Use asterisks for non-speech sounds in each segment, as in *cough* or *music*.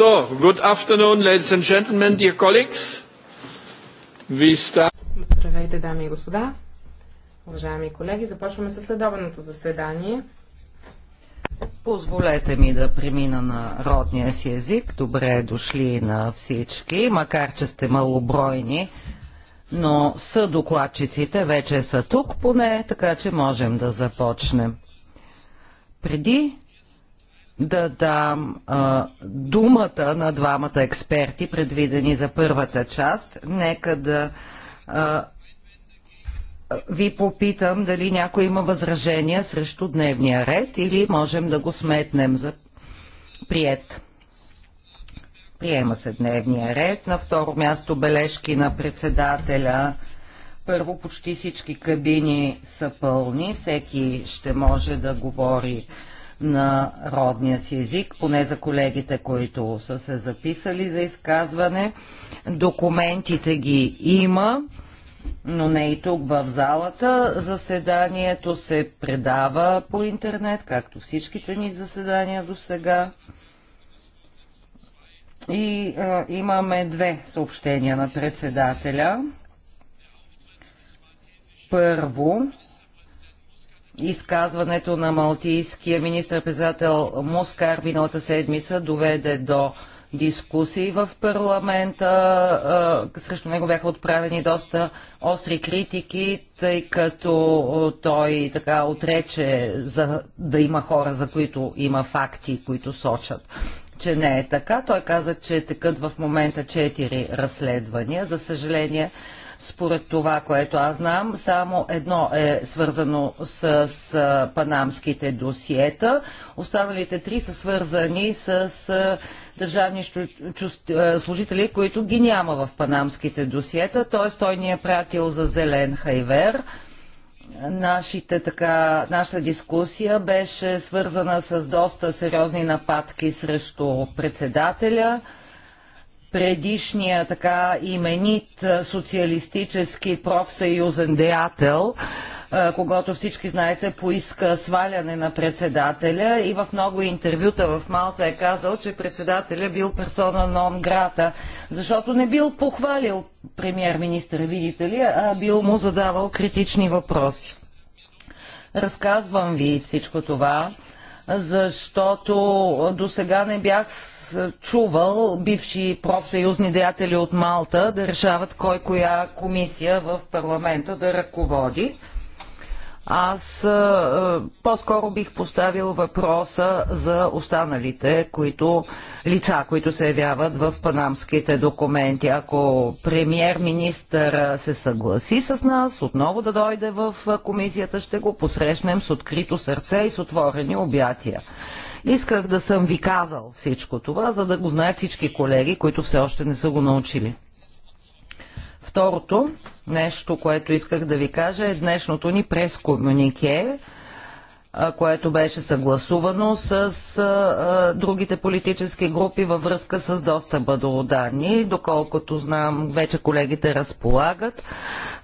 So, good afternoon, ladies and gentlemen, dear colleagues. We start... Здравейте, дами и господа. Уважаеми колеги, започваме с следобеното заседание. Позволете ми да премина на родния си език. Добре дошли на всички, макар че сте малобройни, но съдокладчиците вече са тук поне, така че можем да започнем. Преди да дам а, думата на двамата експерти, предвидени за първата част. Нека да а, ви попитам дали някой има възражения срещу дневния ред или можем да го сметнем за прият. Приема се дневния ред. На второ място бележки на председателя. Първо, почти всички кабини са пълни. Всеки ще може да говори на родния си език, поне за колегите, които са се записали за изказване. Документите ги има, но не и тук в залата. Заседанието се предава по интернет, както всичките ни заседания до сега. И а, имаме две съобщения на председателя. Първо, изказването на малтийския министр-председател Москар миналата седмица доведе до дискусии в парламента. Срещу него бяха отправени доста остри критики, тъй като той така отрече за, да има хора, за които има факти, които сочат че не е така. Той каза, че текат в момента четири разследвания. За съжаление, според това, което аз знам, само едно е свързано с, с панамските досиета. Останалите три са свързани с, с държавни служители, които ги няма в панамските досиета. Т.е. той ни е пратил за зелен хайвер нашите, така, нашата дискусия беше свързана с доста сериозни нападки срещу председателя предишния така именит социалистически профсъюзен деятел, когато всички знаете, поиска сваляне на председателя и в много интервюта в Малта е казал, че председателя бил персона нон грата, защото не бил похвалил премьер-министър, видите ли, а бил му задавал критични въпроси. Разказвам ви всичко това, защото до сега не бях чувал бивши профсъюзни деятели от Малта да решават кой коя комисия в парламента да ръководи. Аз по-скоро бих поставил въпроса за останалите които, лица, които се явяват в панамските документи. Ако премьер-министър се съгласи с нас, отново да дойде в комисията, ще го посрещнем с открито сърце и с отворени обятия. Исках да съм ви казал всичко това, за да го знаят всички колеги, които все още не са го научили. Второто нещо, което исках да ви кажа е днешното ни прескомюнике, което беше съгласувано с а, другите политически групи във връзка с достъпа до данни. Доколкото знам, вече колегите разполагат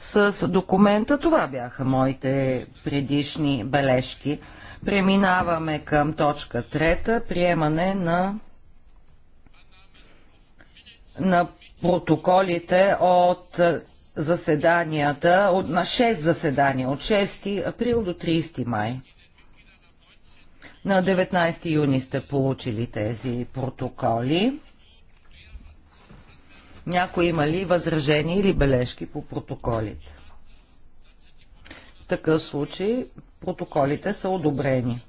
с документа. Това бяха моите предишни бележки. Преминаваме към точка трета, приемане на, на протоколите от заседанията, от, на 6 заседания, от 6 април до 30 май. На 19 юни сте получили тези протоколи. Някой има ли възражения или бележки по протоколите? В такъв случай протоколите са одобрени.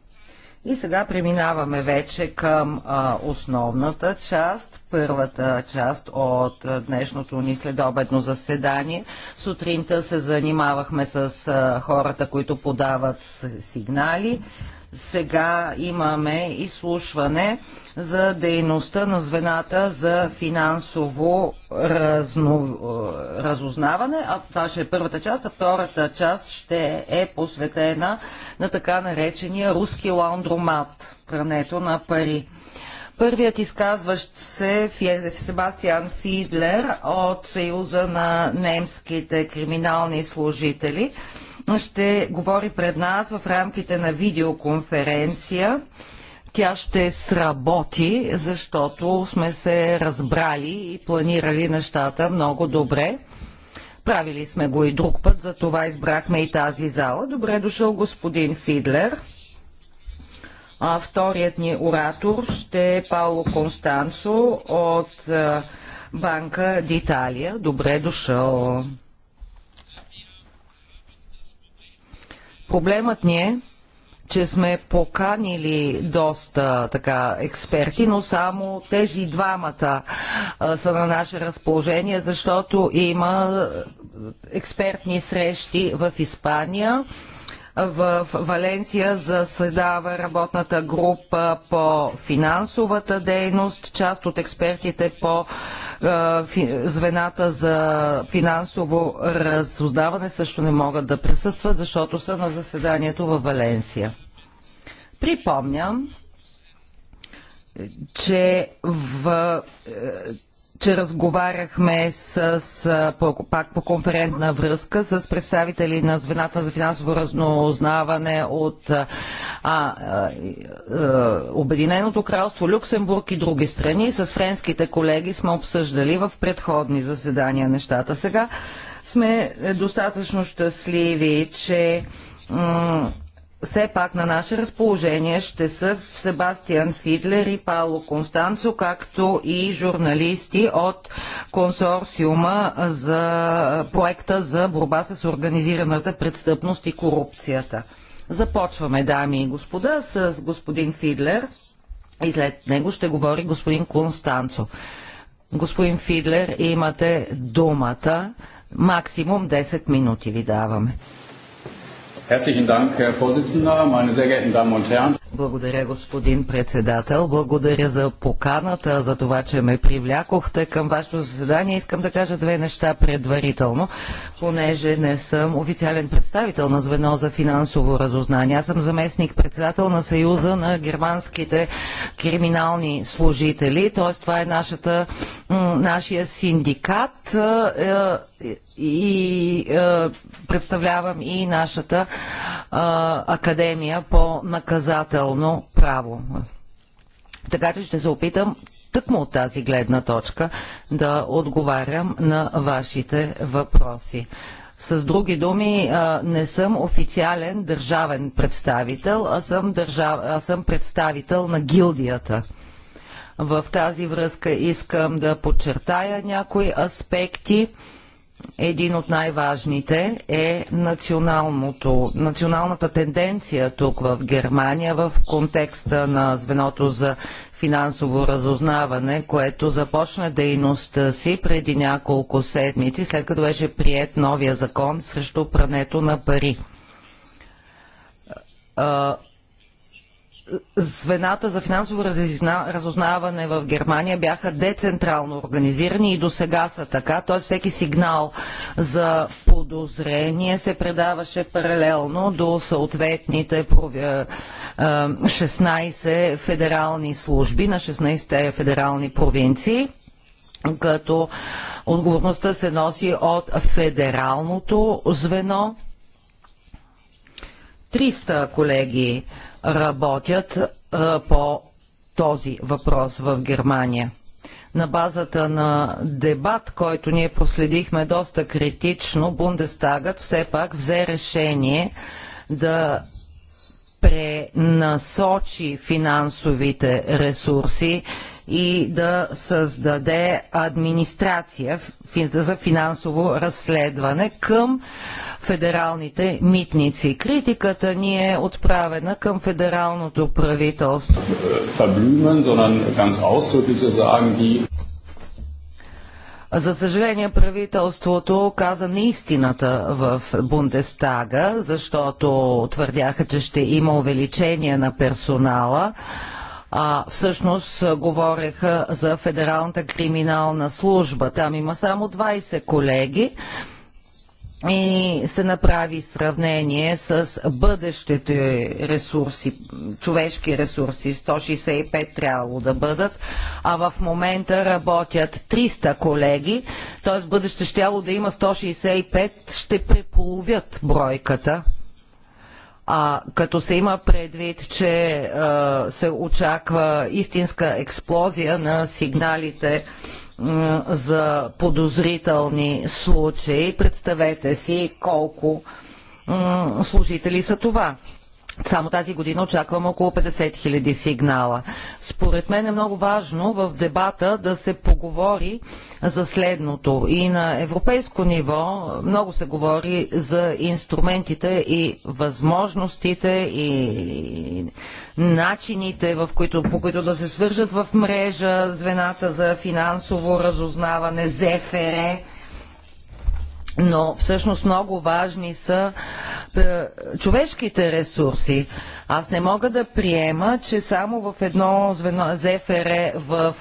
И сега преминаваме вече към а, основната част, първата част от а, днешното ни следобедно заседание. Сутринта се занимавахме с а, хората, които подават сигнали сега имаме изслушване за дейността на звената за финансово разно... разузнаване. А това ще е първата част, а втората част ще е посветена на така наречения руски лаундромат, прането на пари. Първият изказващ се Себастиан Фидлер от Съюза на немските криминални служители – ще говори пред нас в рамките на видеоконференция. Тя ще сработи, защото сме се разбрали и планирали нещата много добре. Правили сме го и друг път, затова избрахме и тази зала. Добре дошъл господин Фидлер. А вторият ни оратор ще е Пауло Констанцо от Банка Диталия. Добре дошъл. Проблемът ни е, че сме поканили доста така експерти, но само тези двамата а, са на наше разположение, защото има експертни срещи в Испания в Валенсия заседава работната група по финансовата дейност. Част от експертите по звената за финансово разсъздаване също не могат да присъстват, защото са на заседанието във Валенсия. Припомням, че в че разговаряхме с, с пак по конферентна връзка с представители на звената за финансово разнознаване от а, а, Обединеното кралство, Люксембург и други страни. С френските колеги сме обсъждали в предходни заседания нещата. Сега сме достатъчно щастливи, че все пак на наше разположение ще са Себастиан Фидлер и Пауло Констанцо, както и журналисти от консорциума за проекта за борба с организираната престъпност и корупцията. Започваме, дами и господа, с господин Фидлер и след него ще говори господин Констанцо. Господин Фидлер, имате думата. Максимум 10 минути ви даваме. Herzlichen Dank, Herr Vorsitzender, meine sehr geehrten Damen und Herren. Благодаря, господин председател. Благодаря за поканата, за това, че ме привлякохте към вашето заседание. Искам да кажа две неща предварително, понеже не съм официален представител на звено за финансово разузнание. Аз съм заместник председател на Съюза на германските криминални служители, т.е. това е нашата, нашия синдикат е, и е, представлявам и нашата е, академия по наказателно изключително право. Така че ще се опитам тъкмо от тази гледна точка да отговарям на вашите въпроси. С други думи, не съм официален държавен представител, а съм, държав... а съм представител на гилдията. В тази връзка искам да подчертая някои аспекти един от най-важните е националната тенденция тук в Германия в контекста на звеното за финансово разузнаване, което започна дейността си преди няколко седмици, след като беше прият новия закон срещу прането на пари звената за финансово разузнаване в Германия бяха децентрално организирани и до сега са така, т.е. всеки сигнал за подозрение се предаваше паралелно до съответните 16 е, федерални служби на 16 федерални провинции като отговорността се носи от федералното звено. 300 колеги работят по този въпрос в Германия. На базата на дебат, който ние проследихме доста критично, Бундестагът все пак взе решение да пренасочи финансовите ресурси и да създаде администрация за финансово разследване към федералните митници. Критиката ни е отправена към федералното правителство. За съжаление, правителството каза неистината в Бундестага, защото твърдяха, че ще има увеличение на персонала а всъщност говореха за Федералната криминална служба. Там има само 20 колеги и се направи сравнение с бъдещите ресурси, човешки ресурси, 165 трябвало да бъдат, а в момента работят 300 колеги, т.е. бъдеще щяло да има 165, ще преполовят бройката. А като се има предвид, че а, се очаква истинска експлозия на сигналите а, за подозрителни случаи, представете си колко а, служители са това. Само тази година очакваме около 50 000 сигнала. Според мен е много важно в дебата да се поговори за следното. И на европейско ниво много се говори за инструментите и възможностите и начините, в които, по които да се свържат в мрежа звената за финансово разузнаване, ЗФР но всъщност много важни са е, човешките ресурси. Аз не мога да приема, че само в едно звено ЗФР в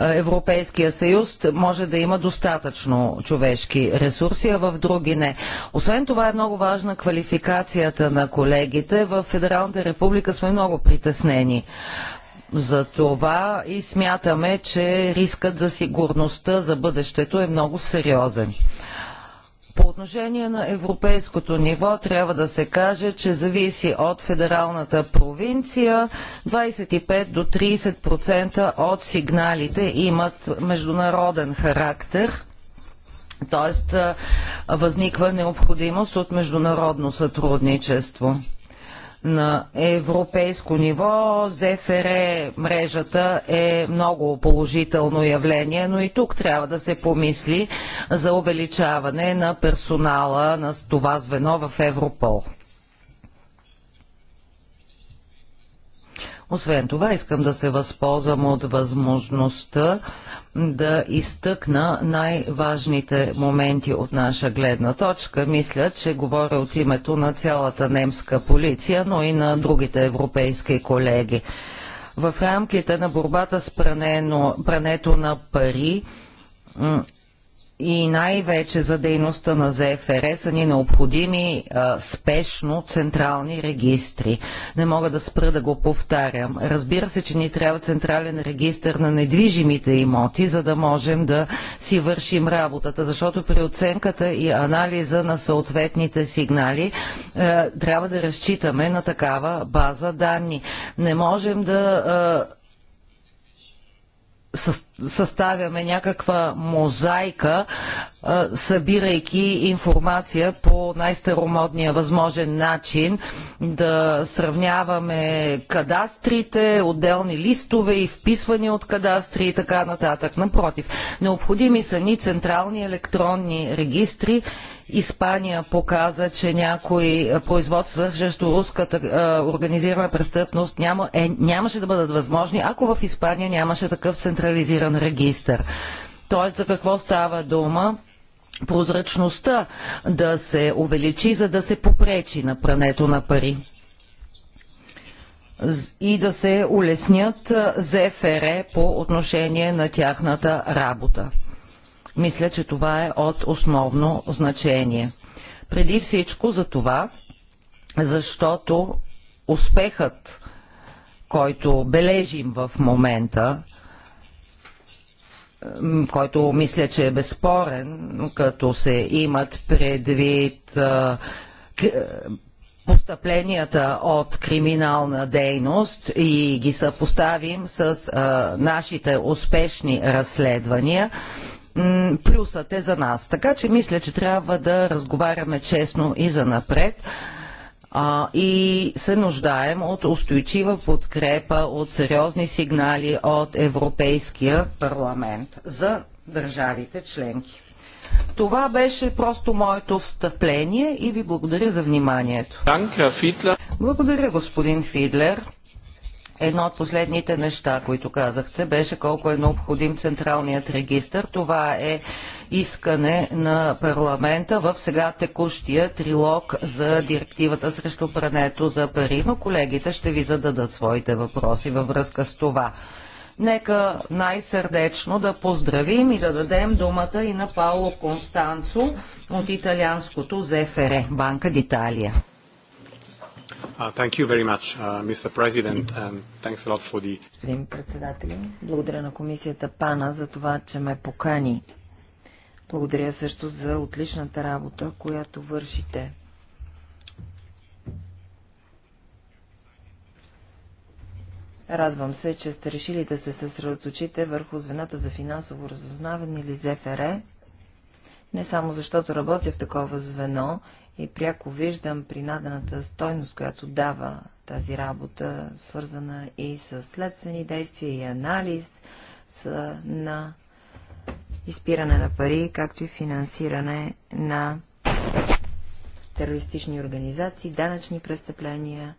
е, е, Европейския съюз може да има достатъчно човешки ресурси, а в други не. Освен това е много важна квалификацията на колегите. В Федералната република сме много притеснени за това и смятаме, че рискът за сигурността за бъдещето е много сериозен. По отношение на европейското ниво трябва да се каже, че зависи от федералната провинция. 25 до 30% от сигналите имат международен характер. Т.е. възниква необходимост от международно сътрудничество на европейско ниво. ЗФР мрежата е много положително явление, но и тук трябва да се помисли за увеличаване на персонала на това звено в Европол. Освен това, искам да се възползвам от възможността да изтъкна най-важните моменти от наша гледна точка. Мисля, че говоря от името на цялата немска полиция, но и на другите европейски колеги. В рамките на борбата с прането на пари и най-вече за дейността на ЗФР са ни необходими а, спешно централни регистри. Не мога да спра да го повтарям. Разбира се, че ни трябва централен регистр на недвижимите имоти, за да можем да си вършим работата, защото при оценката и анализа на съответните сигнали а, трябва да разчитаме на такава база данни. Не можем да а, съставяме някаква мозайка, събирайки информация по най-старомодния възможен начин, да сравняваме кадастрите, отделни листове и вписвания от кадастри и така нататък. Напротив, необходими са ни централни електронни регистри Испания показа, че някои производства срещу руската е, организирана престъпност няма, е, нямаше да бъдат възможни, ако в Испания нямаше такъв централизиран регистр. Тоест, за какво става дума? Прозрачността да се увеличи, за да се попречи на прането на пари и да се улеснят ЗФР е по отношение на тяхната работа. Мисля, че това е от основно значение. Преди всичко за това, защото успехът, който бележим в момента, който мисля, че е безспорен, като се имат предвид е, постъпленията от криминална дейност и ги съпоставим с а, нашите успешни разследвания, плюсът е за нас. Така че мисля, че трябва да разговаряме честно и за напред а, и се нуждаем от устойчива подкрепа, от сериозни сигнали от Европейския парламент за държавите членки. Това беше просто моето встъпление и ви благодаря за вниманието. Благодаря, господин Фидлер. Едно от последните неща, които казахте, беше колко е необходим централният регистр. Това е искане на парламента в сега текущия трилог за директивата срещу прането за пари, но колегите ще ви зададат своите въпроси във връзка с това. Нека най-сърдечно да поздравим и да дадем думата и на Пауло Констанцо от италианското ЗФР, Банка Диталия. Uh, thank you very much, uh, Mr. President, and thanks a lot for the... Господин председател, благодаря на комисията ПАНА за това, че ме покани. Благодаря също за отличната работа, която вършите. Радвам се, че сте решили да се съсредоточите върху звената за финансово разузнаване или ЗФР, не само защото работя в такова звено, и пряко виждам принадената стойност, която дава тази работа, свързана и с следствени действия и анализ с, на изпиране на пари, както и финансиране на терористични организации, данъчни престъпления,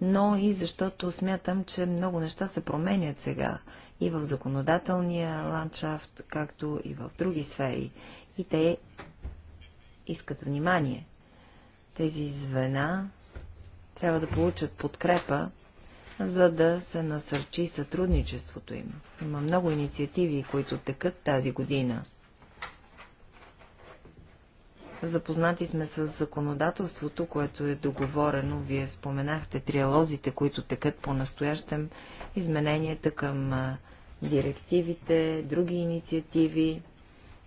но и защото смятам, че много неща се променят сега и в законодателния ландшафт, както и в други сфери. И те искат внимание. Тези звена трябва да получат подкрепа, за да се насърчи сътрудничеството им. Има много инициативи, които текат тази година. Запознати сме с законодателството, което е договорено. Вие споменахте триалозите, които текат по-настоящем, измененията към директивите, други инициативи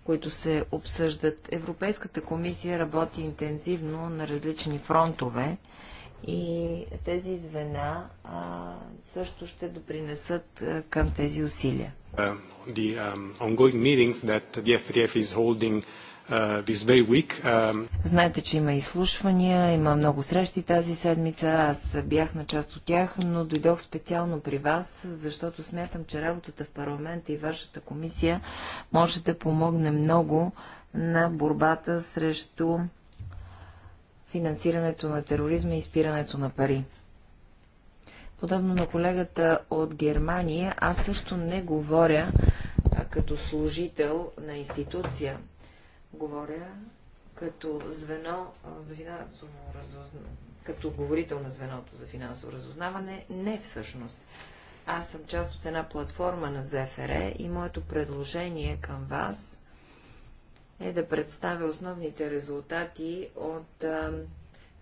които се обсъждат. Европейската комисия работи интензивно на различни фронтове и тези звена а, също ще допринесат а, към тези усилия. Uh, the, um, Uh, um, Знаете, че има изслушвания, има много срещи тази седмица. Аз бях на част от тях, но дойдох специално при вас, защото смятам, че работата в парламента и вашата комисия може да помогне много на борбата срещу финансирането на тероризма и спирането на пари. Подобно на колегата от Германия, аз също не говоря като служител на институция говоря като звено за финансово разузнаване, като говорител на звеното за финансово разузнаване, не всъщност. Аз съм част от една платформа на ЗФР и моето предложение към вас е да представя основните резултати от а,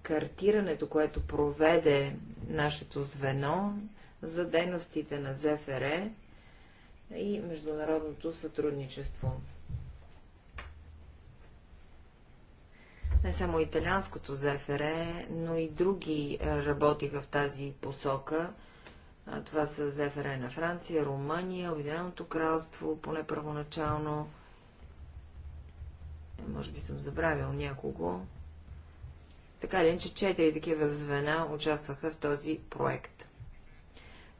картирането, което проведе нашето звено за дейностите на ЗФР и международното сътрудничество. Не само италианското зефере, но и други е, работиха в тази посока. Това са Зефере на Франция, Румъния, Обединеното кралство, поне първоначално. Е, може би съм забравил някого. Така ли, че четири такива звена участваха в този проект.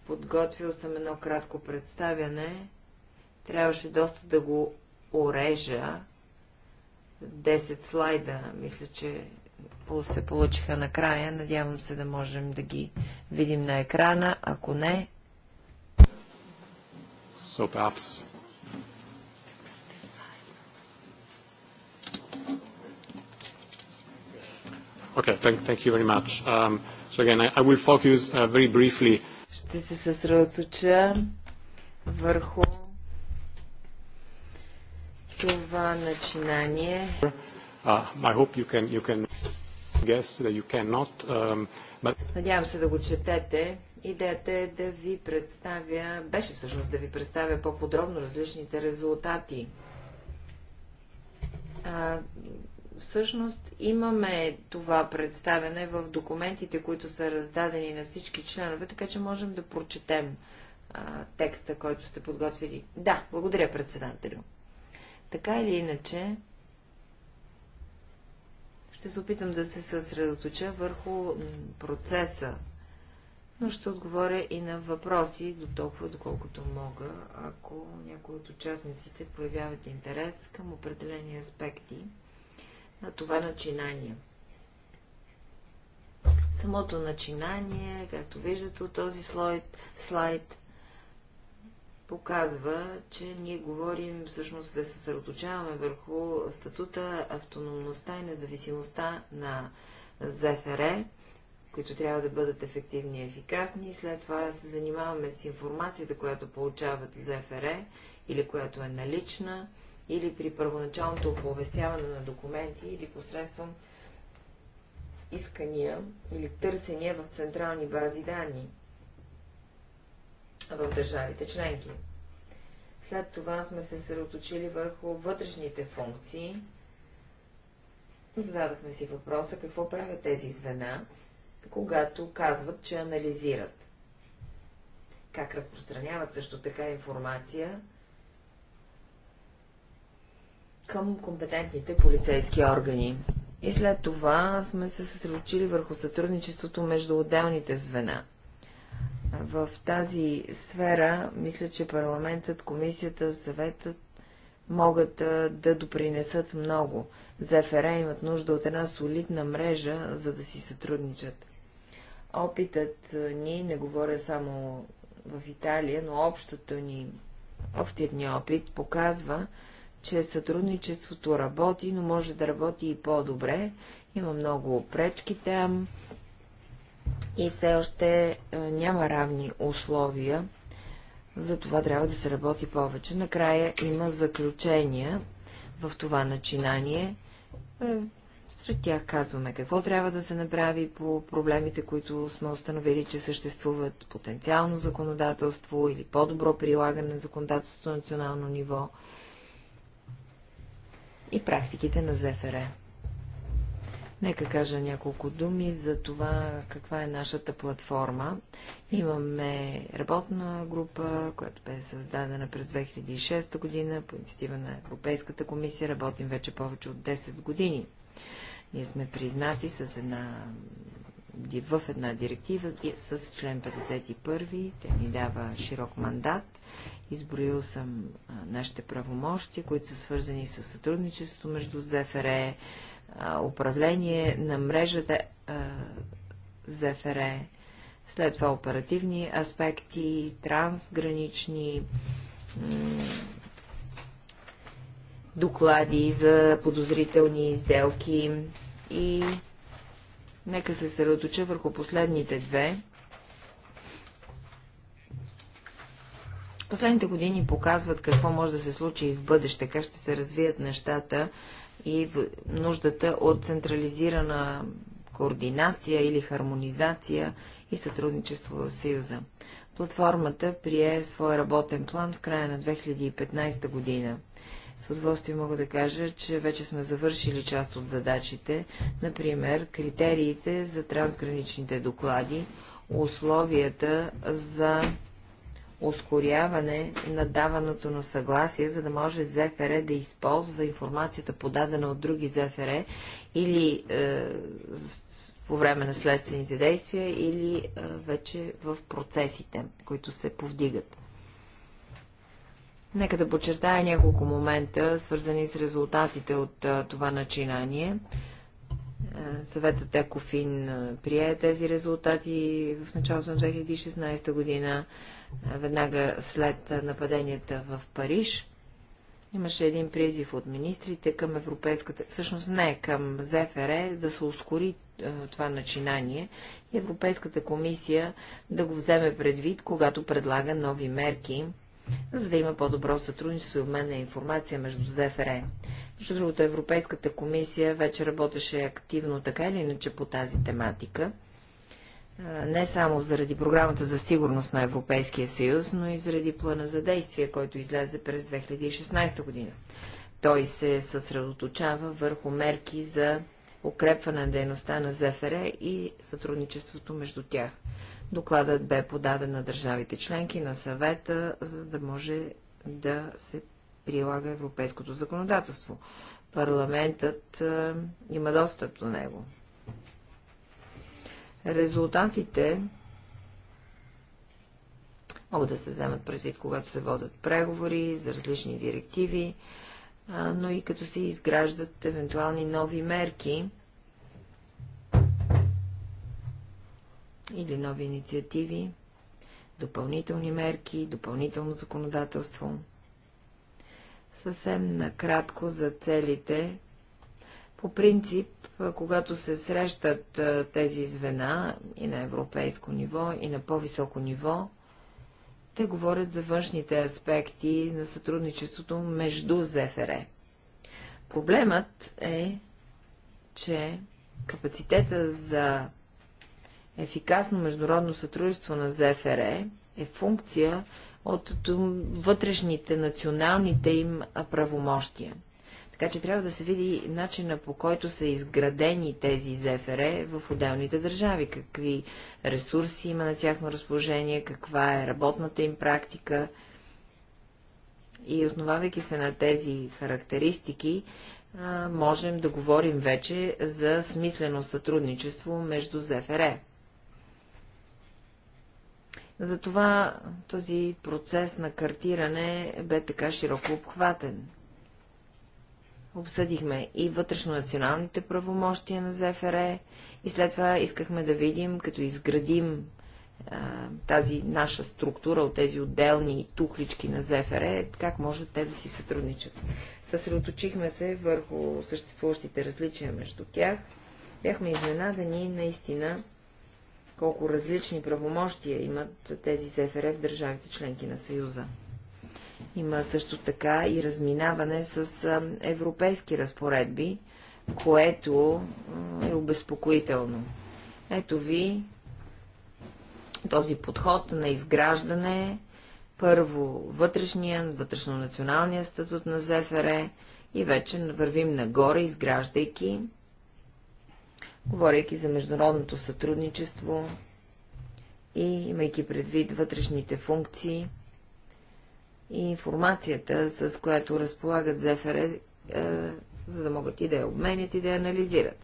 Подготвил съм едно кратко представяне. Трябваше доста да го орежа, 10 слайда, мисля, че се получиха накрая. Надявам се да можем да ги видим на екрана. Ако не... So perhaps Okay, thank, thank you very much. Um, so again, I, I will focus uh, very briefly. Ще се съсредоточа върху това начинание. Uh, I hope you can, you can guess that you cannot, um, but... Надявам се да го четете. Идеята е да ви представя, беше всъщност да ви представя по-подробно различните резултати. А, всъщност имаме това представяне в документите, които са раздадени на всички членове, така че можем да прочетем а, текста, който сте подготвили. Да, благодаря председателю. Така или иначе, ще се опитам да се съсредоточа върху процеса, но ще отговоря и на въпроси до толкова, доколкото мога, ако някои от участниците проявяват интерес към определени аспекти на това начинание. Самото начинание, както виждате от този слайд, слайд показва, че ние говорим, всъщност се съсредоточаваме върху статута, автономността и независимостта на ЗФР, които трябва да бъдат ефективни и ефикасни. След това се занимаваме с информацията, която получават ЗФР или която е налична, или при първоначалното оповестяване на документи, или посредством искания или търсения в централни бази данни в държавите членки. След това сме се съсредоточили върху вътрешните функции. Зададахме си въпроса какво правят тези звена, когато казват, че анализират. Как разпространяват също така информация към компетентните полицейски органи. И след това сме се съсредоточили върху сътрудничеството между отделните звена – в тази сфера мисля, че парламентът, комисията, съветът могат да допринесат много. За ФРА имат нужда от една солидна мрежа, за да си сътрудничат. Опитът ни, не говоря само в Италия, но общото ни, общият ни опит показва, че сътрудничеството работи, но може да работи и по-добре. Има много пречки там, и все още е, няма равни условия, за това трябва да се работи повече. Накрая има заключения в това начинание. Е, сред тях казваме какво трябва да се направи по проблемите, които сме установили, че съществуват потенциално законодателство или по-добро прилагане на законодателството на национално ниво и практиките на ЗФР. Нека кажа няколко думи за това каква е нашата платформа. Имаме работна група, която бе създадена през 2006 година по инициатива на Европейската комисия. Работим вече повече от 10 години. Ние сме признати с една, в една директива с член 51. тя ни дава широк мандат. Изброил съм нашите правомощи, които са свързани с сътрудничеството между ЗФРЕ, управление на мрежата за ФРЕ. След това оперативни аспекти, трансгранични доклади за подозрителни изделки и нека се съсредоточа върху последните две. Последните години показват какво може да се случи и в бъдеще, как ще се развият нещата и в нуждата от централизирана координация или хармонизация и сътрудничество в Съюза. Платформата прие своя работен план в края на 2015 година. С удоволствие мога да кажа, че вече сме завършили част от задачите, например критериите за трансграничните доклади, условията за ускоряване на даването на съгласие, за да може ЗФР да използва информацията подадена от други ЗФР или е, по време на следствените действия или е, вече в процесите, които се повдигат. Нека да подчертая няколко момента, свързани с резултатите от е, това начинание. Е, съветът Екофин е, прие тези резултати в началото на 2016 година веднага след нападенията в Париж. Имаше един призив от министрите към Европейската, всъщност не, към ЗФР, е да се ускори това начинание и Европейската комисия да го вземе предвид, когато предлага нови мерки, за да има по-добро сътрудничество и обмен на информация между ЗФР. Е. Между другото, Европейската комисия вече работеше активно така или иначе по тази тематика не само заради програмата за сигурност на Европейския съюз, но и заради плана за действие, който излезе през 2016 година. Той се съсредоточава върху мерки за укрепване на дейността на ЗФР и сътрудничеството между тях. Докладът бе подаден на държавите членки на съвета, за да може да се прилага европейското законодателство. Парламентът има достъп до него. Резултатите могат да се вземат предвид, когато се водят преговори за различни директиви, но и като се изграждат евентуални нови мерки или нови инициативи, допълнителни мерки, допълнително законодателство. Съвсем накратко за целите по принцип, когато се срещат тези звена и на европейско ниво, и на по-високо ниво, те говорят за външните аспекти на сътрудничеството между ЗФР. Проблемът е, че капацитета за ефикасно международно сътрудничество на ЗФР е функция от вътрешните националните им правомощия. Така че трябва да се види начина по който са изградени тези ЗФР в отделните държави, какви ресурси има на тяхно разположение, каква е работната им практика. И основавайки се на тези характеристики, можем да говорим вече за смислено сътрудничество между ЗФР. Затова този процес на картиране бе така широко обхватен. Обсъдихме и вътрешно-националните правомощия на ЗФР е. и след това искахме да видим, като изградим а, тази наша структура от тези отделни тухлички на ЗФР, е, как може те да си сътрудничат. Съсредоточихме се върху съществуващите различия между тях. Бяхме изненадани наистина колко различни правомощия имат тези ЗФР е в държавите членки на Съюза. Има също така и разминаване с европейски разпоредби, което е обезпокоително. Ето ви този подход на изграждане, първо вътрешния, вътрешно-националния статут на ЗФР и вече вървим нагоре, изграждайки, говорейки за международното сътрудничество и имайки предвид вътрешните функции и информацията, с която разполагат ЗФР, е, за да могат и да я обменят и да я анализират.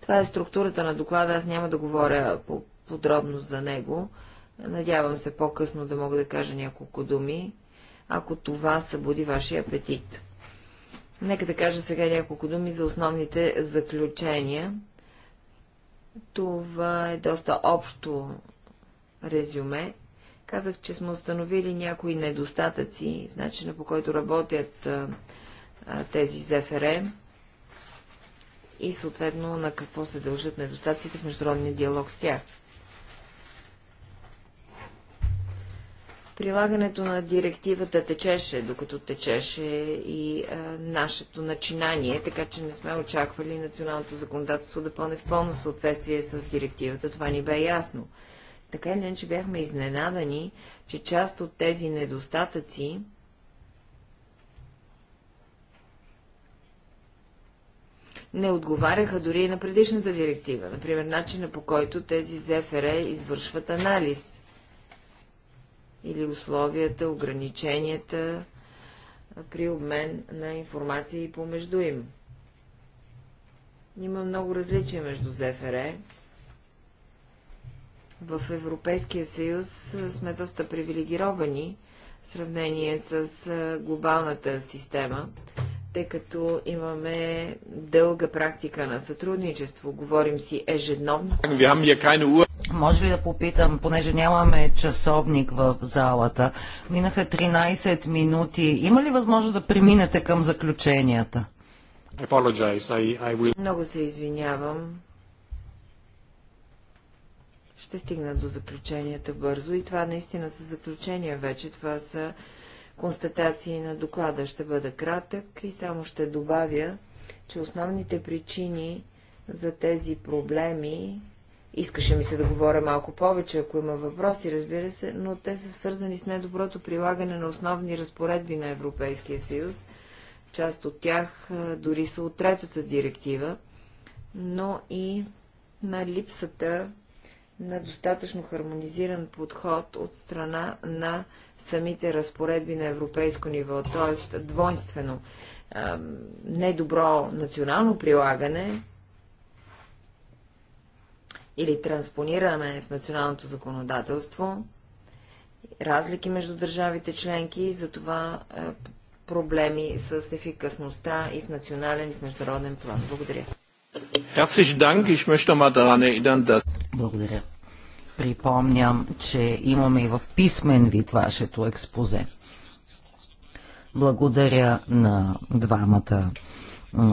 Това е структурата на доклада, аз няма да говоря по подробно за него. Надявам се по-късно да мога да кажа няколко думи, ако това събуди вашия апетит. Нека да кажа сега няколко думи за основните заключения. Това е доста общо резюме Казах, че сме установили някои недостатъци в начина по който работят а, а, тези ЗФР и съответно на какво се дължат недостатъците в международния диалог с тях. Прилагането на директивата течеше, докато течеше и а, нашето начинание, така че не сме очаквали националното законодателство да пълне в пълно съответствие с директивата. Това ни бе ясно. Така или иначе бяхме изненадани, че част от тези недостатъци не отговаряха дори и на предишната директива, например начина по който тези ЗФР извършват анализ или условията, ограниченията при обмен на информация и помежду им. Има много различия между ЗФР в Европейския съюз сме доста привилегировани в сравнение с глобалната система, тъй като имаме дълга практика на сътрудничество. Говорим си ежедневно. Може ли да попитам, понеже нямаме часовник в залата, минаха 13 минути. Има ли възможност да преминете към заключенията? I I, I will... Много се извинявам ще стигнат до заключенията бързо и това наистина са заключения вече, това са констатации на доклада. Ще бъда кратък и само ще добавя, че основните причини за тези проблеми, искаше ми се да говоря малко повече, ако има въпроси, разбира се, но те са свързани с недоброто прилагане на основни разпоредби на Европейския съюз. Част от тях дори са от третата директива, но и на липсата на достатъчно хармонизиран подход от страна на самите разпоредби на европейско ниво, т.е. двойствено недобро национално прилагане или транспониране в националното законодателство, разлики между държавите членки и затова проблеми с ефикасността и в национален и в международен план. Благодаря. Благодаря. Припомням, че имаме и в писмен вид вашето експозе. Благодаря на двамата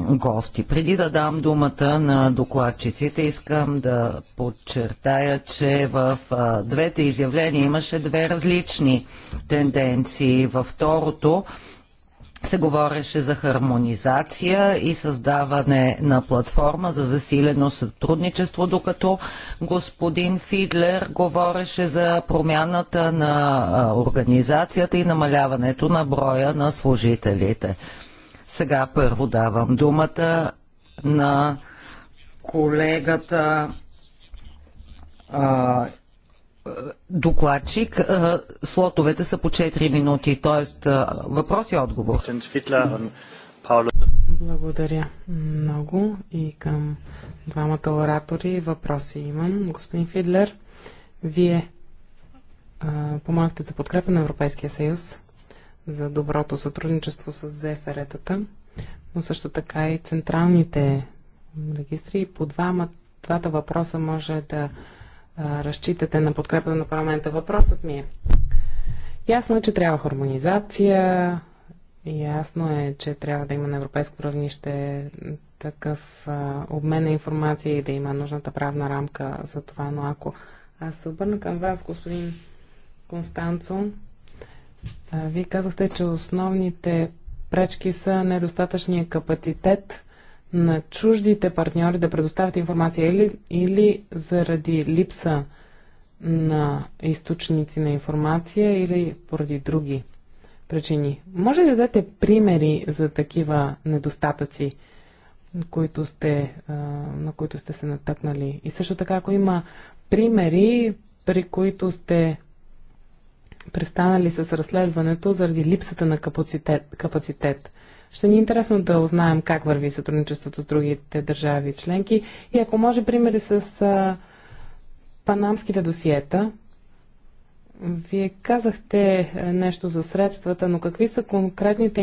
гости. Преди да дам думата на докладчиците, искам да подчертая, че в двете изявления имаше две различни тенденции. Във второто се говореше за хармонизация и създаване на платформа за засилено сътрудничество, докато господин Фидлер говореше за промяната на организацията и намаляването на броя на служителите. Сега първо давам думата на колегата а, докладчик, слотовете са по 4 минути, т.е. въпрос и отговор. Благодаря много и към двамата оратори въпроси имам. Господин Фидлер, вие помагате за подкрепа на Европейския съюз за доброто сътрудничество с ЗФР-тата, но също така и централните регистри. По двата въпроса може да разчитате на подкрепата на парламента. Въпросът ми е. Ясно е, че трябва хармонизация, ясно е, че трябва да има на европейско равнище такъв а, обмен на информация и да има нужната правна рамка за това, но ако аз се обърна към вас, господин Констанцо, а, вие казахте, че основните пречки са недостатъчния капацитет на чуждите партньори да предоставят информация или, или заради липса на източници на информация или поради други причини. Може ли да дадете примери за такива недостатъци, които сте, на които сте се натъкнали? И също така, ако има примери, при които сте престанали с разследването заради липсата на капацитет, капацитет ще ни е интересно да узнаем как върви сътрудничеството с другите държави членки и ако може примери с а, панамските досиета. Вие казахте нещо за средствата, но какви са конкретните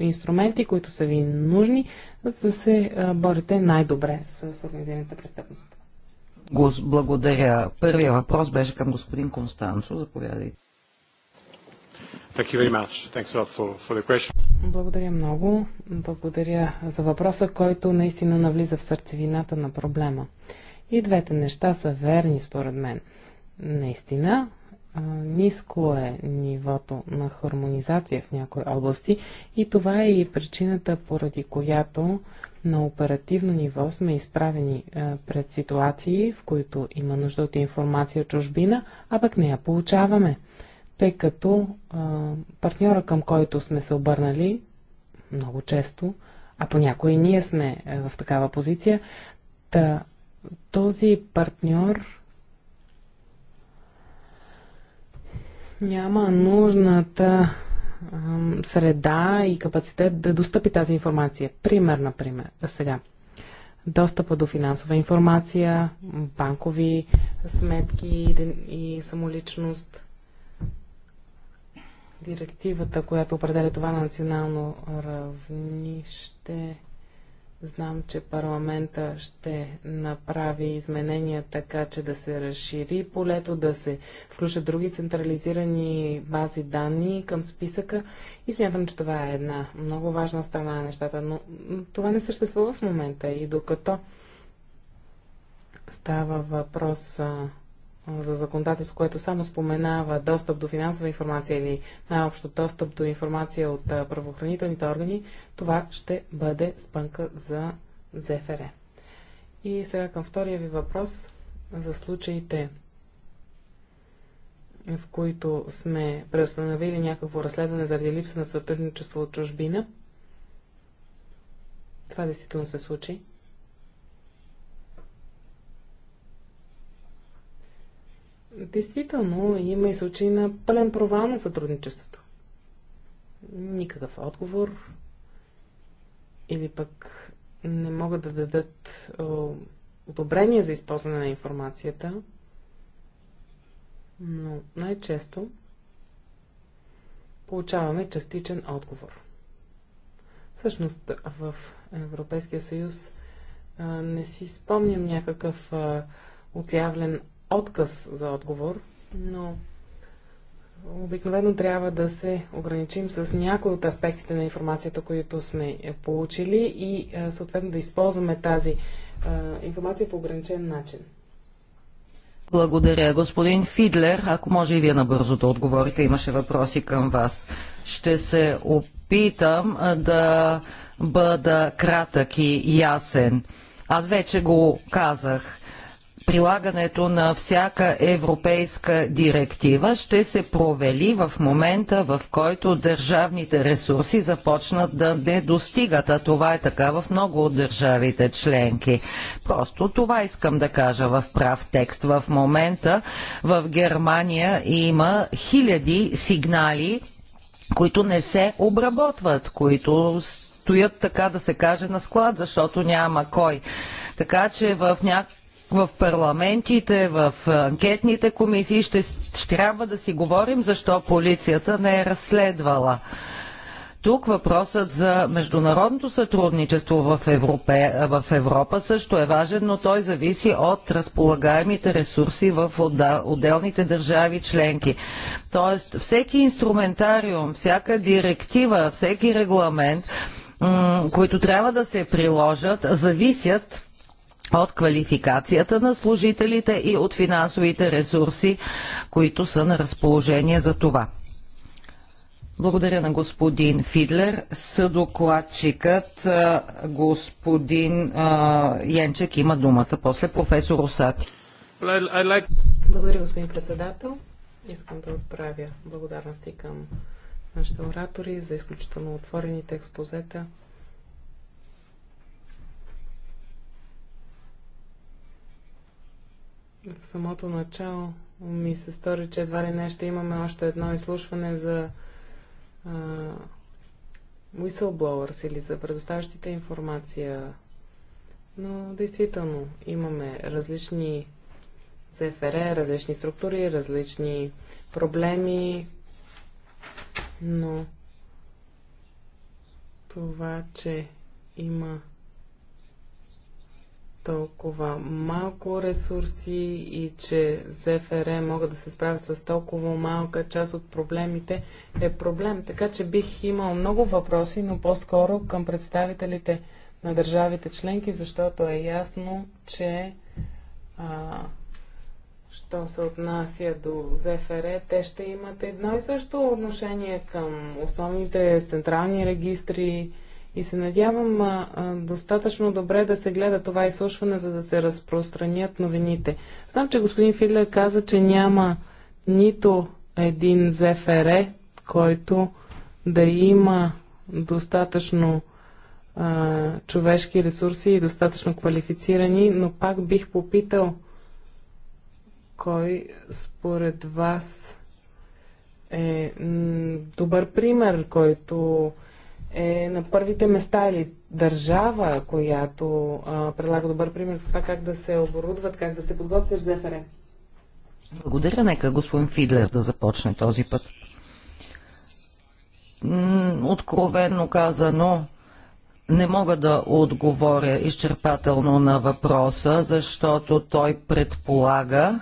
инструменти, които са ви нужни, за да се борите най-добре с организираната престъпност? Благодаря. Първия въпрос беше към господин Констанцо. Заповядайте. Thank you very much. Thanks a lot for, for the question. Благодаря много. Благодаря за въпроса, който наистина навлиза в сърцевината на проблема. И двете неща са верни според мен. Наистина, ниско е нивото на хармонизация в някои области и това е и причината, поради която на оперативно ниво сме изправени пред ситуации, в които има нужда от информация от чужбина, а пък не я получаваме тъй като а, партньора, към който сме се обърнали, много често, а понякога и ние сме е, в такава позиция, та, този партньор няма нужната а, среда и капацитет да достъпи тази информация. Пример, например, сега. Достъпа до финансова информация, банкови сметки и самоличност – директивата, която определя това на национално равнище. Знам, че парламента ще направи изменения така, че да се разшири полето, да се включат други централизирани бази данни към списъка и смятам, че това е една много важна страна на нещата, но това не съществува в момента и докато става въпрос за законодателство, което само споменава достъп до финансова информация или най-общо достъп до информация от правоохранителните органи, това ще бъде спънка за ЗФР. И сега към втория ви въпрос за случаите, в които сме преустановили някакво разследване заради липса на сътрудничество от чужбина. Това действително се случи. Действително, има и случаи на пълен провал на сътрудничеството. Никакъв отговор или пък не могат да дадат одобрение за използване на информацията, но най-често получаваме частичен отговор. Всъщност в Европейския съюз не си спомням някакъв отявлен отказ за отговор, но обикновено трябва да се ограничим с някои от аспектите на информацията, които сме получили и е, съответно да използваме тази е, информация по ограничен начин. Благодаря. Господин Фидлер, ако може и вие набързо да отговорите, имаше въпроси към вас. Ще се опитам е, да бъда кратък и ясен. Аз вече го казах прилагането на всяка европейска директива ще се провели в момента, в който държавните ресурси започнат да не достигат, а това е така в много от държавите членки. Просто това искам да кажа в прав текст. В момента в Германия има хиляди сигнали, които не се обработват, които стоят така да се каже на склад, защото няма кой. Така че в някакъв в парламентите, в анкетните комисии ще, ще трябва да си говорим защо полицията не е разследвала. Тук въпросът за международното сътрудничество в, Европе, в Европа също е важен, но той зависи от разполагаемите ресурси в отделните държави членки. Тоест всеки инструментариум, всяка директива, всеки регламент, които трябва да се приложат, зависят от квалификацията на служителите и от финансовите ресурси, които са на разположение за това. Благодаря на господин Фидлер. Съдокладчикът господин а, Янчек има думата. После професор Осати. Благодаря, господин председател. Искам да отправя благодарности към нашите оратори за изключително отворените експозета в самото начало ми се стори, че едва ли не ще имаме още едно изслушване за а, whistleblowers или за предоставящите информация. Но действително имаме различни ЦФР, различни структури, различни проблеми, но това, че има толкова малко ресурси и че ЗФР могат да се справят с толкова малка част от проблемите е проблем. Така че бих имал много въпроси, но по-скоро към представителите на държавите членки, защото е ясно, че а, що се отнася до ЗФР, те ще имат едно и също отношение към основните централни регистри, и се надявам а, а, достатъчно добре да се гледа това изслушване, за да се разпространят новините. Знам, че господин Фидлер каза, че няма нито един ЗФР, който да има достатъчно а, човешки ресурси и достатъчно квалифицирани, но пак бих попитал кой според вас е добър пример, който е на първите места или държава, която а, предлага добър пример за това как да се оборудват, как да се подготвят за ФРЕ. Благодаря. Нека господин Фидлер да започне този път. Откровенно казано, не мога да отговоря изчерпателно на въпроса, защото той предполага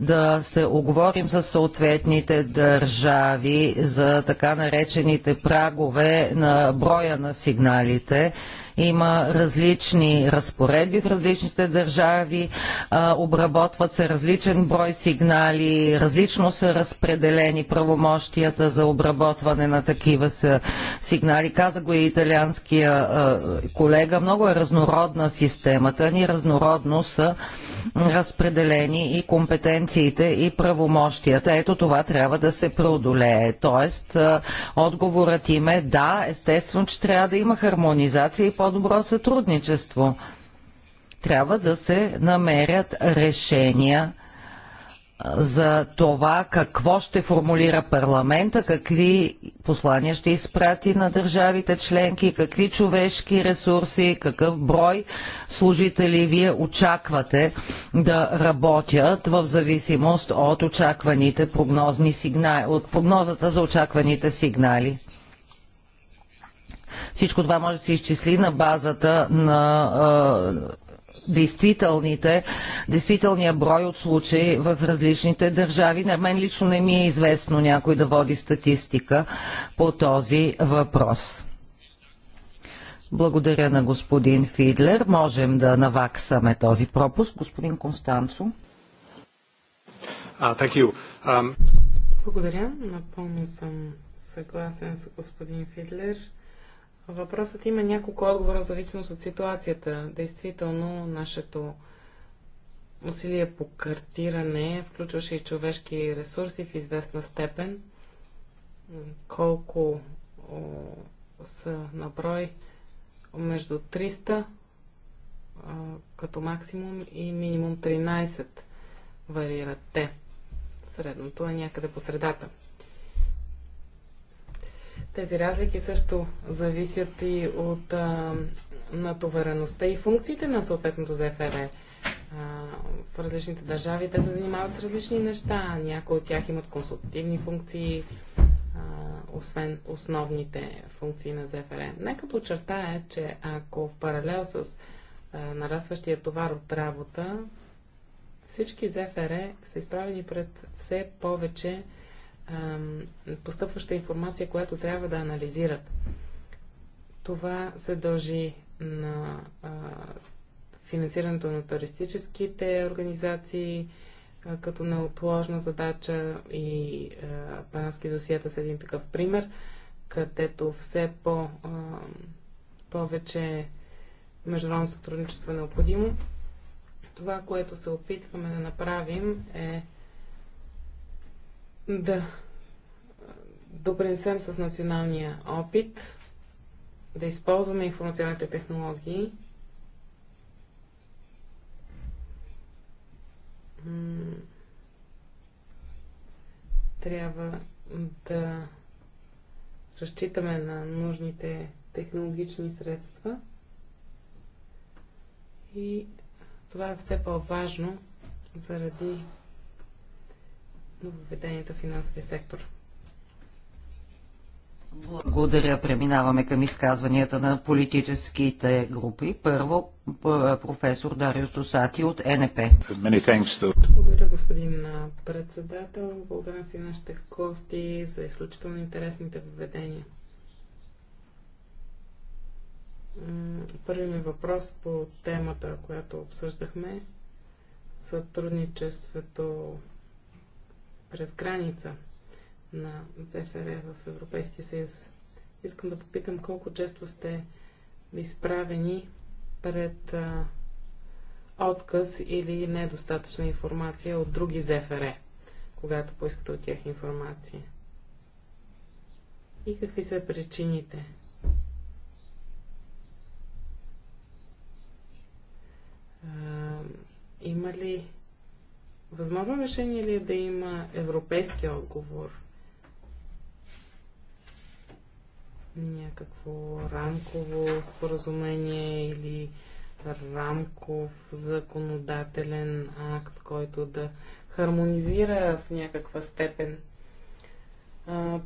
да се оговорим с съответните държави за така наречените прагове на броя на сигналите, има различни разпоредби в различните държави, обработват се различен брой сигнали, различно са разпределени правомощията за обработване на такива сигнали. Каза го и италианския колега. Много е разнородна системата ни, разнородно са разпределени и компетенциите и правомощията. Ето това трябва да се преодолее. Тоест, отговорът им е да, естествено, че трябва да има хармонизация и по по-добро сътрудничество. Трябва да се намерят решения за това какво ще формулира парламента, какви послания ще изпрати на държавите членки, какви човешки ресурси, какъв брой служители вие очаквате да работят в зависимост от очакваните прогнозни сигнали, от прогнозата за очакваните сигнали. Всичко това може да се изчисли на базата на действителните, действителния брой от случаи в различните държави. На мен лично не ми е известно някой да води статистика по този въпрос. Благодаря на господин Фидлер. Можем да наваксаме този пропуск. Господин Констанцо. Uh, Um... Благодаря. Напълно съм съгласен с господин Фидлер. Въпросът има няколко отговора, в зависимост от ситуацията. Действително, нашето усилие по картиране включваше и човешки ресурси в известна степен. Колко о, са на брой? Между 300 а, като максимум и минимум 13 варират те. Средното е някъде по средата. Тези разлики също зависят и от а, натовареността и функциите на съответното ЗФР. А, в различните държави те се занимават с различни неща. Някои от тях имат консултативни функции, а, освен основните функции на ЗФР. Нека подчертая, че ако в паралел с а, нарастващия товар от работа, всички ЗФР са изправени пред все повече постъпваща информация, която трябва да анализират. Това се дължи на финансирането на туристическите организации като неотложна задача и а, панамски досията са един такъв пример, където все по, повече международно сътрудничество е необходимо. Това, което се опитваме да направим е да допринесем с националния опит, да използваме информационните технологии. Трябва да разчитаме на нужните технологични средства. И това е все по-важно заради нововведенията в финансовия сектор. Благодаря. Преминаваме към изказванията на политическите групи. Първо, професор Дариус Осати от НП. Благодаря, господин председател. Благодаря си нашите гости за изключително интересните въведения. Първи ми въпрос по темата, която обсъждахме, сътрудничеството през граница на ЗФР в Европейския съюз. Искам да попитам колко често сте изправени пред а, отказ или недостатъчна информация от други ЗФР, когато поискате от тях информация. И какви са причините? А, има ли Възможно решение ли е да има европейски отговор? Някакво рамково споразумение или рамков законодателен акт, който да хармонизира в някаква степен а,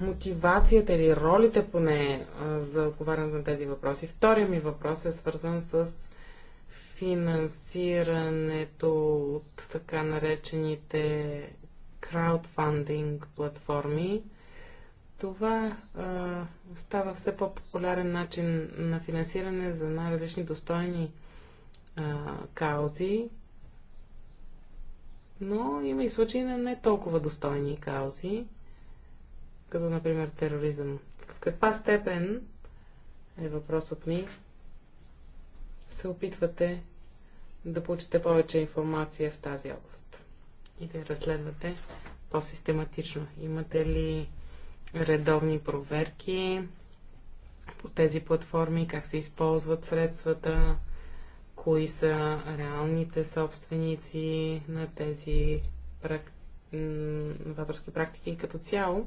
мотивацията или ролите поне а, за отговарянето на тези въпроси. Втория ми въпрос е свързан с финансирането от така наречените краудфандинг платформи. Това а, става все по-популярен начин на финансиране за най-различни достойни а, каузи, но има и случаи на не толкова достойни каузи, като например тероризъм. В каква степен е въпросът ми се опитвате да получите повече информация в тази област и да я разследвате по-систематично? Имате ли редовни проверки по тези платформи, как се използват средствата, кои са реалните собственици на тези въпроски практики и като цяло,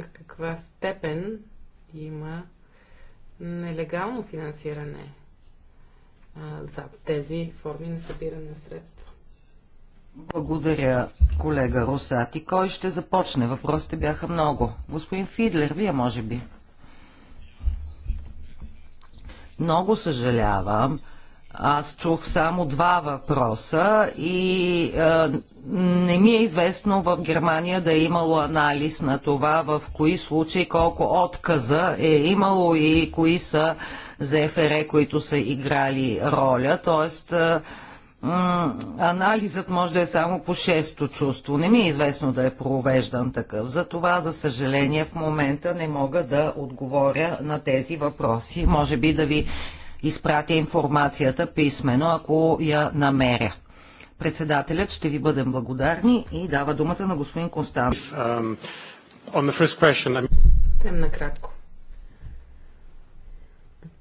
в каква степен има нелегално финансиране за тези форми на събиране на средства. Благодаря, колега Русати. Кой ще започне? Въпросите бяха много. Господин Фидлер, вие може би. Много съжалявам, аз чух само два въпроса и е, не ми е известно в Германия да е имало анализ на това в кои случаи колко отказа е имало и кои са ЗФР, е, които са играли роля. Тоест, е, анализът може да е само по шесто чувство. Не ми е известно да е провеждан такъв. Затова, за съжаление, в момента не мога да отговоря на тези въпроси. Може би да ви изпратя информацията писмено, ако я намеря. Председателят ще ви бъдем благодарни и дава думата на господин Константов. Um, Съвсем накратко.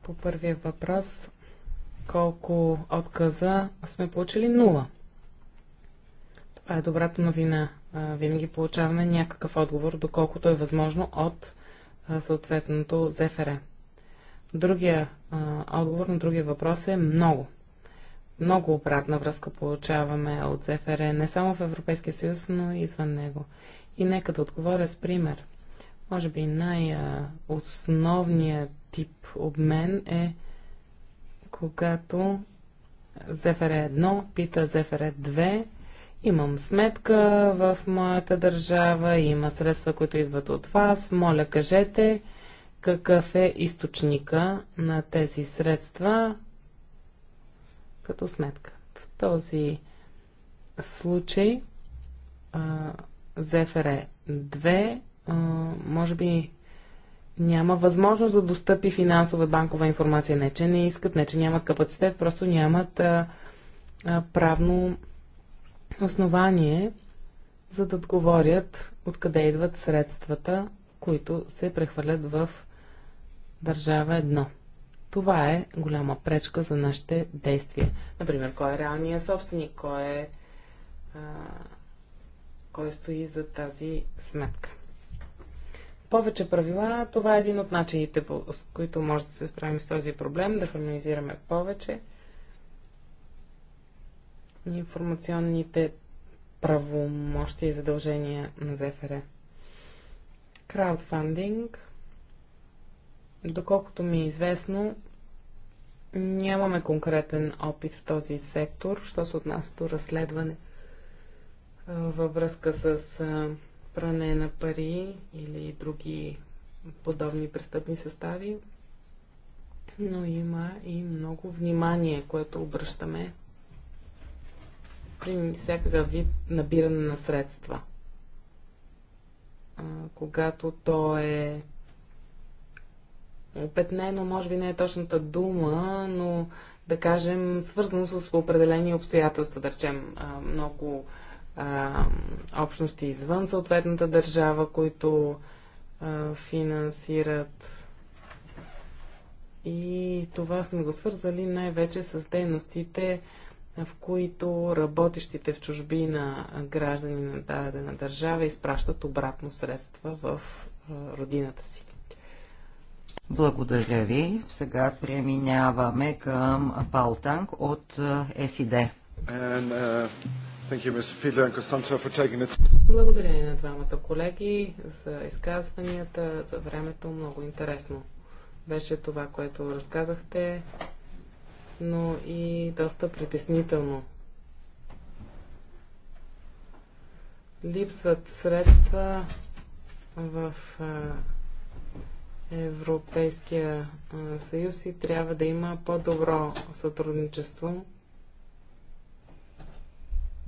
По първия въпрос, колко отказа сме получили? Нула. Това е добрата новина. Винаги получаваме някакъв отговор, доколкото е възможно от съответното ЗФР. Другия а, отговор на другия въпрос е много. Много обратна връзка получаваме от ЗФР, не само в Европейския съюз, но и извън него. И нека да отговоря с пример. Може би най-основният тип обмен е когато ЗФР 1 пита ЗФР 2 имам сметка в моята държава, има средства, които идват от вас, моля кажете, какъв е източника на тези средства като сметка. В този случай ЗФР 2 е може би няма възможност да достъпи финансова банкова информация. Не, че не искат, не, че нямат капацитет, просто нямат а, а, правно основание, за да отговорят откъде идват средствата, които се прехвърлят в държава едно. Това е голяма пречка за нашите действия. Например, кой е реалният собственик, кой е. А, кой стои за тази сметка. Повече правила, това е един от начините, с които може да се справим с този проблем, да хармонизираме повече информационните правомощи и задължения на ЗФР. Краудфандинг – Доколкото ми е известно, нямаме конкретен опит в този сектор, що се отнася до разследване във връзка с пране на пари или други подобни престъпни състави, но има и много внимание, което обръщаме при всякакъв вид набиране на средства. Когато то е опетнено, може би не е точната дума, но да кажем, свързано с определени обстоятелства, да речем, много а, общности извън съответната държава, които а, финансират. И това сме го свързали най-вече с дейностите, в които работещите в чужбина граждани на дадена държава изпращат обратно средства в родината си. Благодаря ви. Сега преминаваме към Паул Танк от е, СИД. Uh, Благодаря ни Благодаря на двамата колеги за изказванията, за времето. Много интересно беше това, което разказахте, но и доста притеснително. Липсват средства в Европейския съюз и трябва да има по-добро сътрудничество.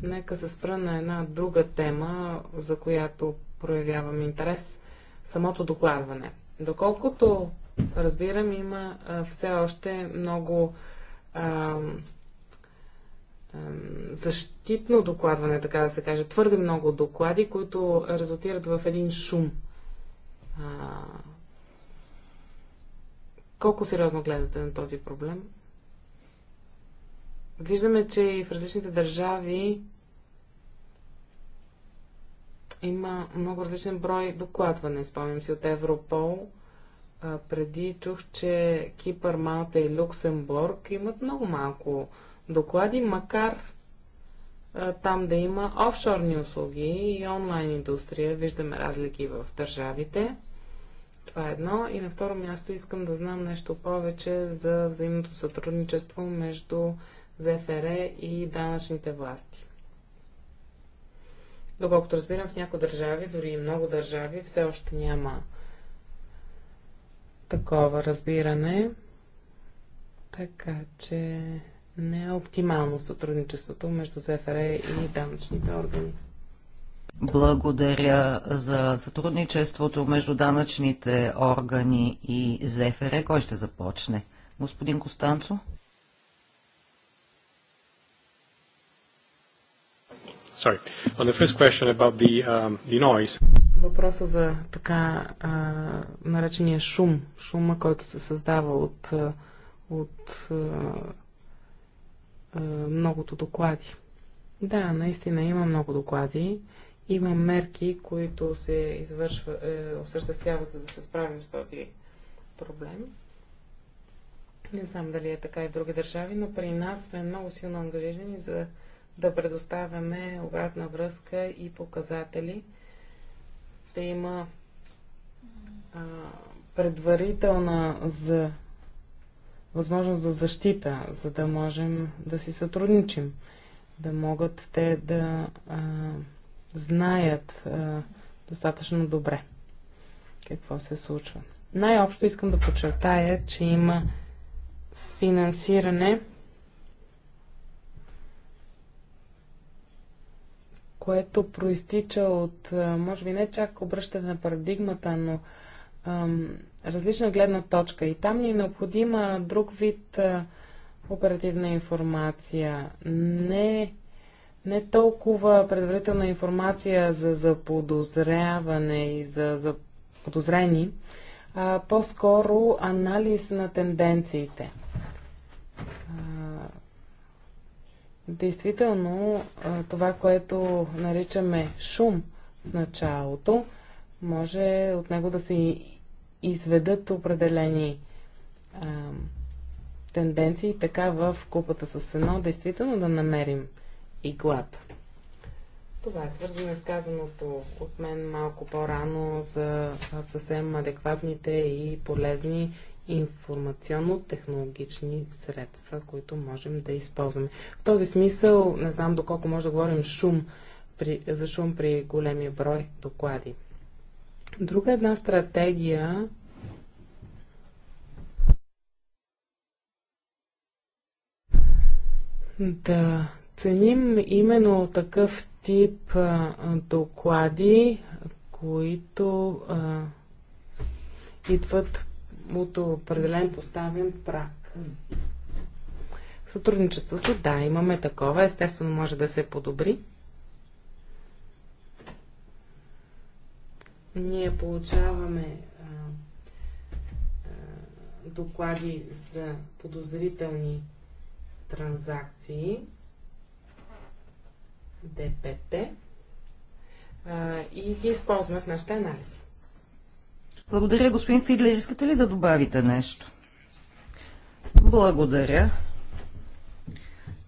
Нека се спра на една друга тема, за която проявявам интерес самото докладване. Доколкото разбирам, има все още много а, защитно докладване, така да се каже, твърде много доклади, които резултират в един шум. А, колко сериозно гледате на този проблем? Виждаме, че и в различните държави има много различен брой докладване. Спомням си от Европол. А, преди чух, че Кипър, Малта и Люксембург имат много малко доклади, макар а, там да има офшорни услуги и онлайн индустрия. Виждаме разлики в държавите. Това е едно. И на второ място искам да знам нещо повече за взаимното сътрудничество между ЗФР и данъчните власти. Доколкото разбирам, в някои държави, дори и много държави, все още няма такова разбиране. Така че не е оптимално сътрудничеството между ЗФР и данъчните органи. Благодаря за сътрудничеството между данъчните органи и ЗФР. Кой ще започне? Господин Костанцо? Sorry. On the first question about the, um, the noise. Въпроса за така а, наречения шум, шума, който се създава от, от а, а, многото доклади. Да, наистина има много доклади има мерки, които се извършва, е, осъществяват, за да се справим с този проблем. Не знам дали е така и в други държави, но при нас сме много силно ангажирани за да предоставяме обратна връзка и показатели, да има а, предварителна за възможност за защита, за да можем да си сътрудничим, да могат те да а, знаят а, достатъчно добре какво се случва. Най-общо искам да подчертая, че има финансиране, което проистича от, може би не чак обръщане на парадигмата, но ам, различна гледна точка. И там ни е необходима друг вид а, оперативна информация. Не не толкова предварителна информация за заподозряване и за, за подозрени, а по-скоро анализ на тенденциите. А, действително, а, това, което наричаме шум в началото, може от него да се изведат определени а, тенденции, така в купата с едно, действително да намерим и глад. Това е свързано с казаното от мен малко по-рано за съвсем адекватните и полезни информационно-технологични средства, които можем да използваме. В този смисъл, не знам доколко може да говорим шум при, за шум при големия брой доклади. Друга една стратегия да ценим именно такъв тип а, доклади, които а, идват от определен поставен прак. Сътрудничеството, да, имаме такова. Естествено, може да се подобри. Ние получаваме а, а, доклади за подозрителни транзакции. ДПТ а, и ги използваме в нашите анализи. Благодаря, господин Фидлер. Искате ли да добавите нещо? Благодаря.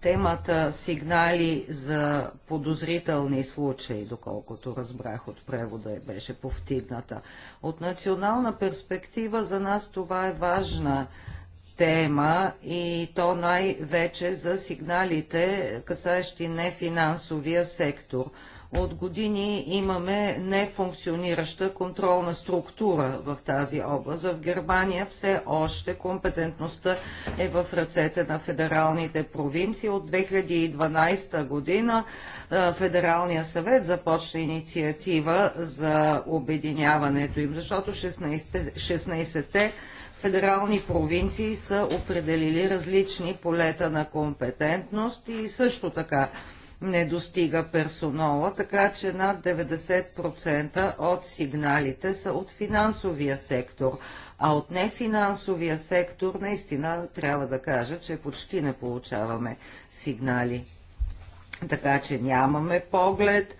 Темата сигнали за подозрителни случаи, доколкото разбрах от превода, беше повтигната. От национална перспектива за нас това е важна тема и то най-вече за сигналите, касаещи нефинансовия сектор. От години имаме нефункционираща контролна структура в тази област. В Германия все още компетентността е в ръцете на федералните провинции. От 2012 година Федералния съвет започна инициатива за обединяването им, защото 16-те 16 федерални провинции са определили различни полета на компетентност и също така не достига персонала, така че над 90% от сигналите са от финансовия сектор. А от нефинансовия сектор наистина трябва да кажа, че почти не получаваме сигнали. Така че нямаме поглед,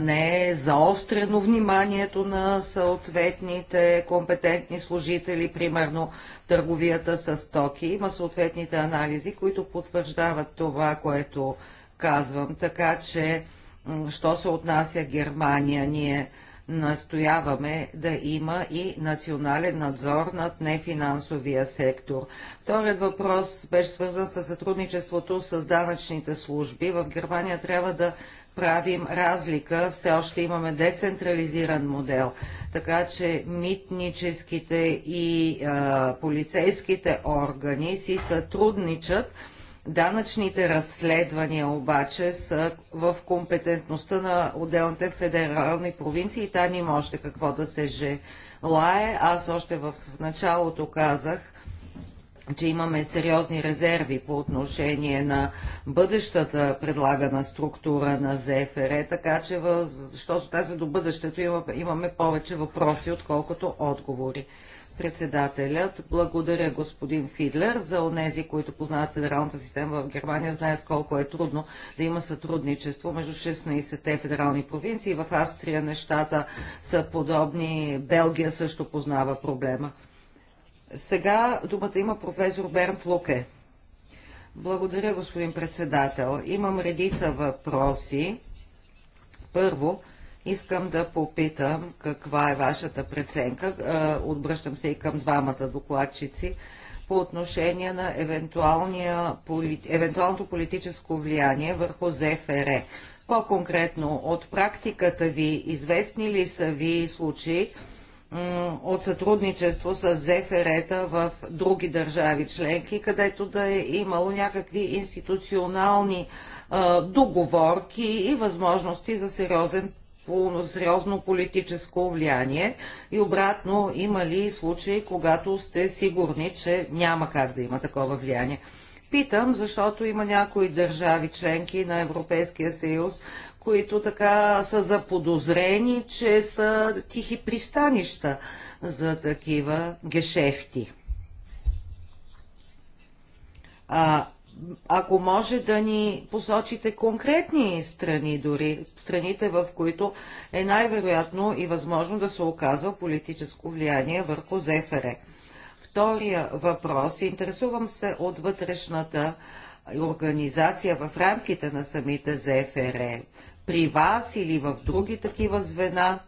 не е заострено вниманието на съответните компетентни служители, примерно търговията с токи. Има съответните анализи, които потвърждават това, което казвам. Така че, що се отнася Германия, ние настояваме да има и национален надзор над нефинансовия сектор. Вторият въпрос беше свързан с сътрудничеството с данъчните служби. В Германия трябва да правим разлика. Все още имаме децентрализиран модел, така че митническите и а, полицейските органи си сътрудничат. Данъчните разследвания обаче са в компетентността на отделните федерални провинции и там има още какво да се желае. Аз още в началото казах, че имаме сериозни резерви по отношение на бъдещата предлагана структура на ЗФР, така че, защото тази до бъдещето, имаме повече въпроси, отколкото отговори. Председателят, благодаря господин Фидлер за онези, които познават федералната система в Германия, знаят колко е трудно да има сътрудничество между 16-те федерални провинции. В Австрия нещата са подобни, Белгия също познава проблема. Сега думата има професор Бернт Луке. Благодаря, господин председател. Имам редица въпроси. Първо, искам да попитам каква е вашата преценка. Е, отбръщам се и към двамата докладчици по отношение на евентуалното политическо влияние върху ЗФР. По-конкретно, от практиката ви, известни ли са ви случаи, от сътрудничество с ЗФР-та в други държави членки, където да е имало някакви институционални договорки и възможности за сериозен сериозно политическо влияние и обратно има ли случаи, когато сте сигурни, че няма как да има такова влияние. Питам, защото има някои държави членки на Европейския съюз, които така са заподозрени, че са тихи пристанища за такива гешефти. А, ако може да ни посочите конкретни страни, дори страните, в които е най-вероятно и възможно да се оказва политическо влияние върху ЗФР. Втория въпрос. Интересувам се от вътрешната организация в рамките на самите ЗФР? Е. При вас или в други такива звена?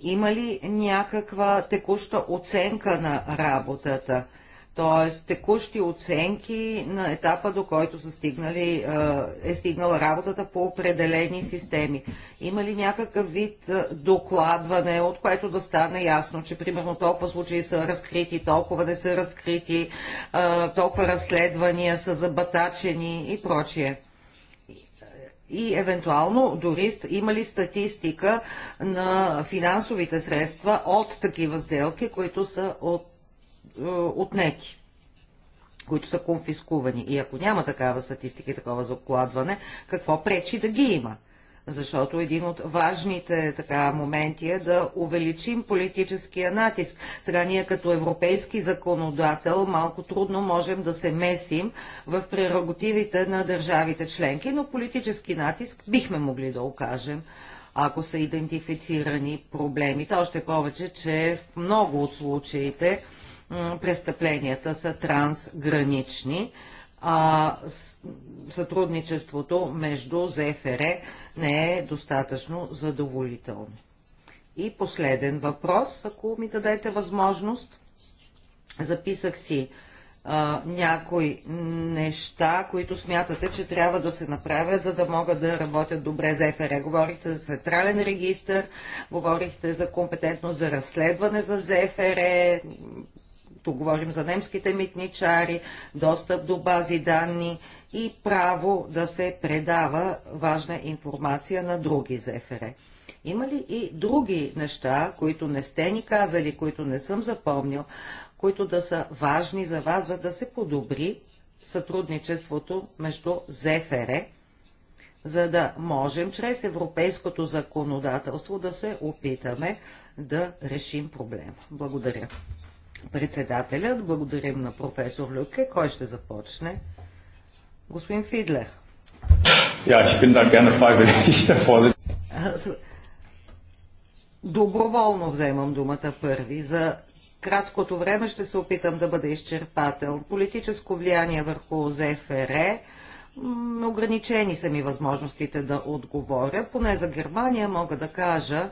Има ли някаква текуща оценка на работата? т.е. текущи оценки на етапа, до който са стигнали, е, е стигнала работата по определени системи. Има ли някакъв вид е, докладване, от което да стане ясно, че примерно толкова случаи са разкрити, толкова не са разкрити, е, толкова разследвания са забатачени и прочие? и евентуално дори има ли статистика на финансовите средства от такива сделки, които са от е, отнети които са конфискувани. И ако няма такава статистика и такова закладване, какво пречи да ги има? Защото един от важните така, моменти е да увеличим политическия натиск. Сега ние като европейски законодател малко трудно можем да се месим в прерогативите на държавите членки, но политически натиск бихме могли да окажем ако са идентифицирани проблемите. Още повече, че в много от случаите престъпленията са трансгранични, а сътрудничеството между ЗФР не е достатъчно задоволително. И последен въпрос, ако ми дадете възможност. Записах си а, някои неща, които смятате, че трябва да се направят, за да могат да работят добре за ЕФР. Говорихте за централен регистр, говорихте за компетентност за разследване за ЗФР, като говорим за немските митничари, достъп до бази данни и право да се предава важна информация на други ЗФР. Има ли и други неща, които не сте ни казали, които не съм запомнил, които да са важни за вас, за да се подобри сътрудничеството между ЗФР, за да можем чрез европейското законодателство да се опитаме да решим проблема. Благодаря. Председателят, благодарим на професор Люке. Кой ще започне? Господин Фидлер. Ja, ich bin da gerne freiwillig, Herr Доброволно вземам думата първи. За краткото време ще се опитам да бъда изчерпател. Политическо влияние върху ЗФР. Ограничени са ми възможностите да отговоря. Поне за Германия мога да кажа,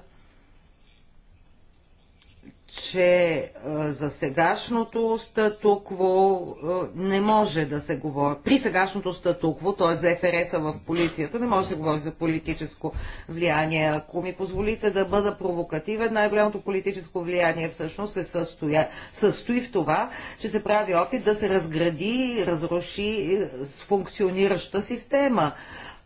че е, за сегашното статукво е, не може да се говори. При сегашното статукво, т.е. за ФРС-а в полицията, не може да се говори за политическо влияние. Ако ми позволите да бъда провокативен, най-голямото политическо влияние всъщност се състоя... състои в това, че се прави опит да се разгради, разруши е, функционираща система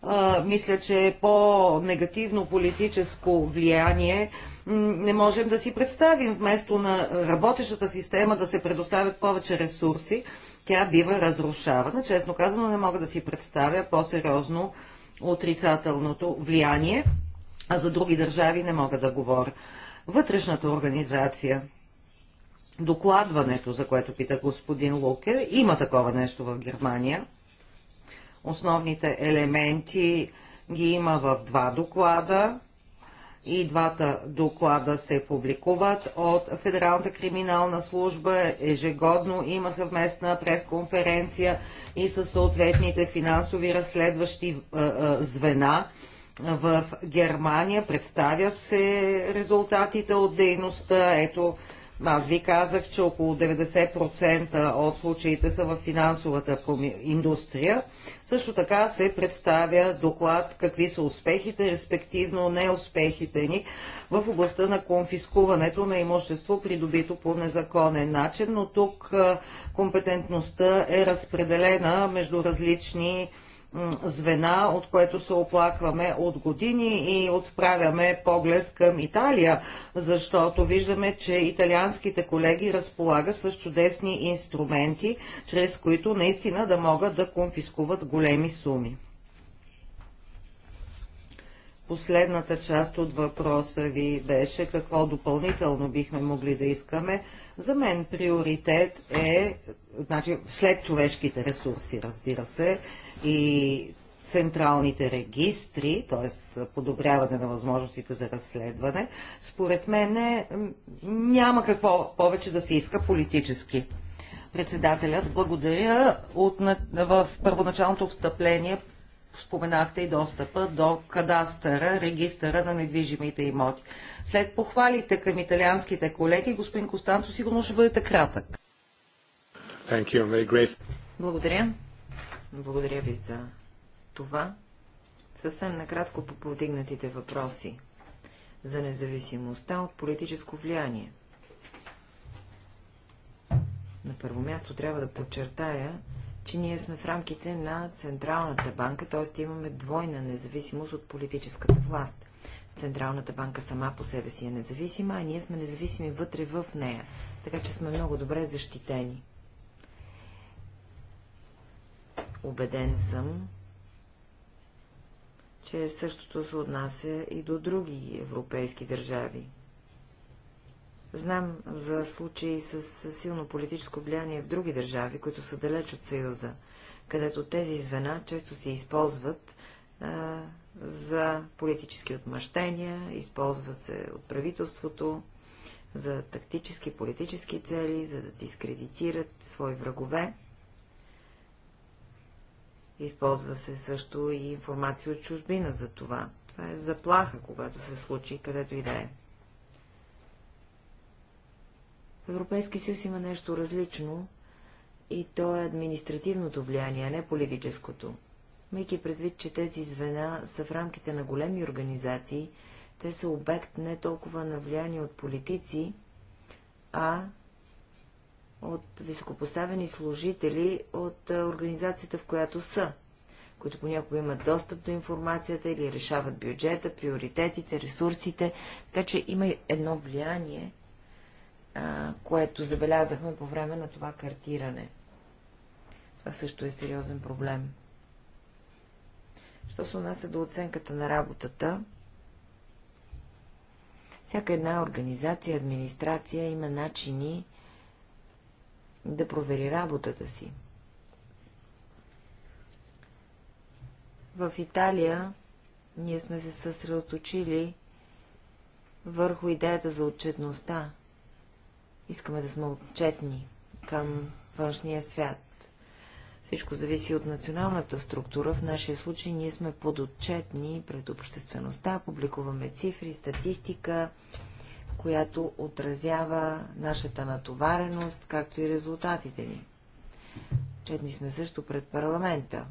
а, мисля, че е по-негативно политическо влияние не можем да си представим. Вместо на работещата система да се предоставят повече ресурси, тя бива разрушавана. Честно казано, не мога да си представя по-сериозно отрицателното влияние, а за други държави не мога да говоря. Вътрешната организация, докладването, за което пита господин Лукер, има такова нещо в Германия – Основните елементи ги има в два доклада и двата доклада се публикуват от Федералната криминална служба. Ежегодно има съвместна пресконференция и със съответните финансови разследващи е, е, звена в Германия. Представят се резултатите от дейността. Ето аз ви казах, че около 90% от случаите са в финансовата индустрия. Също така се представя доклад какви са успехите, респективно неуспехите ни в областта на конфискуването на имущество, придобито по незаконен начин, но тук компетентността е разпределена между различни звена, от което се оплакваме от години и отправяме поглед към Италия, защото виждаме, че италианските колеги разполагат с чудесни инструменти, чрез които наистина да могат да конфискуват големи суми. Последната част от въпроса ви беше какво допълнително бихме могли да искаме. За мен приоритет е, значи, след човешките ресурси, разбира се, и централните регистри, т.е. подобряване на възможностите за разследване, според мен няма какво повече да се иска политически. Председателят, благодаря. От, в първоначалното встъпление споменахте и достъпа до кадастъра, регистъра на недвижимите имоти. След похвалите към италианските колеги, господин Костанцо, сигурно ще бъдете кратък. Благодаря. Благодаря ви за това. Съвсем накратко по повдигнатите въпроси за независимостта от политическо влияние. На първо място трябва да подчертая, че ние сме в рамките на Централната банка, т.е. имаме двойна независимост от политическата власт. Централната банка сама по себе си е независима, а ние сме независими вътре в нея, така че сме много добре защитени. Обеден съм, че същото се отнася и до други европейски държави. Знам за случаи с силно политическо влияние в други държави, които са далеч от Съюза, където тези звена често се използват а, за политически отмъщения, използва се от правителството за тактически, политически цели, за да дискредитират свои врагове. Използва се също и информация от чужбина за това. Това е заплаха, когато се случи, където и да е. Европейски съюз има нещо различно и то е административното влияние, а не политическото. Майки предвид, че тези звена са в рамките на големи организации, те са обект не толкова на влияние от политици, а от високопоставени служители от организацията, в която са, които понякога имат достъп до информацията или решават бюджета, приоритетите, ресурсите, така че има едно влияние, което забелязахме по време на това картиране. Това също е сериозен проблем. Що се отнася до оценката на работата, всяка една организация, администрация има начини да провери работата си. В Италия ние сме се съсредоточили върху идеята за отчетността. Искаме да сме отчетни към външния свят. Всичко зависи от националната структура. В нашия случай ние сме подотчетни пред обществеността, публикуваме цифри, статистика, която отразява нашата натовареност, както и резултатите ни. Четни сме също пред парламента.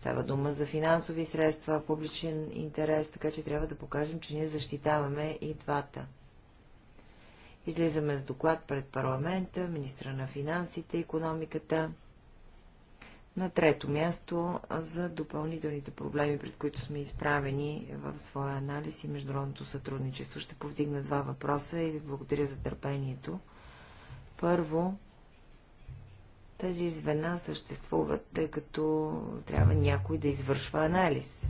Става дума за финансови средства, публичен интерес, така че трябва да покажем, че ние защитаваме и двата. Излизаме с доклад пред парламента, министра на финансите, економиката. На трето място за допълнителните проблеми, пред които сме изправени в своя анализ и международното сътрудничество. Ще повдигна два въпроса и ви благодаря за търпението. Първо, тези звена съществуват, тъй като трябва някой да извършва анализ.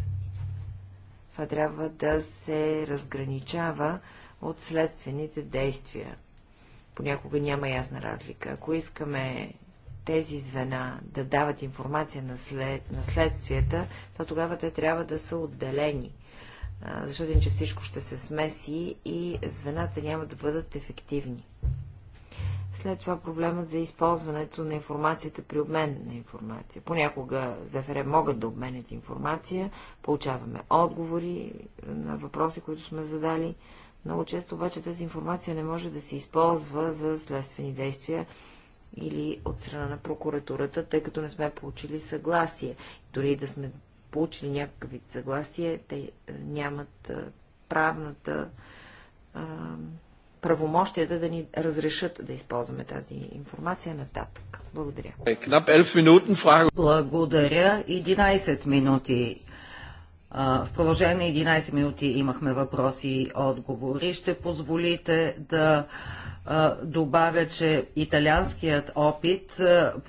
Това трябва да се разграничава от следствените действия. Понякога няма ясна разлика. Ако искаме тези звена да дават информация на, след, на следствията, то тогава те трябва да са отделени. Защото иначе всичко ще се смеси и звената няма да бъдат ефективни. След това проблемът за използването на информацията при обмен на информация. Понякога ЗФР могат да обменят информация, получаваме отговори на въпроси, които сме задали. Много често обаче тази информация не може да се използва за следствени действия или от страна на прокуратурата, тъй като не сме получили съгласие. Дори да сме получили някакъв вид съгласие, те е, нямат е, правната е, правомощията да ни разрешат да използваме тази информация нататък. Благодаря. Благодаря. 11 минути в продължение на 11 минути имахме въпроси и отговори. Ще позволите да добавя, че италианският опит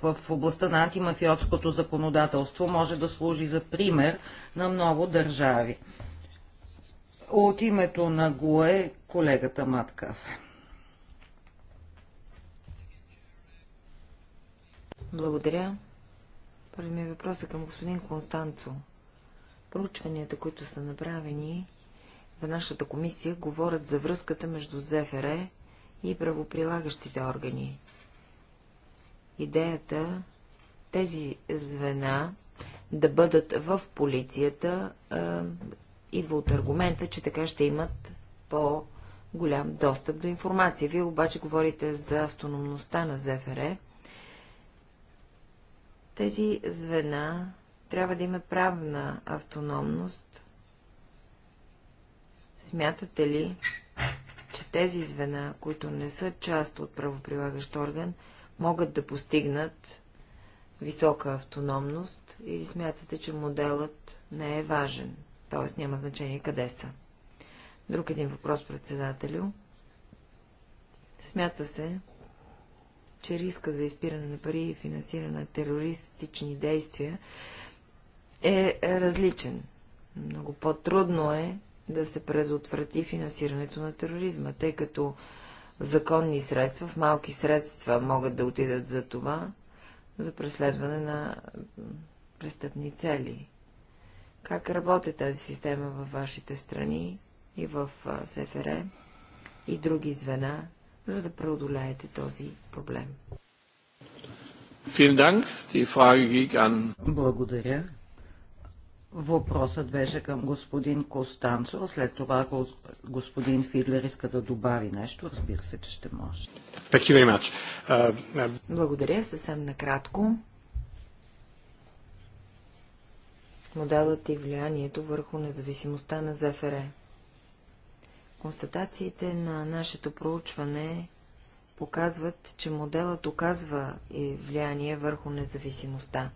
в областта на антимафиотското законодателство може да служи за пример на много държави. От името на ГУЕ колегата Маткав. Благодаря. Първи ми въпрос е към господин Констанцо. Проучванията, които са направени за нашата комисия, говорят за връзката между ЗФР и правоприлагащите органи. Идеята тези звена да бъдат в полицията а, идва от аргумента, че така ще имат по-голям достъп до информация. Вие обаче говорите за автономността на ЗФР. Тези звена трябва да имат правна автономност. Смятате ли, че тези звена, които не са част от правоприлагащ орган, могат да постигнат висока автономност или смятате, че моделът не е важен, т.е. няма значение къде са? Друг един въпрос, председателю. Смята се, че риска за изпиране на пари и финансиране на терористични действия е, е различен. Много по-трудно е да се предотврати финансирането на тероризма, тъй като законни средства, в малки средства могат да отидат за това, за преследване на престъпни цели. Как работи тази система във вашите страни и в СФР и други звена, за да преодолеете този проблем? Благодаря. Въпросът беше към господин Костанцо, след това ако господин Фидлер иска да добави нещо, разбира се, че ще може. Uh, uh... Благодаря, съвсем накратко. Моделът и влиянието върху независимостта на ЗФР. Констатациите на нашето проучване показват, че моделът оказва и влияние върху независимостта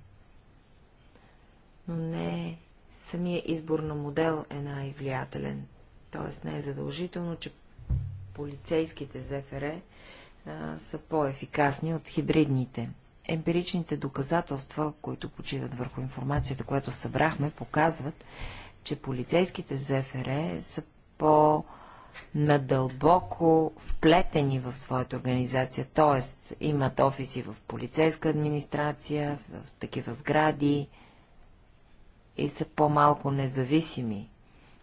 но не самия избор на модел е най-влиятелен. Тоест не е задължително, че полицейските ЗФР а, са по-ефикасни от хибридните. Емпиричните доказателства, които почиват върху информацията, която събрахме, показват, че полицейските ЗФР са по- надълбоко вплетени в своята организация, т.е. имат офиси в полицейска администрация, в такива сгради, и са по-малко независими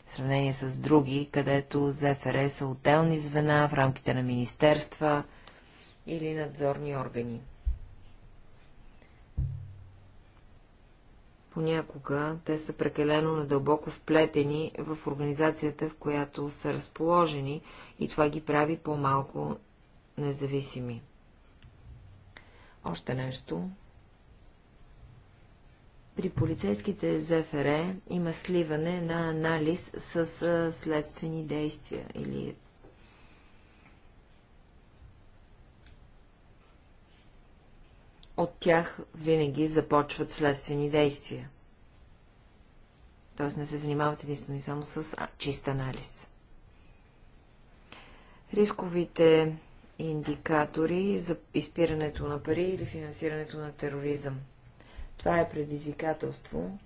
в сравнение с други, където ЗФР са отделни звена в рамките на министерства или надзорни органи. Понякога те са прекалено надълбоко вплетени в организацията, в която са разположени и това ги прави по-малко независими. Още нещо при полицейските ЗФР има сливане на анализ с следствени действия или от тях винаги започват следствени действия. Тоест не се занимават единствено и само с чист анализ. Рисковите индикатори за изпирането на пари или финансирането на тероризъм – това е предизвикателство.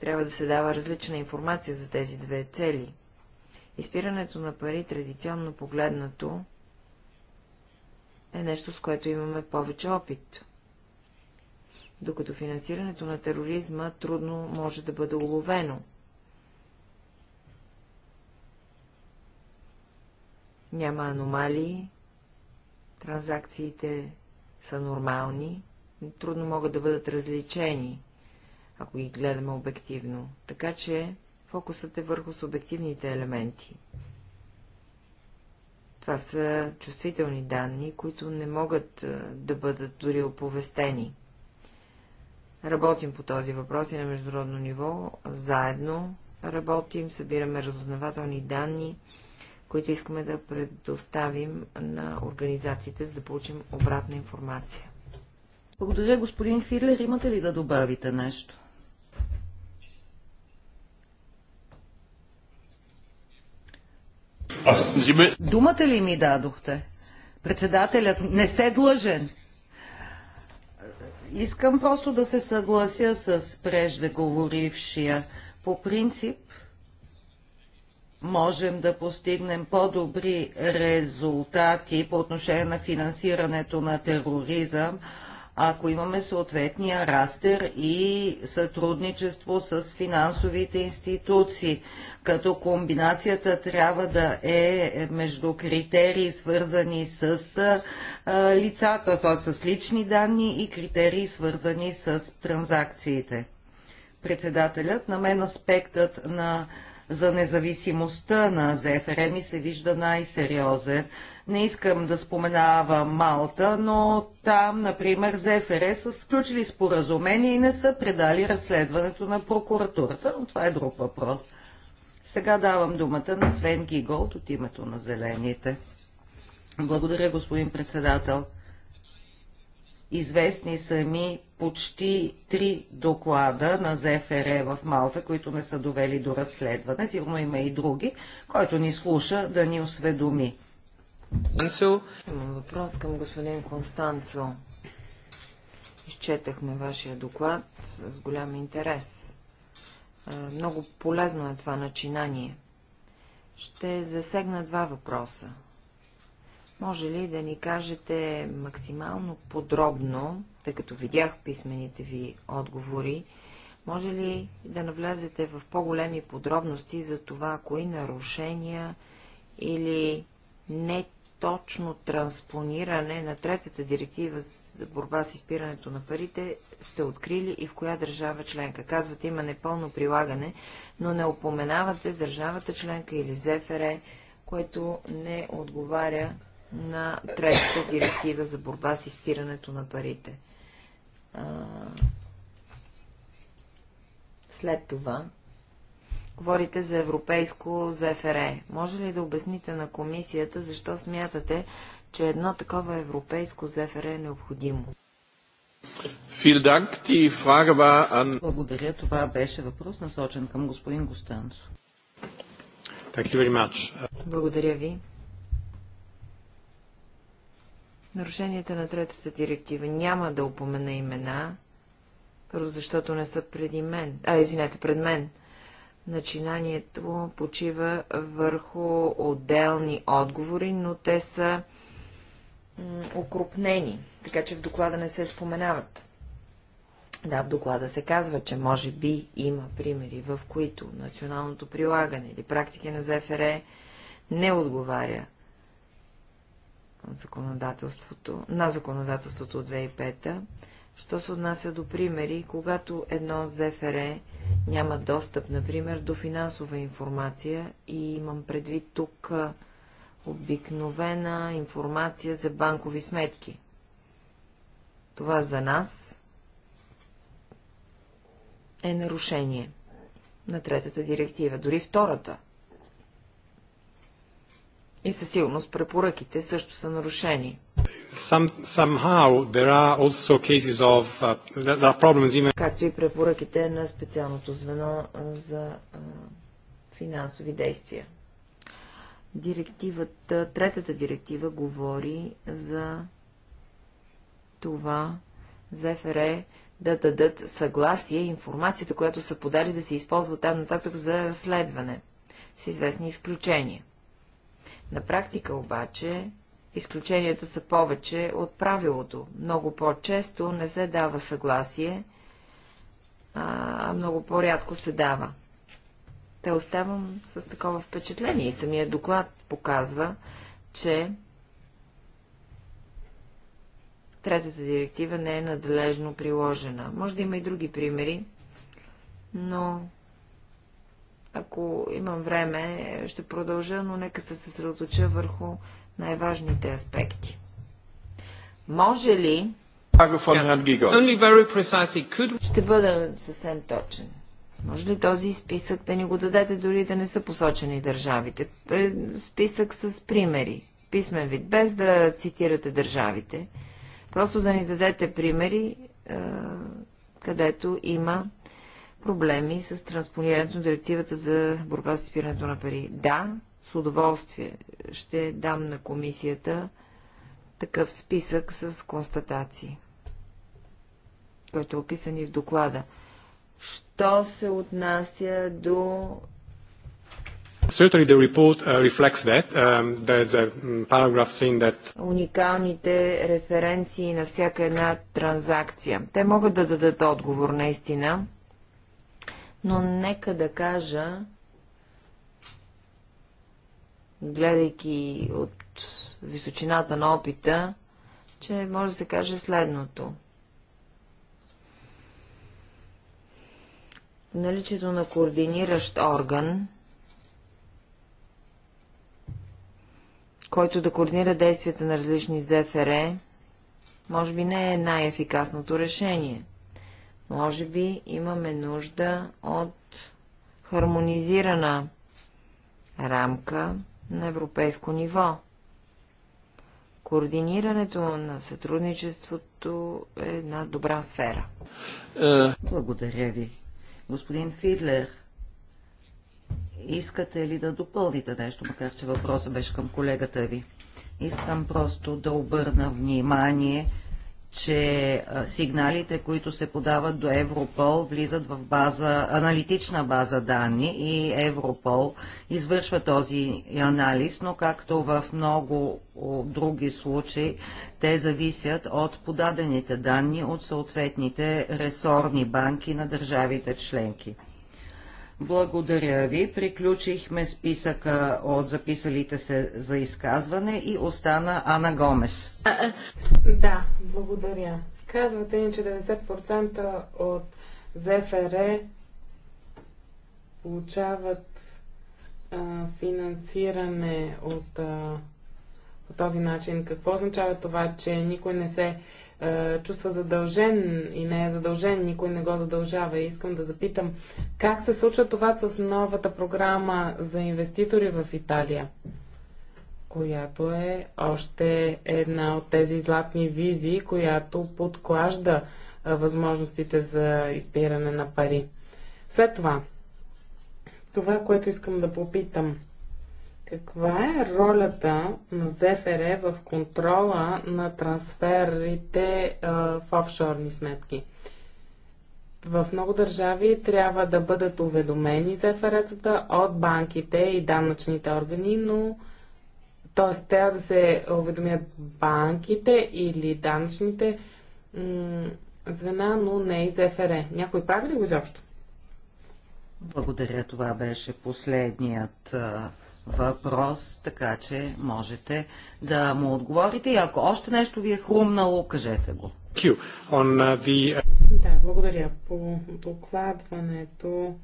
Трябва да се дава различна информация за тези две цели. Изпирането на пари, традиционно погледнато, е нещо, с което имаме повече опит. Докато финансирането на тероризма трудно може да бъде уловено. Няма аномалии, транзакциите са нормални, трудно могат да бъдат различени, ако ги гледаме обективно. Така че фокусът е върху субективните елементи. Това са чувствителни данни, които не могат да бъдат дори оповестени. Работим по този въпрос и на международно ниво. Заедно работим, събираме разузнавателни данни, които искаме да предоставим на организациите, за да получим обратна информация. Благодаря, господин Фирлер. Имате ли да добавите нещо? Аз... Думата ли ми дадохте? Председателят, не сте длъжен. Искам просто да се съглася с преждеговорившия. По принцип, можем да постигнем по-добри резултати по отношение на финансирането на тероризъм, ако имаме съответния растер и сътрудничество с финансовите институции, като комбинацията трябва да е между критерии свързани с лицата, т.е. с лични данни и критерии свързани с транзакциите. Председателят, на мен аспектът на за независимостта на ЗФРМ и се вижда най-сериозен. Не искам да споменавам Малта, но там, например, ЗФР са сключили споразумение и не са предали разследването на прокуратурата, но това е друг въпрос. Сега давам думата на Свен Гиголд от името на Зелените. Благодаря, господин председател. Известни са ми почти три доклада на ЗФР в Малта, които не са довели до разследване. Сигурно има и други, който ни слуша да ни осведоми. Имам въпрос към господин Констанцо. Изчетахме вашия доклад с голям интерес. Много полезно е това начинание. Ще засегна два въпроса. Може ли да ни кажете максимално подробно, тъй като видях писмените ви отговори, може ли да навлезете в по-големи подробности за това, кои нарушения или неточно транспониране на третата директива за борба с изпирането на парите сте открили и в коя държава членка? Казвате, има непълно прилагане, но не упоменавате държавата членка или ЗФР, което не отговаря на третата директива за борба с изпирането на парите. След това говорите за европейско ЗФРЕ. Може ли да обясните на комисията, защо смятате, че едно такова европейско ЗФРЕ е необходимо? Благодаря. Това беше въпрос насочен към господин Гостанцо. Благодаря ви. Нарушенията на третата директива. Няма да упомена имена, първо защото не са преди мен. А, извинете, пред мен. Начинанието почива върху отделни отговори, но те са окрупнени, така че в доклада не се споменават. Да, в доклада се казва, че може би има примери, в които националното прилагане или практики на ЗФР не отговаря законодателството, на законодателството от 2005 що се отнася до примери, когато едно ЗФР няма достъп, например, до финансова информация и имам предвид тук обикновена информация за банкови сметки. Това за нас е нарушение на третата директива, дори втората – и със сигурност препоръките също са нарушени. Uh, Както и препоръките на специалното звено за финансови действия. Директивата, третата директива говори за това за ФРЕ да дадат съгласие информацията, която са подали да се използва там нататък за разследване, с известни изключения. На практика обаче изключенията са повече от правилото. Много по-често не се дава съгласие, а много по-рядко се дава. Те оставам с такова впечатление и самия доклад показва, че третата директива не е надлежно приложена. Може да има и други примери, но ако имам време, ще продължа, но нека се съсредоточа върху най-важните аспекти. Може ли... Ще бъда съвсем точен. Може ли този списък да ни го дадете, дори да не са посочени държавите? Е, списък с примери, писмен вид, без да цитирате държавите. Просто да ни дадете примери, е, където има проблеми с транспонирането на директивата за борба с изпирането на пари. Да, с удоволствие ще дам на комисията такъв списък с констатации, който е описан и в доклада. Що се отнася до Certainly the report uh, reflects that. Um, there is a mm, paragraph saying that Уникалните референции на всяка една транзакция. Те могат да дадат отговор наистина но нека да кажа, гледайки от височината на опита, че може да се каже следното. Наличието на координиращ орган, който да координира действията на различни ЗФР, може би не е най-ефикасното решение – може би имаме нужда от хармонизирана рамка на европейско ниво. Координирането на сътрудничеството е една добра сфера. Е. Благодаря ви. Господин Фидлер, искате ли да допълните нещо, макар че въпросът беше към колегата ви? Искам просто да обърна внимание че сигналите, които се подават до Европол, влизат в база, аналитична база данни и Европол извършва този анализ, но както в много други случаи, те зависят от подадените данни от съответните ресорни банки на държавите членки. Благодаря ви. Приключихме списъка от записалите се за изказване и остана Ана Гомес. Да, благодаря. Казвате ни, че 90% от ЗФР получават а, финансиране от а, по този начин. Какво означава това, че никой не се е, чувства задължен и не е задължен, никой не го задължава. И искам да запитам, как се случва това с новата програма за инвеститори в Италия, която е още една от тези златни визии, която подклажда е, възможностите за изпиране на пари. След това, това, което искам да попитам – каква е ролята на ЗФР в контрола на трансферите а, в офшорни сметки? В много държави трябва да бъдат уведомени ЗФР-тата от банките и данъчните органи, но т.е. трябва да се уведомят банките или данъчните звена, но не и ЗФР. Някой прави ли го изобщо? Благодаря, това беше последният въпрос, така че можете да му отговорите и ако още нещо ви е хрумнало, кажете го. Uh, the... Uh, да, благодаря. По докладването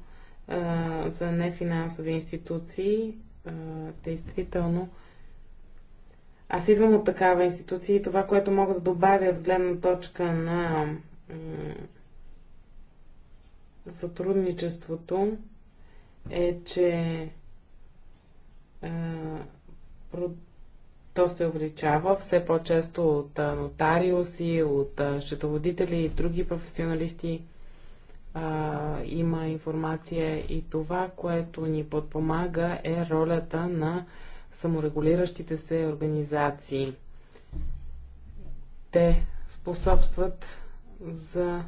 а, за нефинансови институции, а, действително, аз идвам от такава институция и това, което мога да добавя от гледна точка на сътрудничеството е, че то е, се увеличава все по-често от е, нотариуси, от е, счетоводители и други професионалисти. има информация и това, което ни подпомага е ролята на саморегулиращите се организации. Те способстват за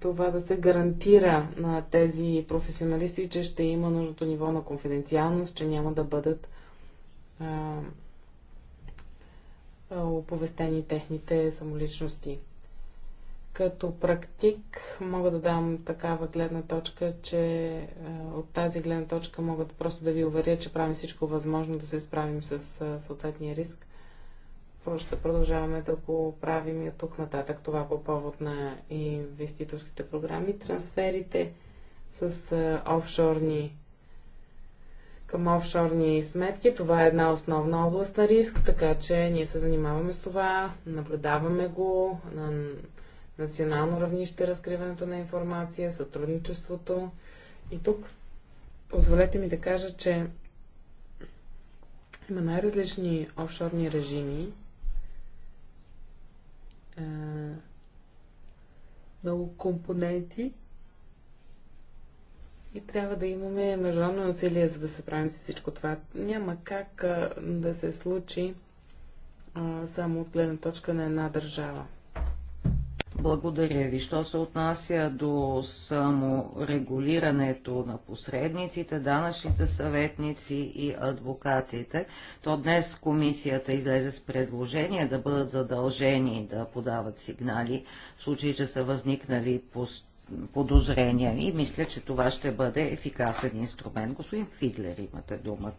това да се гарантира на тези професионалисти, че ще има нужното ниво на конфиденциалност, че няма да бъдат а, оповестени техните самоличности. Като практик мога да дам такава гледна точка, че а, от тази гледна точка мога да просто да ви уверя, че правим всичко възможно да се справим с а, съответния риск ще продължаваме да го правим и от тук нататък. Това по повод на инвеститорските програми. Трансферите с офшорни към офшорни сметки. Това е една основна област на риск, така че ние се занимаваме с това, наблюдаваме го на национално равнище, разкриването на информация, сътрудничеството. И тук позволете ми да кажа, че има най-различни офшорни режими, е, много компоненти и трябва да имаме международни усилия, за да се правим с всичко това. Няма как е, да се случи е, само от гледна точка на една държава. Благодаря ви. Що се отнася до саморегулирането на посредниците, данъчните съветници и адвокатите, то днес комисията излезе с предложение да бъдат задължени да подават сигнали в случай, че са възникнали подозрения. И мисля, че това ще бъде ефикасен инструмент. Господин Фидлер, имате думата.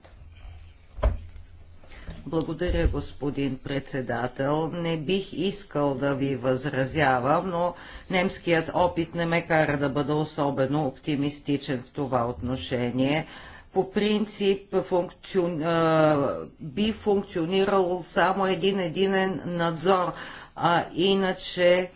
Благодаря, господин председател. Не бих искал да ви възразявам, но немският опит не ме кара да бъда особено оптимистичен в това отношение. По принцип би функционирал само един единен надзор, а иначе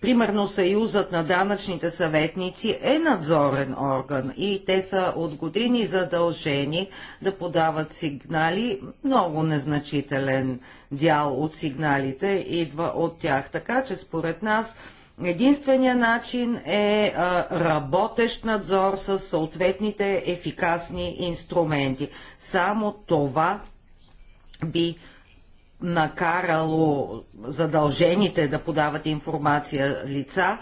примерно Съюзът на данъчните съветници е надзорен орган и те са от години задължени да подават сигнали. Много незначителен дял от сигналите идва от тях. Така че според нас единствения начин е работещ надзор с съответните ефикасни инструменти. Само това би накарало задължените да подават информация лица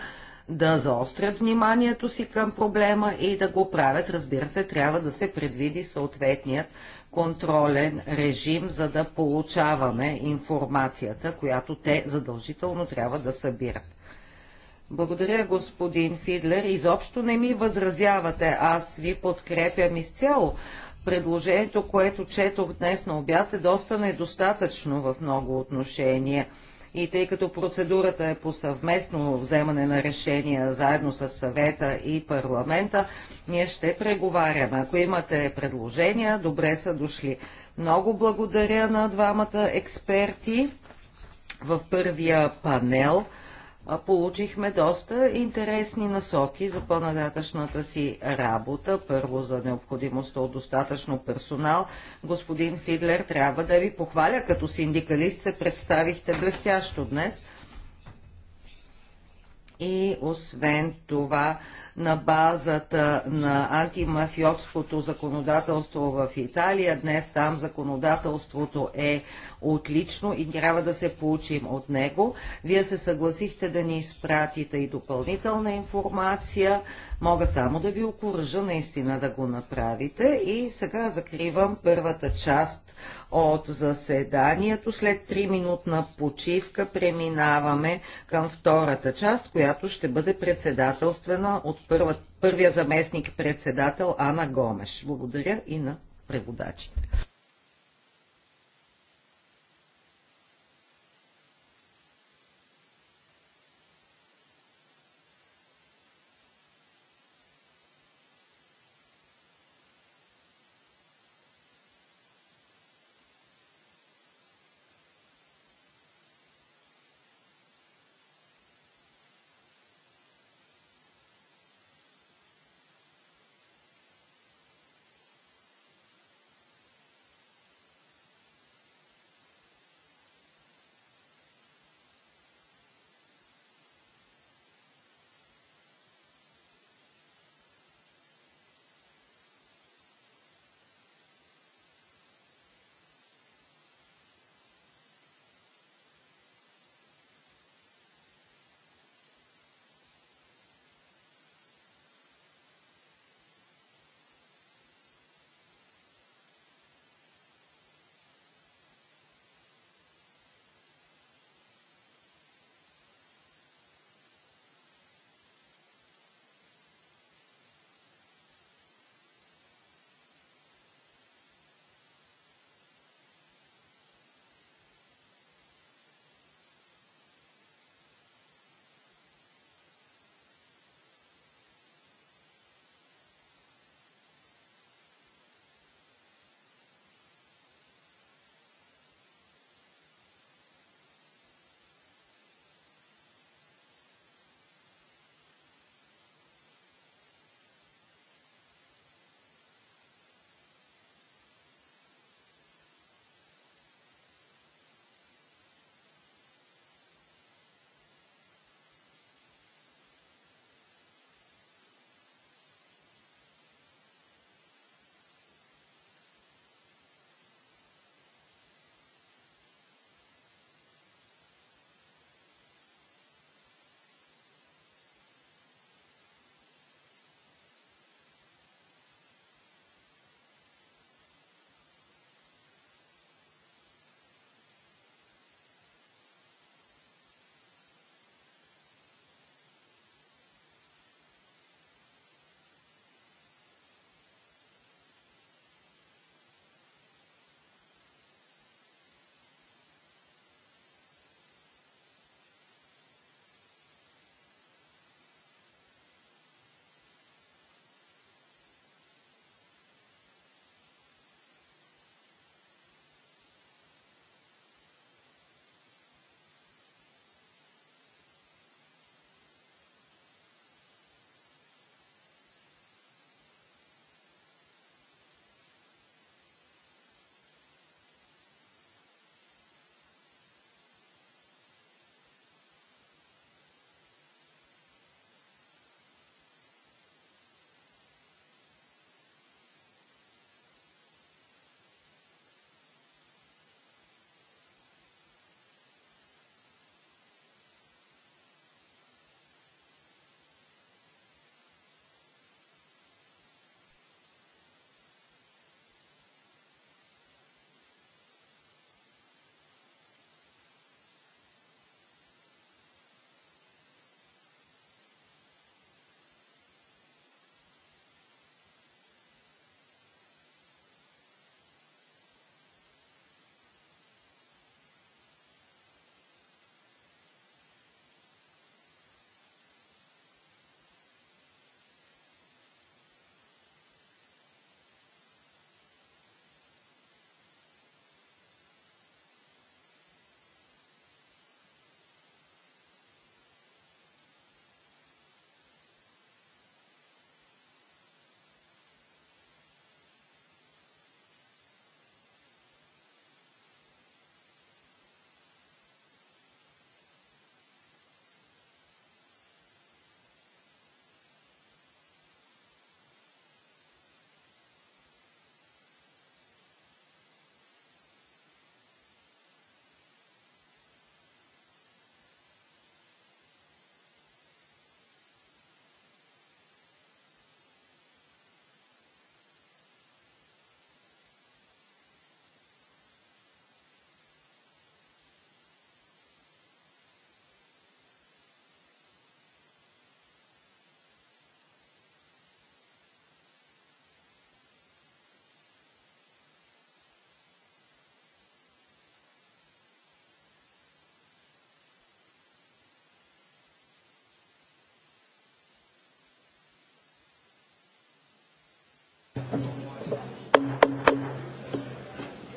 да заострят вниманието си към проблема и да го правят. Разбира се, трябва да се предвиди съответният контролен режим, за да получаваме информацията, която те задължително трябва да събират. Благодаря, господин Фидлер. Изобщо не ми възразявате. Аз ви подкрепям изцяло предложението, което четох днес на обяд, е доста недостатъчно в много отношения. И тъй като процедурата е по съвместно вземане на решения заедно с съвета и парламента, ние ще преговаряме. Ако имате предложения, добре са дошли. Много благодаря на двамата експерти в първия панел получихме доста интересни насоки за по-нататъчната си работа. Първо за необходимостта от достатъчно персонал. Господин Фидлер, трябва да ви похваля, като синдикалист се представихте блестящо днес – и освен това на базата на антимафиотското законодателство в Италия. Днес там законодателството е отлично и трябва да се получим от него. Вие се съгласихте да ни изпратите и допълнителна информация. Мога само да ви окоръжа наистина да го направите. И сега закривам първата част от заседанието. След 3-минутна почивка преминаваме към втората част, която ще бъде председателствена от първа, първия заместник председател Ана Гомеш. Благодаря и на преводачите.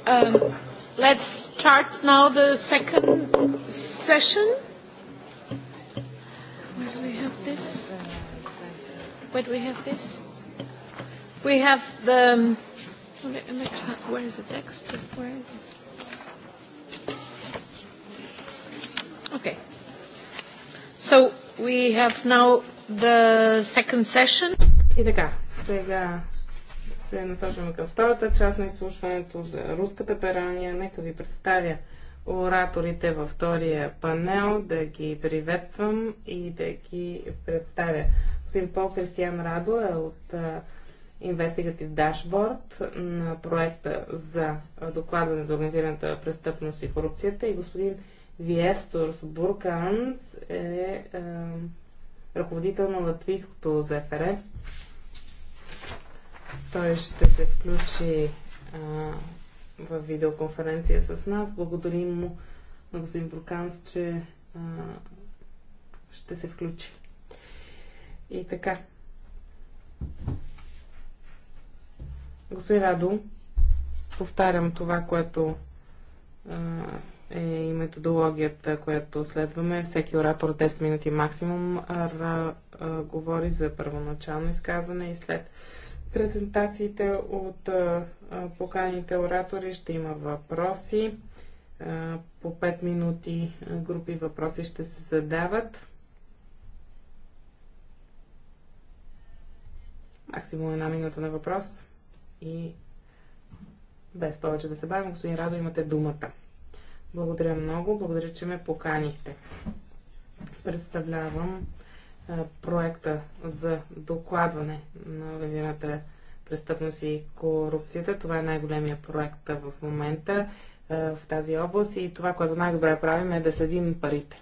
Um, let's start now the second session. Where do we have this? Where do we have this? We have the. Where is the text? Where is it? Okay. So we have now the second session. И сега се насочваме към втората част на изслушването за руската перания. Нека ви представя ораторите във втория панел, да ги приветствам и да ги представя. Господин Пол Кристиан Радо е от Investigative Dashboard на проекта за докладване за организираната престъпност и корупцията и господин Виесторс Бурканс е, е ръководител на латвийското ЗФР е. Той ще се включи в видеоконференция с нас. Благодарим му на господин Бруканс, че а, ще се включи. И така. Господин Радо, повтарям това, което а, е и методологията, която следваме. Всеки оратор 10 минути максимум а, а, говори за първоначално изказване и след презентациите от поканите оратори. Ще има въпроси. По 5 минути групи въпроси ще се задават. Максимум една минута на въпрос и без повече да се бавим, господин Радо, имате думата. Благодаря много, благодаря, че ме поканихте. Представлявам проекта за докладване на организираната престъпност и корупцията. Това е най-големия проект в момента в тази област и това, което най-добре правим е да съдим парите.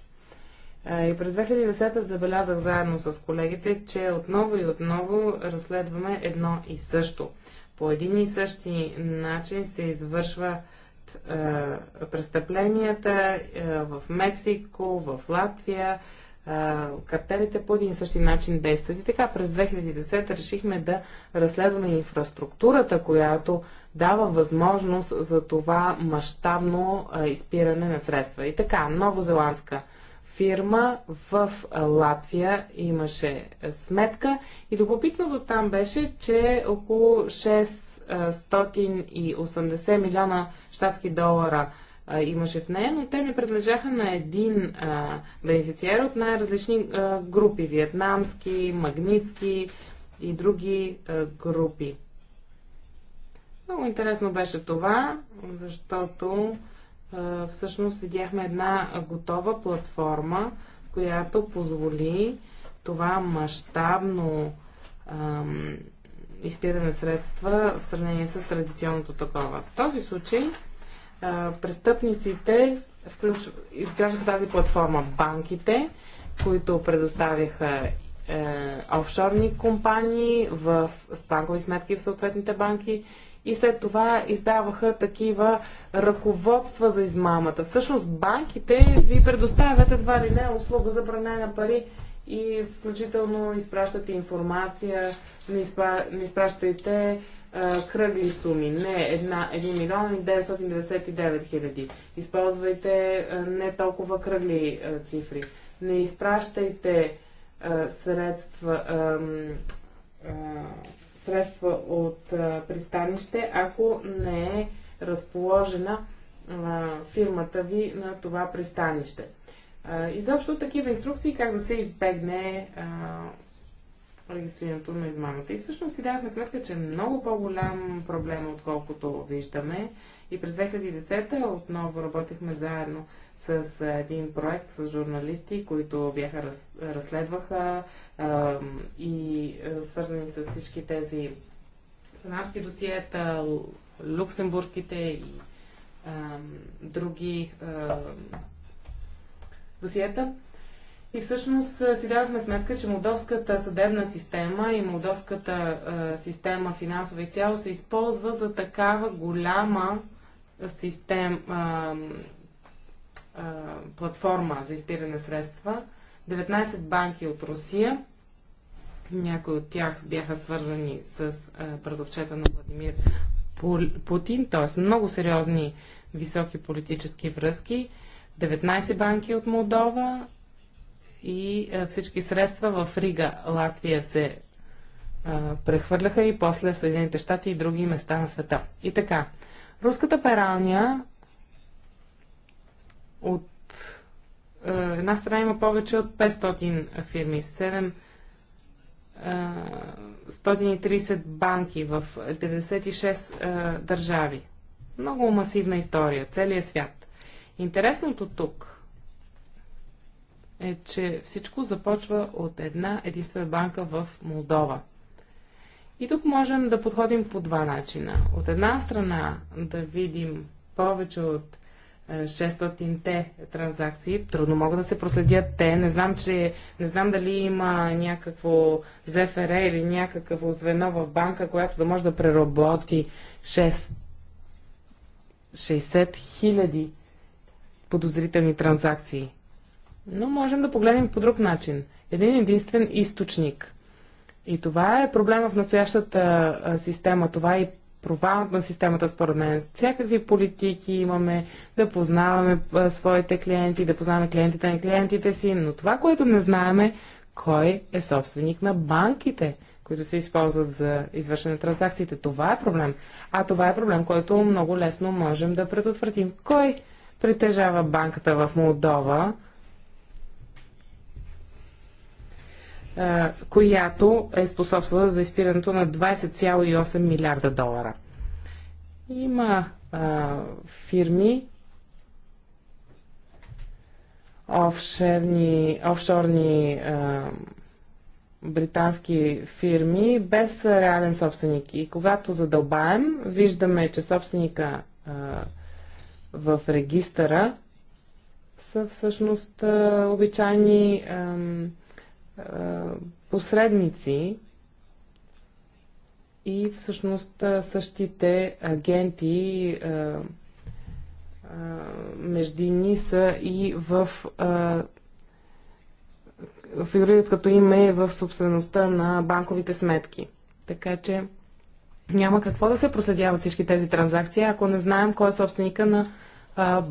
И през 2010 забелязах заедно с колегите, че отново и отново разследваме едно и също. По един и същи начин се извършва престъпленията в Мексико, в Латвия, картелите по един и същи начин действат. И така през 2010 решихме да разследваме инфраструктурата, която дава възможност за това мащабно изпиране на средства. И така, новозеландска фирма в Латвия имаше сметка и любопитното там беше, че около 680 милиона щатски долара а, имаше в нея, но те не принадлежаха на един а, бенефициар от най-различни групи виетнамски, магнитски и други а, групи. Много интересно беше това, защото а, всъщност видяхме една готова платформа, която позволи това мащабно изпиране средства в сравнение с традиционното такова. В този случай престъпниците включ... изграждаха тази платформа банките, които предоставяха е, офшорни компании в, с банкови сметки в съответните банки и след това издаваха такива ръководства за измамата. Всъщност банките ви предоставят едва ли не услуга за пране на пари и включително изпращате информация, не, изпра... не изпращайте кръгли суми. Не, една, 1 милион и 999 хиляди. Използвайте а, не толкова кръгли а, цифри. Не изпращайте а, средства, а, а, средства от а, пристанище, ако не е разположена а, фирмата ви на това пристанище. А, изобщо такива инструкции как да се избегне а, регистрирането на измамата. И всъщност си давахме сметка, че е много по-голям проблем, отколкото виждаме. И през 2010 отново работихме заедно с един проект с журналисти, които бяха раз, разследваха а, и а, свързани с всички тези панамски досиета, люксембургските и а, други а, досиета. И всъщност си дадохме сметка, че молдовската съдебна система и молдовската система финансова изцяло се използва за такава голяма систем, а, а, платформа за изпиране средства. 19 банки от Русия, някои от тях бяха свързани с а, на Владимир Путин, т.е. много сериозни високи политически връзки. 19 банки от Молдова и е, всички средства в Рига, Латвия се е, прехвърляха и после в Съединените щати и други места на света. И така, руската пералня от е, една страна има повече от 500 фирми, 7 130 банки в 96 държави. Много масивна история, целият свят. Интересното тук е, че всичко започва от една единствена банка в Молдова. И тук можем да подходим по два начина. От една страна да видим повече от 600-те е, транзакции. Трудно могат да се проследят те. Не знам, че, не знам дали има някакво ЗФР или някакво звено в банка, която да може да преработи 6, 60 хиляди подозрителни транзакции. Но можем да погледнем по друг начин. Един единствен източник. И това е проблема в настоящата система. Това е и провалът на системата, според мен. Всякакви политики имаме, да познаваме своите клиенти, да познаваме клиентите на клиентите си, но това, което не знаеме, кой е собственик на банките, които се използват за извършване на транзакциите. Това е проблем. А това е проблем, който много лесно можем да предотвратим. Кой притежава банката в Молдова? която е способствала за изпирането на 20,8 милиарда долара. Има а, фирми, офшерни, офшорни а, британски фирми без реален собственик. И когато задълбаем, виждаме, че собственика а, в регистъра са всъщност а, обичайни. А, посредници и всъщност същите агенти междини са и в фигурират като име в собствеността на банковите сметки. Така че няма какво да се проследяват всички тези транзакции, ако не знаем кой е собственика на а,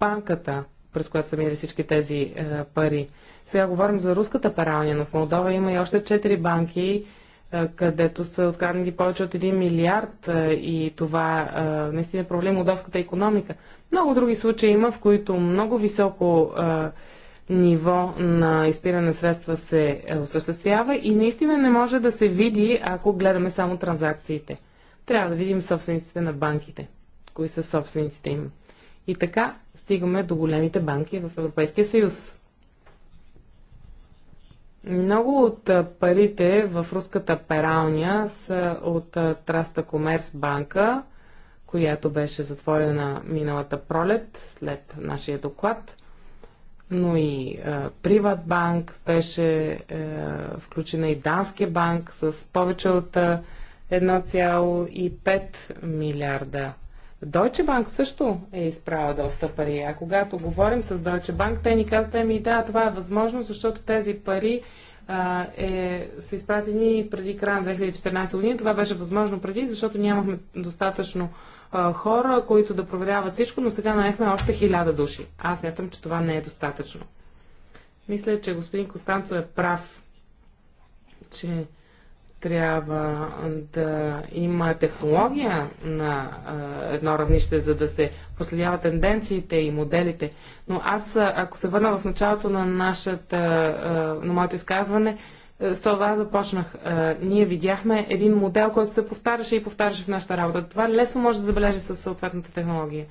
банката, през която са минали всички тези а, пари. Сега говорим за руската паралния, но в Молдова има и още четири банки, е, където са откраднати повече от 1 милиард е, и това е, наистина проблем молдовската економика. Много други случаи има, в които много високо ниво на изпиране на средства се осъществява и наистина не може да се види, ако гледаме само транзакциите. Трябва да видим собствениците на банките, кои са собствениците им. И така стигаме до големите банки в Европейския съюз. Много от парите в руската пералня са от Траста Комерс банка, която беше затворена миналата пролет след нашия доклад. Но и Приват банк беше е, включена и Данския банк с повече от 1,5 милиарда Deutsche Bank също е изправа доста пари. А когато говорим с Deutsche Bank, те ни казват, еми да, това е възможно, защото тези пари а, е, са изпратени преди края на 2014 година. Това беше възможно преди, защото нямахме достатъчно а, хора, които да проверяват всичко, но сега наехме още хиляда души. Аз смятам, че това не е достатъчно. Мисля, че господин Костанцо е прав, че трябва да има технология на едно равнище, за да се последяват тенденциите и моделите. Но аз, ако се върна в началото на, нашата, на моето изказване, с това започнах. ние видяхме един модел, който се повтаряше и повтаряше в нашата работа. Това лесно може да забележи с съответната технология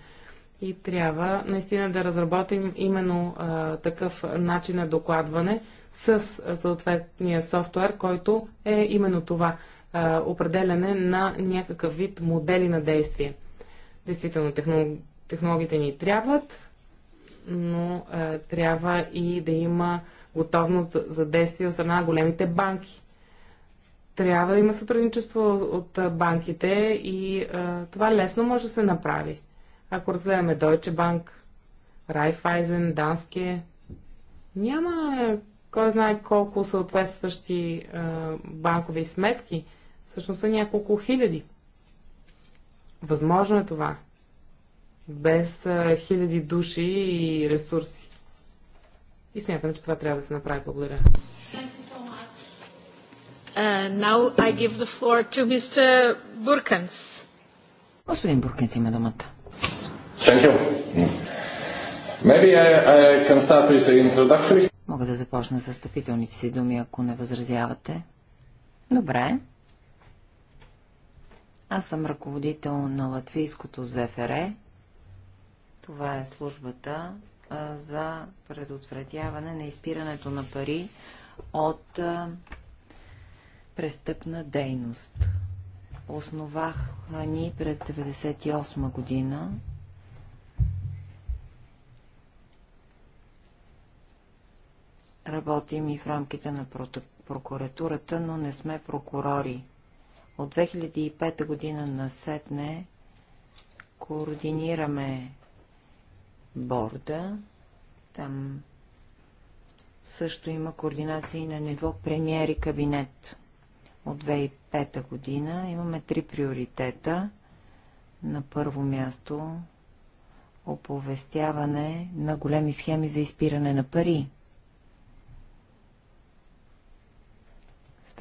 и трябва наистина да разработим именно а, такъв начин на докладване с съответния софтуер, който е именно това а, определяне на някакъв вид модели на действие. Действително, технолог... технологиите ни трябват, но а, трябва и да има готовност за действие от страна на големите банки. Трябва да има сътрудничество от банките и а, това лесно може да се направи ако разгледаме Deutsche Bank, Raiffeisen, Danske, няма е, кой знае колко съответстващи е, банкови сметки. Всъщност са няколко хиляди. Възможно е това. Без е, хиляди души и ресурси. И смятам, че това трябва да се направи. Благодаря. Uh, Господин Буркенс, има думата. Thank you. Maybe I, I can start with the introduction. Мога да започна с стъпителните си думи, ако не възразявате. Добре. Аз съм ръководител на латвийското ЗФР. Е. Това е службата а, за предотвратяване на изпирането на пари от а, престъпна дейност. Основах ни през 1998 година Работим и в рамките на прокуратурата, но не сме прокурори. От 2005 година на СЕТНЕ координираме борда. Там също има координации на ниво премьер и кабинет. От 2005 година имаме три приоритета. На първо място оповестяване на големи схеми за изпиране на пари.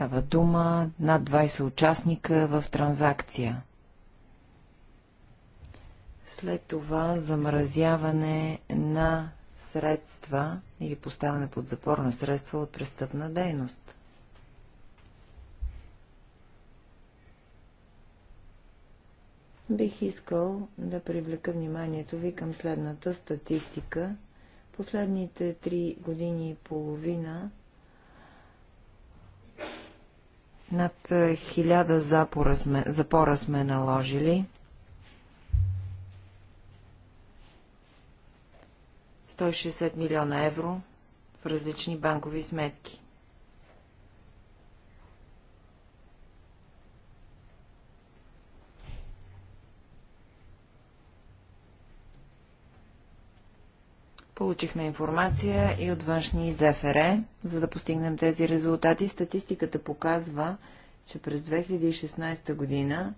Става дума над 20 участника в транзакция. След това замразяване на средства или поставяне под запор на средства от престъпна дейност. Бих искал да привлека вниманието ви към следната статистика. Последните три години и половина Над е, хиляда запора сме, запора сме наложили. 160 милиона евро в различни банкови сметки. Получихме информация и от външни ЗФР, за да постигнем тези резултати. Статистиката показва, че през 2016 година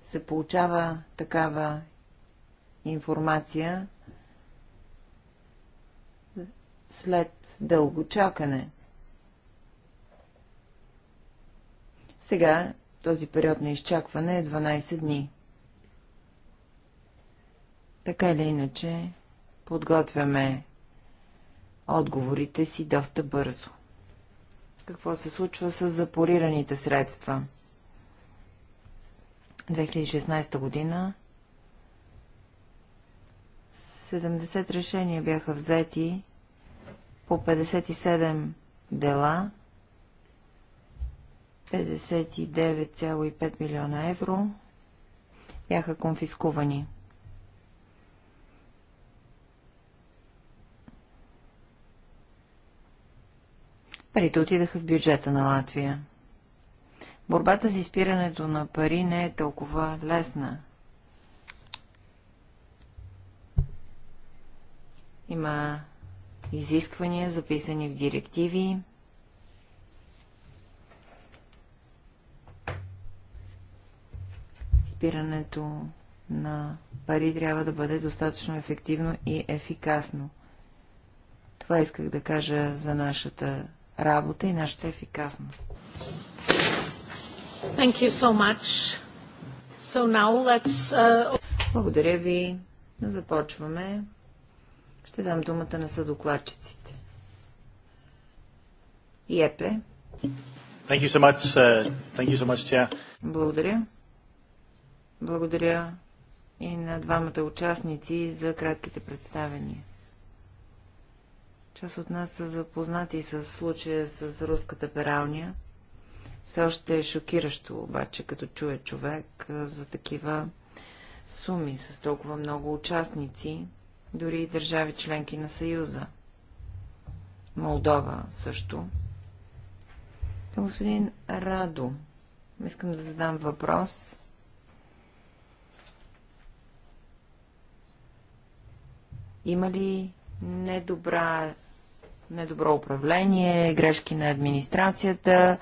се получава такава информация след дълго чакане. Сега този период на изчакване е 12 дни. Така или иначе, подготвяме отговорите си доста бързо. Какво се случва с запорираните средства? 2016 година 70 решения бяха взети по 57 дела, 59,5 милиона евро бяха конфискувани. Парите отидаха в бюджета на Латвия. Борбата за изпирането на пари не е толкова лесна. Има изисквания, записани в директиви. Изпирането на пари трябва да бъде достатъчно ефективно и ефикасно. Това исках да кажа за нашата работа и нашата ефикасност. Thank you so much. So now let's, uh... Благодаря ви. Започваме. Ще дам думата на съдокладчиците. Епе. Thank you so much, uh, thank you so much, Благодаря. Благодаря и на двамата участници за кратките представения. Част от нас са запознати с случая с руската пералня. Все още е шокиращо, обаче, като чуе човек за такива суми с толкова много участници, дори и държави членки на Съюза. Молдова също. Към господин Радо, искам да задам въпрос. Има ли недобра недобро управление, грешки на администрацията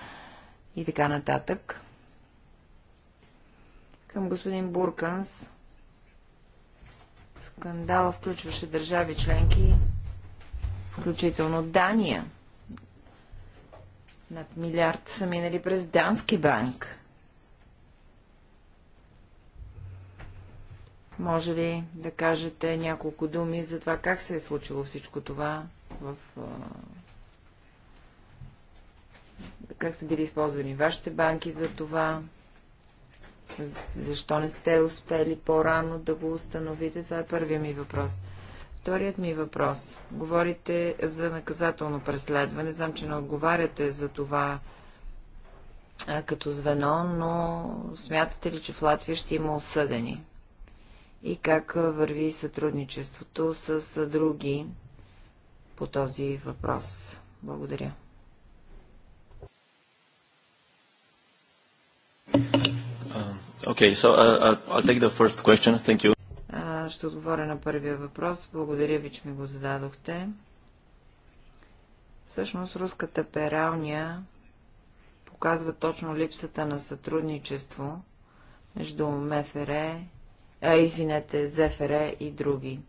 и така нататък. Към господин Бурканс скандала включваше държави членки, включително Дания. Над милиард са минали през Дански банк. Може ли да кажете няколко думи за това как се е случило всичко това? в как са били използвани вашите банки за това, защо не сте успели по-рано да го установите, това е първият ми въпрос. Вторият ми въпрос. Говорите за наказателно преследване. Знам, че не отговаряте за това а, като звено, но смятате ли, че в Латвия ще има осъдени? И как върви сътрудничеството с други по този въпрос. Благодаря. Uh, okay, so uh, uh, I'll, take the first question. Thank you. Ще отговоря на първия въпрос. Благодаря ви, че ми го зададохте. Всъщност, руската пералня показва точно липсата на сътрудничество между МФР, а, извинете, ЗФР и други.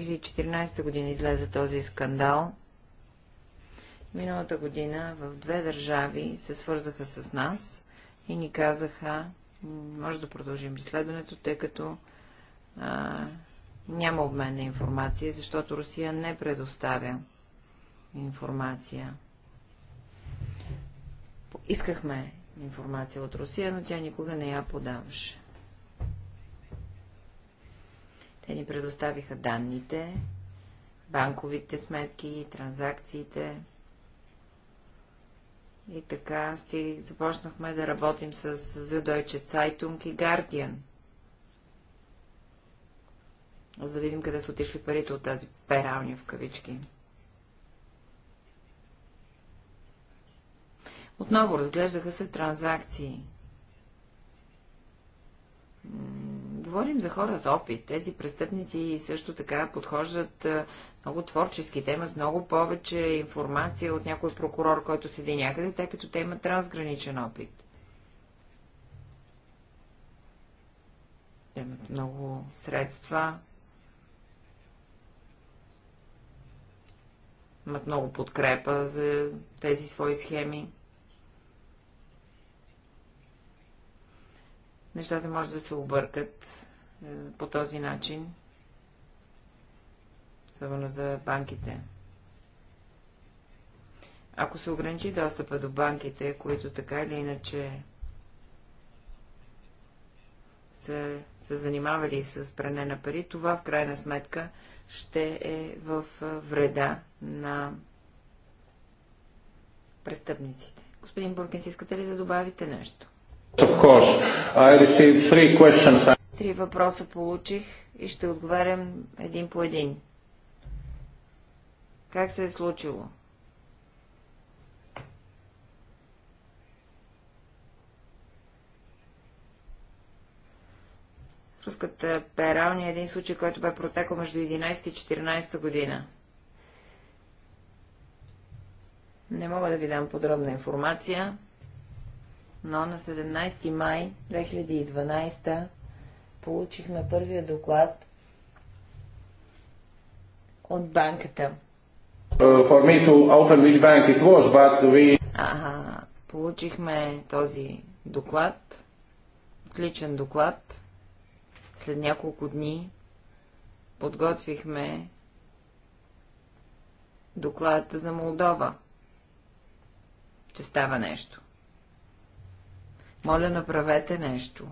2014 година излезе този скандал. Миналата година в две държави се свързаха с нас и ни казаха, може да продължим изследването, тъй като а, няма обмен на информация, защото Русия не предоставя информация. Искахме информация от Русия, но тя никога не я подаваше. Те ни предоставиха данните, банковите сметки, транзакциите. И така си започнахме да работим с Зюдойче Цайтунг и Гардиан. За да видим къде са отишли парите от тази пералня в кавички. Отново разглеждаха се транзакции Говорим за хора с опит. Тези престъпници също така подхождат много творчески. Те имат много повече информация от някой прокурор, който седи някъде, тъй като те имат трансграничен опит. Те имат много средства, имат много подкрепа за тези свои схеми. нещата може да се объркат е, по този начин, особено за банките. Ако се ограничи достъпа до банките, които така или иначе са, са занимавали с пране на пари, това в крайна сметка ще е в вреда на престъпниците. Господин Буркинс, искате ли да добавите нещо? Три въпроса получих и ще отговарям един по един. Как се е случило? Руската пералния е един случай, който бе протекал между 11 и 14 година. Не мога да ви дам подробна информация но на 17 май 2012 получихме първия доклад от банката. Uh, was, we... Ага, получихме този доклад, отличен доклад. След няколко дни подготвихме доклад за Молдова, че става нещо. Моля, направете нещо.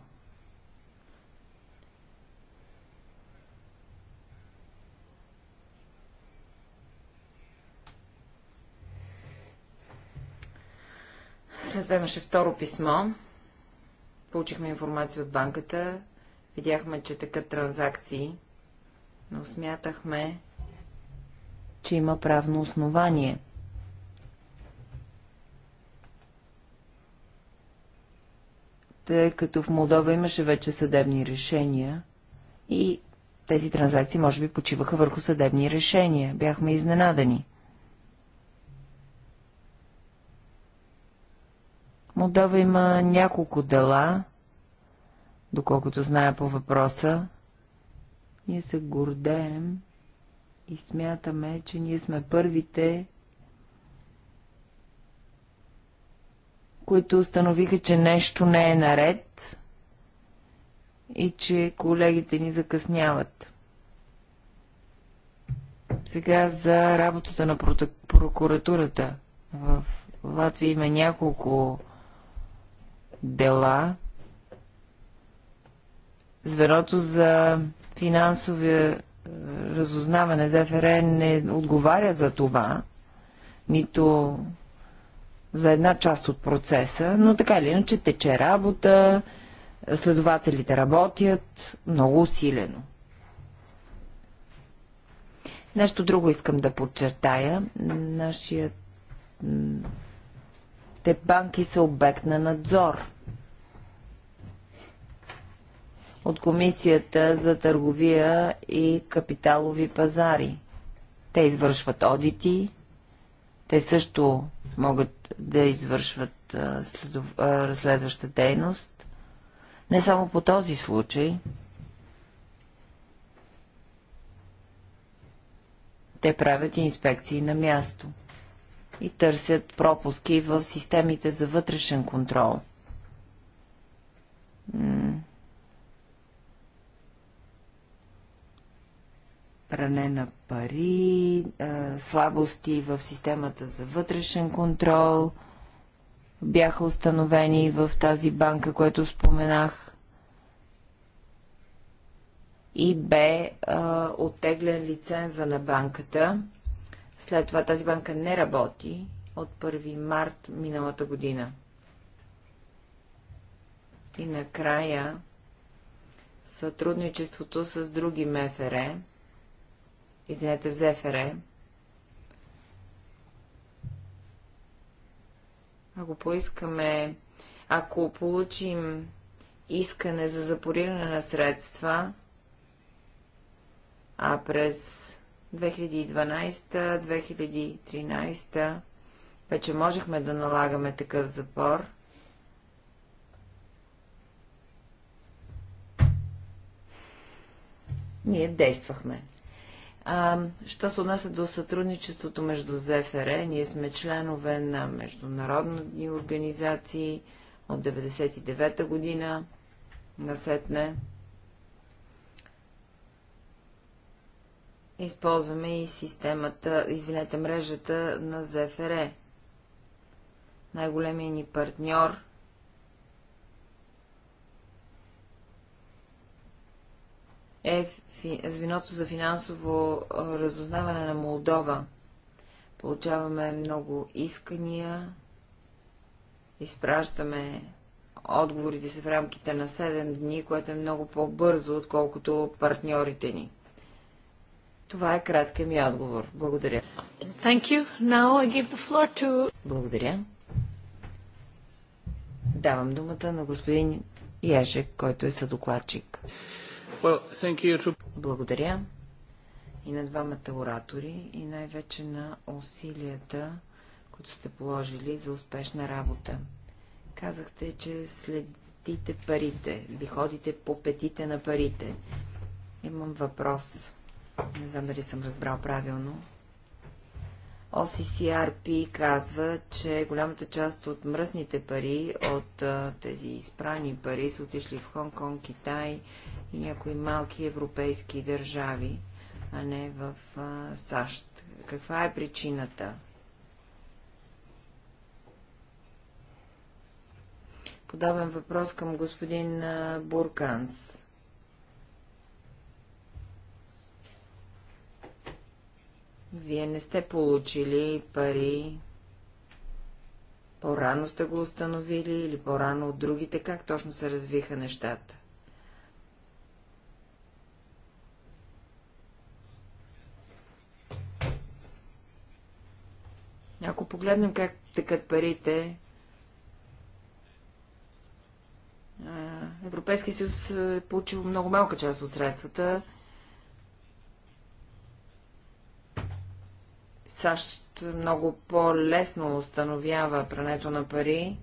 След това имаше второ писмо. Получихме информация от банката. Видяхме, че така транзакции, но смятахме, че има правно основание – тъй е, като в Молдова имаше вече съдебни решения и тези транзакции може би почиваха върху съдебни решения. Бяхме изненадани. Молдова има няколко дела, доколкото зная по въпроса. Ние се гордеем и смятаме, че ние сме първите които установиха, че нещо не е наред и че колегите ни закъсняват. Сега за работата на прокуратурата. В Латвия има няколко дела. Звеното за финансовия е, разузнаване за ФРН не отговаря за това, нито за една част от процеса, но така или иначе тече работа, следователите работят много усилено. Нещо друго искам да подчертая. Нашият те банки са обект на надзор. От Комисията за търговия и капиталови пазари. Те извършват одити, те също могат да извършват следов... разследваща дейност. Не само по този случай. Те правят инспекции на място и търсят пропуски в системите за вътрешен контрол. пране на пари, слабости в системата за вътрешен контрол бяха установени в тази банка, което споменах. И бе оттеглен лиценза на банката. След това тази банка не работи от 1 март миналата година. И накрая сътрудничеството с други МФР извинете, Зефере, Ако поискаме, ако получим искане за запориране на средства, а през 2012-2013 вече можехме да налагаме такъв запор. Ние действахме. А, що се отнася до сътрудничеството между ЗФР, ние сме членове на международни организации от 99-та година насетне. Използваме и системата, извинете, мрежата на ЗФР. Най-големият ни партньор – е звеното за финансово разузнаване на Молдова. Получаваме много искания, изпращаме отговорите си в рамките на 7 дни, което е много по-бързо, отколкото партньорите ни. Това е краткият ми отговор. Благодаря. Thank you. Now I give the floor to... Благодаря. Давам думата на господин Яшек, който е съдокладчик. Благодаря и на двамата оратори и най-вече на усилията, които сте положили за успешна работа. Казахте, че следите парите, ви ходите по петите на парите. Имам въпрос. Не знам дали съм разбрал правилно. OCCRP казва, че голямата част от мръсните пари, от а, тези изпрани пари, са отишли в Хонг-Конг, Китай, и някои малки европейски държави, а не в а, САЩ. Каква е причината? Подобен въпрос към господин а, Бурканс. Вие не сте получили пари, по-рано сте го установили или по-рано от другите, как точно се развиха нещата? погледнем как текат парите, Европейския съюз е получил много малка част от средствата. САЩ много по-лесно установява прането на пари.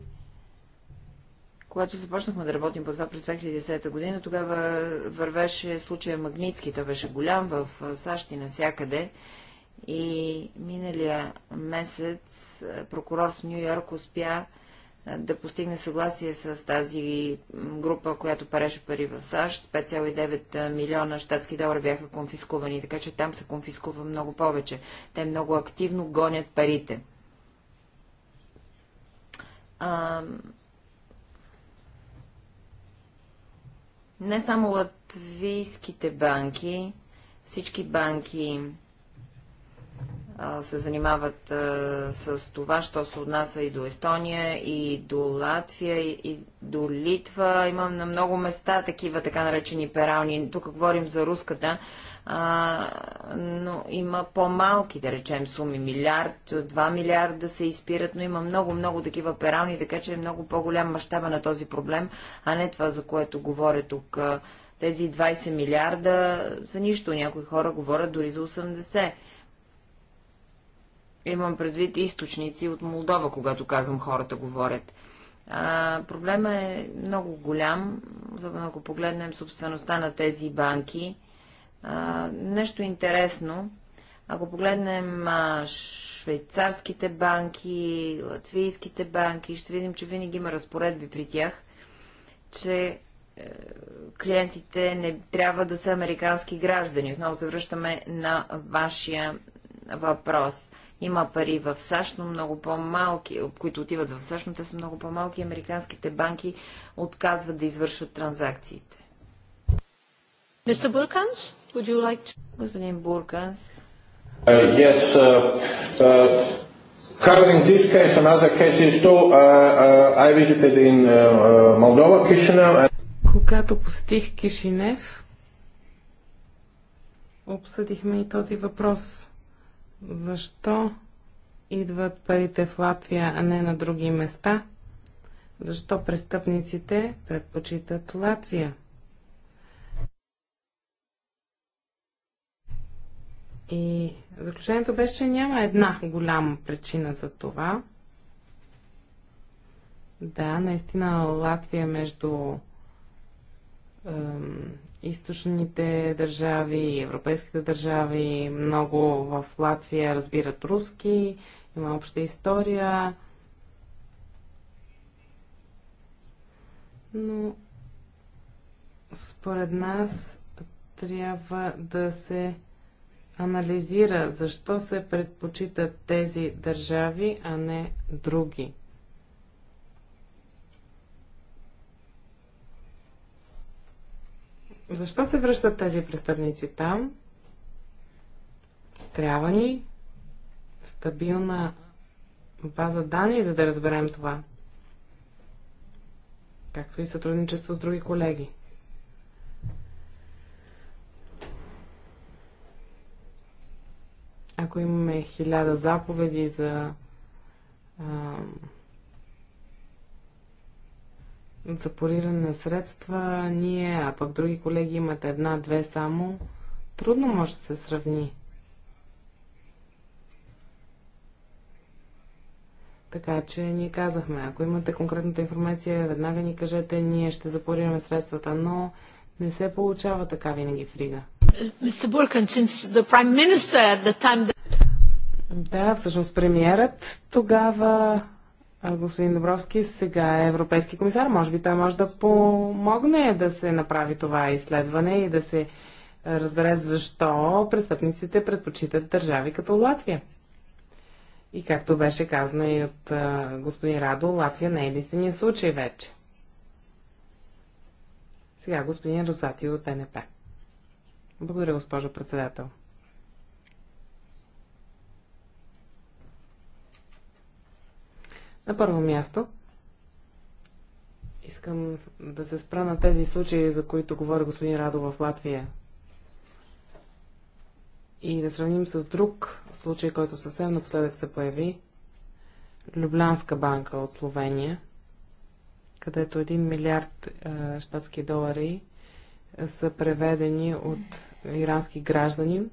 Когато започнахме да работим по това през 2010 година, тогава вървеше случая Магницки. Той беше голям в САЩ и насякъде. И миналия месец прокурор в Нью Йорк успя да постигне съгласие с тази група, която пареше пари в САЩ. 5,9 милиона щатски долара бяха конфискувани, така че там се конфискува много повече. Те много активно гонят парите. А, не само латвийските банки, всички банки се занимават с това, що се отнася и до Естония, и до Латвия, и до Литва. Имам на много места такива така наречени перални. Тук говорим за руската, а, но има по-малки, да речем, суми. Милиард, 2 милиарда се изпират, но има много-много такива перални, така че е много по-голям мащаба на този проблем, а не това, за което говоря тук. Тези 20 милиарда са нищо. Някои хора говорят дори за 80. Имам предвид източници от Молдова, когато казвам хората говорят. А, проблема е много голям, ако погледнем собствеността на тези банки. А, нещо интересно, ако погледнем а, швейцарските банки, латвийските банки, ще видим, че винаги има разпоредби при тях, че е, клиентите не трябва да са американски граждани. Отново се връщаме на вашия въпрос. Има пари в САЩ, но много по-малки, които отиват в САЩ, но те са много по-малки. Американските банки отказват да извършват транзакциите. Мистер Бурканс, would you like to... Господин Бурканс. Uh, yes, uh, uh, covering this case and other cases too, uh, uh, I visited in uh, uh Moldova, Kishinev. And... Когато посетих Кишинев, обсъдихме и този въпрос. Защо идват парите в Латвия, а не на други места? Защо престъпниците предпочитат Латвия? И заключението беше, че няма една голяма причина за това. Да, наистина Латвия между източните държави, европейските държави. Много в Латвия разбират руски, има обща история. Но според нас трябва да се анализира защо се предпочитат тези държави, а не други. Защо се връщат тези престъпници там? Трябва ни стабилна база данни, за да разберем това. Както и сътрудничество с други колеги. Ако имаме хиляда заповеди за запориране на средства ние, а пък други колеги имат една-две само, трудно може да се сравни. Така че ние казахме, ако имате конкретната информация, веднага ни кажете, ние ще запорираме средствата, но не се получава така винаги в Рига. Да, всъщност премиерът тогава господин Добровски сега е европейски комисар. Може би той може да помогне да се направи това изследване и да се разбере защо престъпниците предпочитат държави като Латвия. И както беше казано и от господин Радо, Латвия не е единствения случай вече. Сега господин Розати от НП. Благодаря, госпожо председател. На първо място, искам да се спра на тези случаи, за които говори господин Радо в Латвия. И да сравним с друг случай, който съвсем напоследък се появи. Люблянска банка от Словения, където 1 милиард е, щатски долари са преведени от ирански гражданин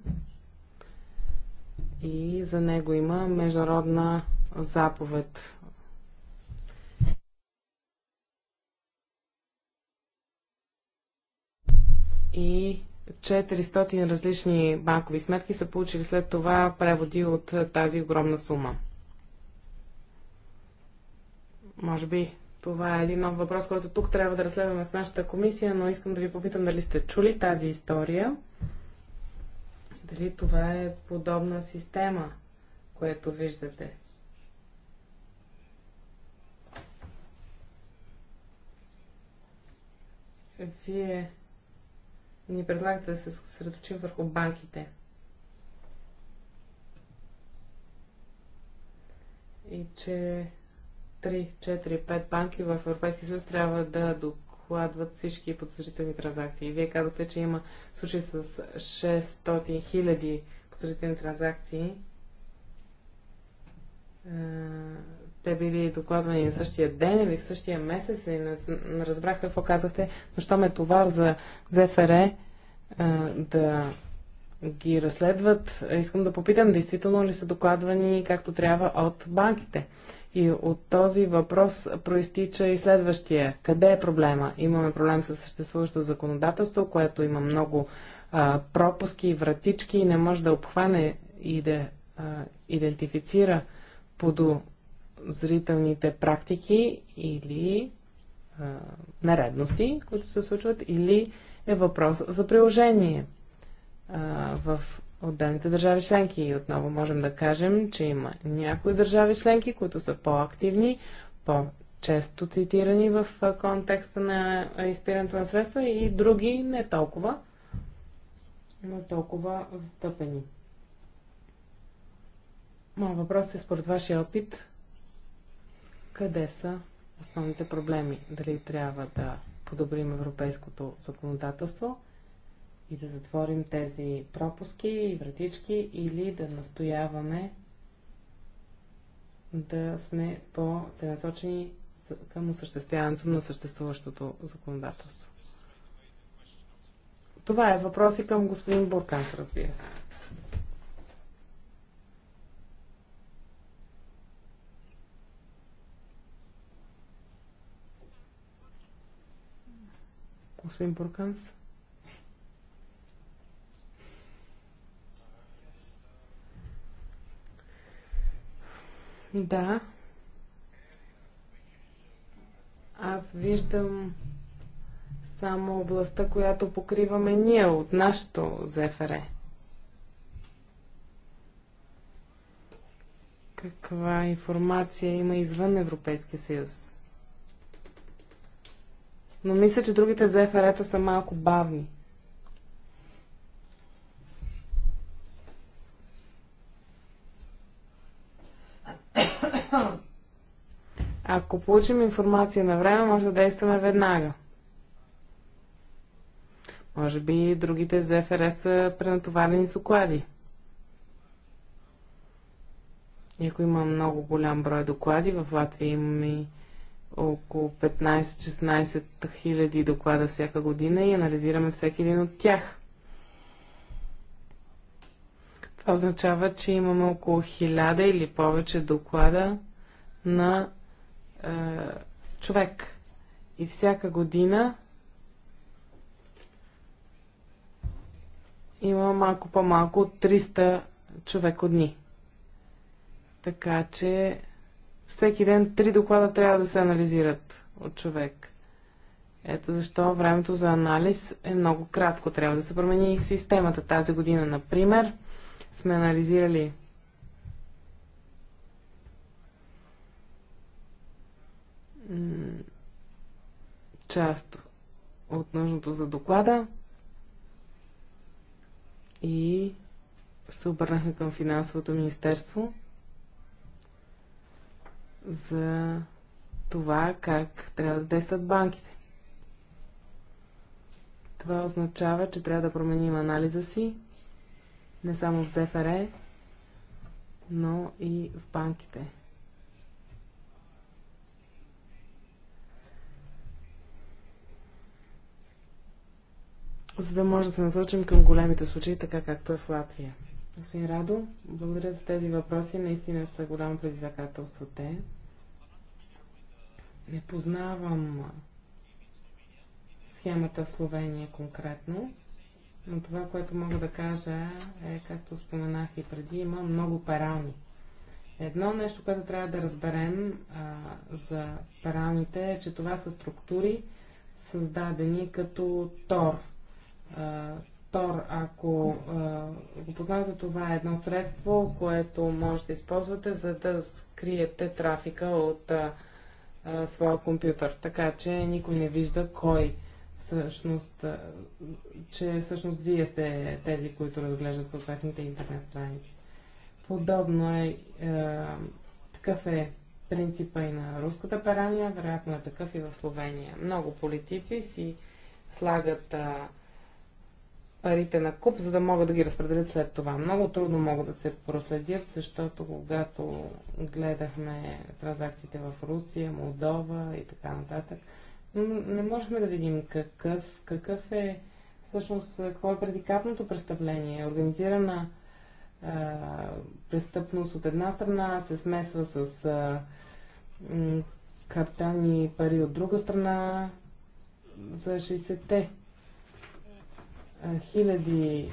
и за него има международна заповед и 400 различни банкови сметки са получили след това преводи от е, тази огромна сума. Може би това е един нов въпрос, който тук трябва да разследваме с нашата комисия, но искам да ви попитам дали сте чули тази история. Дали това е подобна система, която виждате? Вие ни предлагате да се съсредоточим върху банките. И че 3, 4, 5 банки в Европейския съюз трябва да докладват всички подозрителни транзакции. Вие казвате, че има случаи с 600 хиляди подозрителни транзакции е, те били докладвани на същия ден или в същия месец и не, не разбрах какво казахте, но що ме товар за ЗФР а, е, да ги разследват, е, искам да попитам, действително ли са докладвани както трябва от банките. И от този въпрос проистича и следващия. Къде е проблема? Имаме проблем с съществуващото законодателство, което има много а, пропуски вратички и не може да обхване и да а, идентифицира подо зрителните практики или а, наредности, които се случват, или е въпрос за приложение а, в отделните държави членки. И отново можем да кажем, че има някои държави членки, които са по-активни, по-често цитирани в контекста на изпирането на средства и други не толкова, но толкова застъпени. Моят въпрос е според вашия опит къде са основните проблеми. Дали трябва да подобрим европейското законодателство и да затворим тези пропуски и вратички или да настояваме да сме по-целенасочени към осъществяването на съществуващото законодателство. Това е въпроси към господин Бурканс, разбира се. Господин Бурканс. Да. Аз виждам само областта, която покриваме ние от нашото ЗФР. Каква информация има извън Европейския съюз? Но мисля, че другите ЗФР-та са малко бавни. Ако получим информация на време, може да действаме веднага. Може би другите ЗФР са пренатоварени с доклади. И ако има много голям брой доклади, в Латвия имаме около 15-16 хиляди доклада всяка година и анализираме всеки един от тях. Това означава, че имаме около 1000 или повече доклада на е, човек. И всяка година има малко по-малко от 300 човек от дни. Така че всеки ден три доклада трябва да се анализират от човек. Ето защо времето за анализ е много кратко. Трябва да се промени системата. Тази година, например, сме анализирали част от нужното за доклада и се обърнахме към финансовото министерство за това как трябва да действат банките. Това означава, че трябва да променим анализа си, не само в ЗФР, но и в банките. За да може да се насочим към големите случаи, така както е в Латвия. Господин Радо, благодаря за тези въпроси. Наистина са голямо предизвикателство те. Не познавам схемата в Словения конкретно, но това, което мога да кажа е, както споменах и преди, има много перални. Едно нещо, което трябва да разберем а, за пералните е, че това са структури, създадени като ТОР, а, Тор, ако а, го познавате, това е едно средство, което можете да използвате, за да скриете трафика от а, а, своя компютър. Така че никой не вижда кой всъщност, а, че всъщност вие сте тези, които разглеждат съответните интернет страници. Подобно е, а, такъв е принципа и на руската парания, вероятно е такъв и в Словения. Много политици си слагат а, парите на куп, за да могат да ги разпределят след това. Много трудно могат да се проследят, защото когато гледахме транзакциите в Русия, Молдова и така нататък, не можехме да видим какъв, какъв е всъщност какво е предикатното престъпление. Организирана а, престъпност от една страна се смесва с а, картани пари от друга страна за 60-те хиляди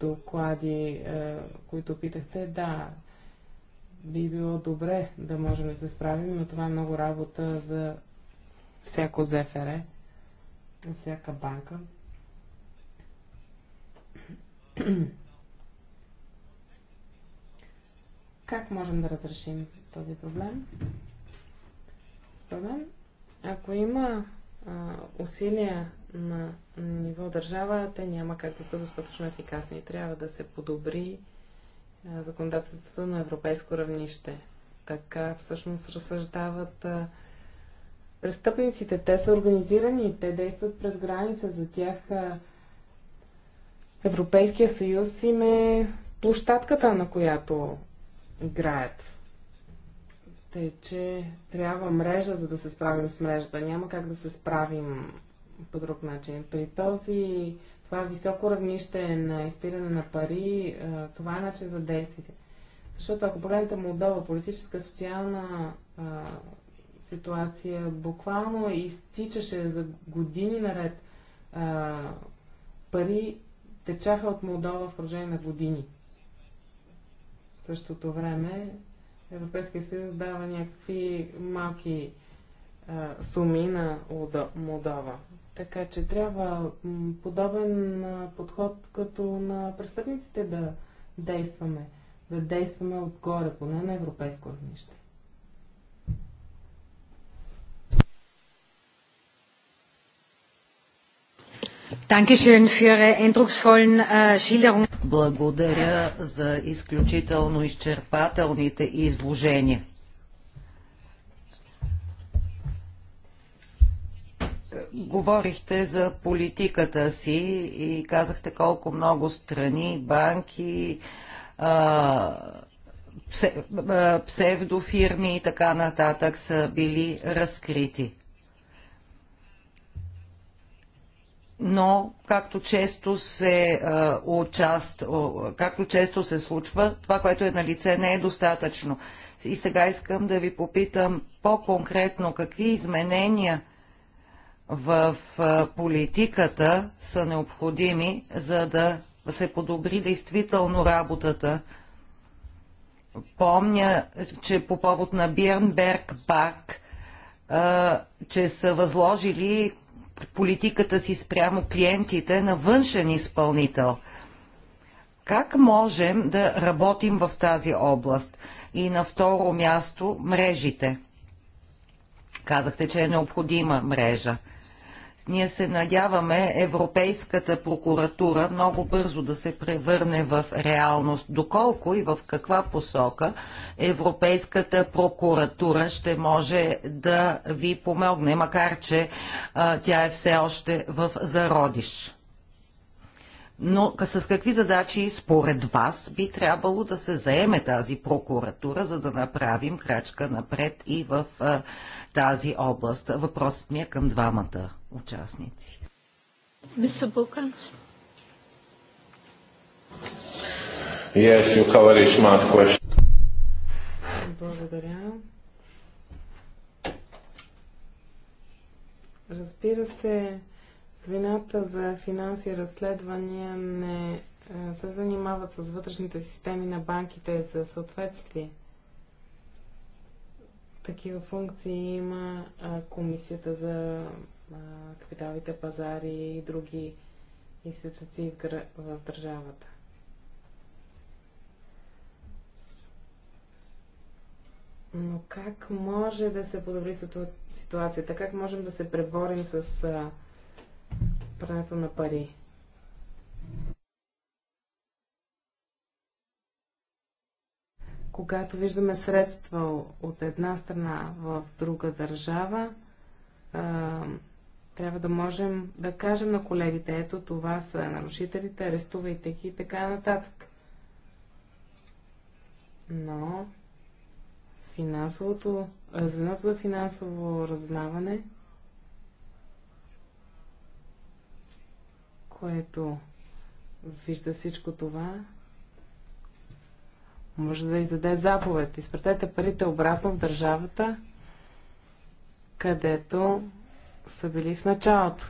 доклади, които питахте, да, би било добре да можем да се справим, но това е много работа за всяко ЗФР, за всяка банка. *clears throat* Как можем да разрешим този проблем? Според мен, ако има а, усилия на ниво държава, те няма как да са достатъчно ефикасни. Трябва да се подобри законодателството на европейско равнище. Така всъщност разсъждават престъпниците. Те са организирани, те действат през граница. За тях Европейския съюз им е площадката, на която играят. Тъй, че трябва мрежа, за да се справим с мрежата. Няма как да се справим по друг начин. При този, това високо равнище на изпиране на пари, това е начин за действие. Защото ако погледнете Молдова, политическа, социална а, ситуация, буквално изтичаше за години наред а, пари течаха от Молдова в продължение на години. В същото време Европейския съюз дава някакви малки а, суми на Молдова. Така че трябва подобен подход като на престъпниците да действаме. Да действаме отгоре, поне на европейско равнище. Äh, Благодаря за изключително изчерпателните изложения. говорихте за политиката си и казахте колко много страни, банки, псевдофирми и така нататък са били разкрити. но както често се а, участ, както често се случва, това, което е на лице, не е достатъчно. И сега искам да ви попитам по-конкретно какви изменения в политиката са необходими, за да се подобри действително работата. Помня, че по повод на Бирнберг Парк, че са възложили политиката си спрямо клиентите на външен изпълнител. Как можем да работим в тази област? И на второ място мрежите. Казахте, че е необходима мрежа. Ние се надяваме Европейската прокуратура много бързо да се превърне в реалност. Доколко и в каква посока Европейската прокуратура ще може да ви помогне, макар че а, тя е все още в зародиш. Но с какви задачи според вас би трябвало да се заеме тази прокуратура, за да направим крачка напред и в а, тази област? Въпросът ми е към двамата участници. Мисър Букан. Yes, you cover a smart question. Благодаря. Разбира се, звената за финанси и разследвания не е, се занимават с вътрешните системи на банките за съответствие. Такива функции има Комисията за на капиталите пазари и други институции в, държавата. Но как може да се подобри ситуацията? Как можем да се преборим с а, прането на пари? Когато виждаме средства от една страна в друга държава, трябва да можем да кажем на колегите, ето това са нарушителите, арестувайте ги и така нататък. Но финансовото, звеното за финансово разузнаване, което вижда всичко това, може да издаде заповед. Изпратете парите обратно в държавата, където са били в началото.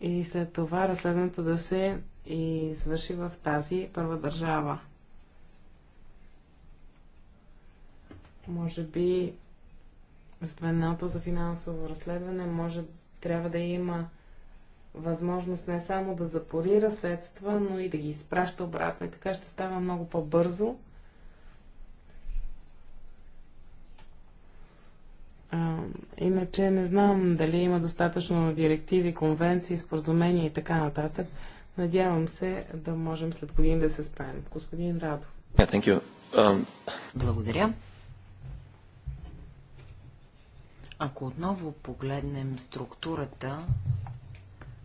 И след това разследването да се извърши в тази първа държава. Може би звеното за финансово разследване може трябва да има възможност не само да запори разследства, но и да ги изпраща обратно. И така ще става много по-бързо иначе не знам дали има достатъчно директиви, конвенции, споразумения и така нататък. Надявам се да можем след години да се справим. Господин Радо. Yeah, um... Благодаря. Ако отново погледнем структурата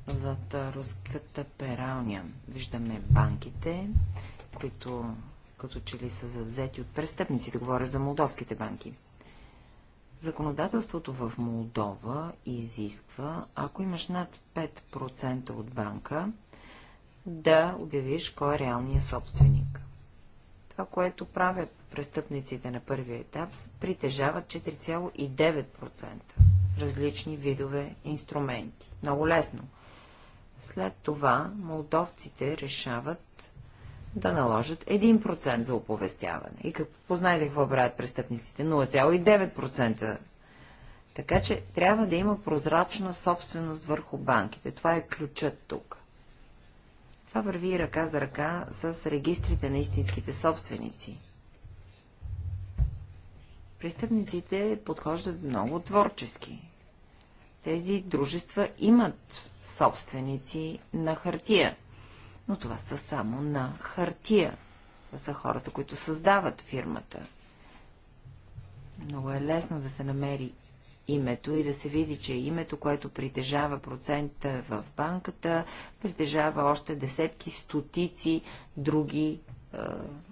зад руската пералня, виждаме банките, които като че ли са завзети от престъпниците. Говоря за молдовските банки. Законодателството в Молдова изисква, ако имаш над 5% от банка, да обявиш кой е реалният собственик. Това, което правят престъпниците на първия етап, притежават 4,9% различни видове инструменти. Много лесно. След това молдовците решават да наложат 1% за оповестяване. И как познайте какво правят престъпниците? 0,9%. Така че трябва да има прозрачна собственост върху банките. Това е ключът тук. Това върви ръка за ръка с регистрите на истинските собственици. Престъпниците подхождат много творчески. Тези дружества имат собственици на хартия но това са само на хартия. Това са хората, които създават фирмата. Много е лесно да се намери името и да се види, че е името, което притежава процента в банката, притежава още десетки, стотици други е,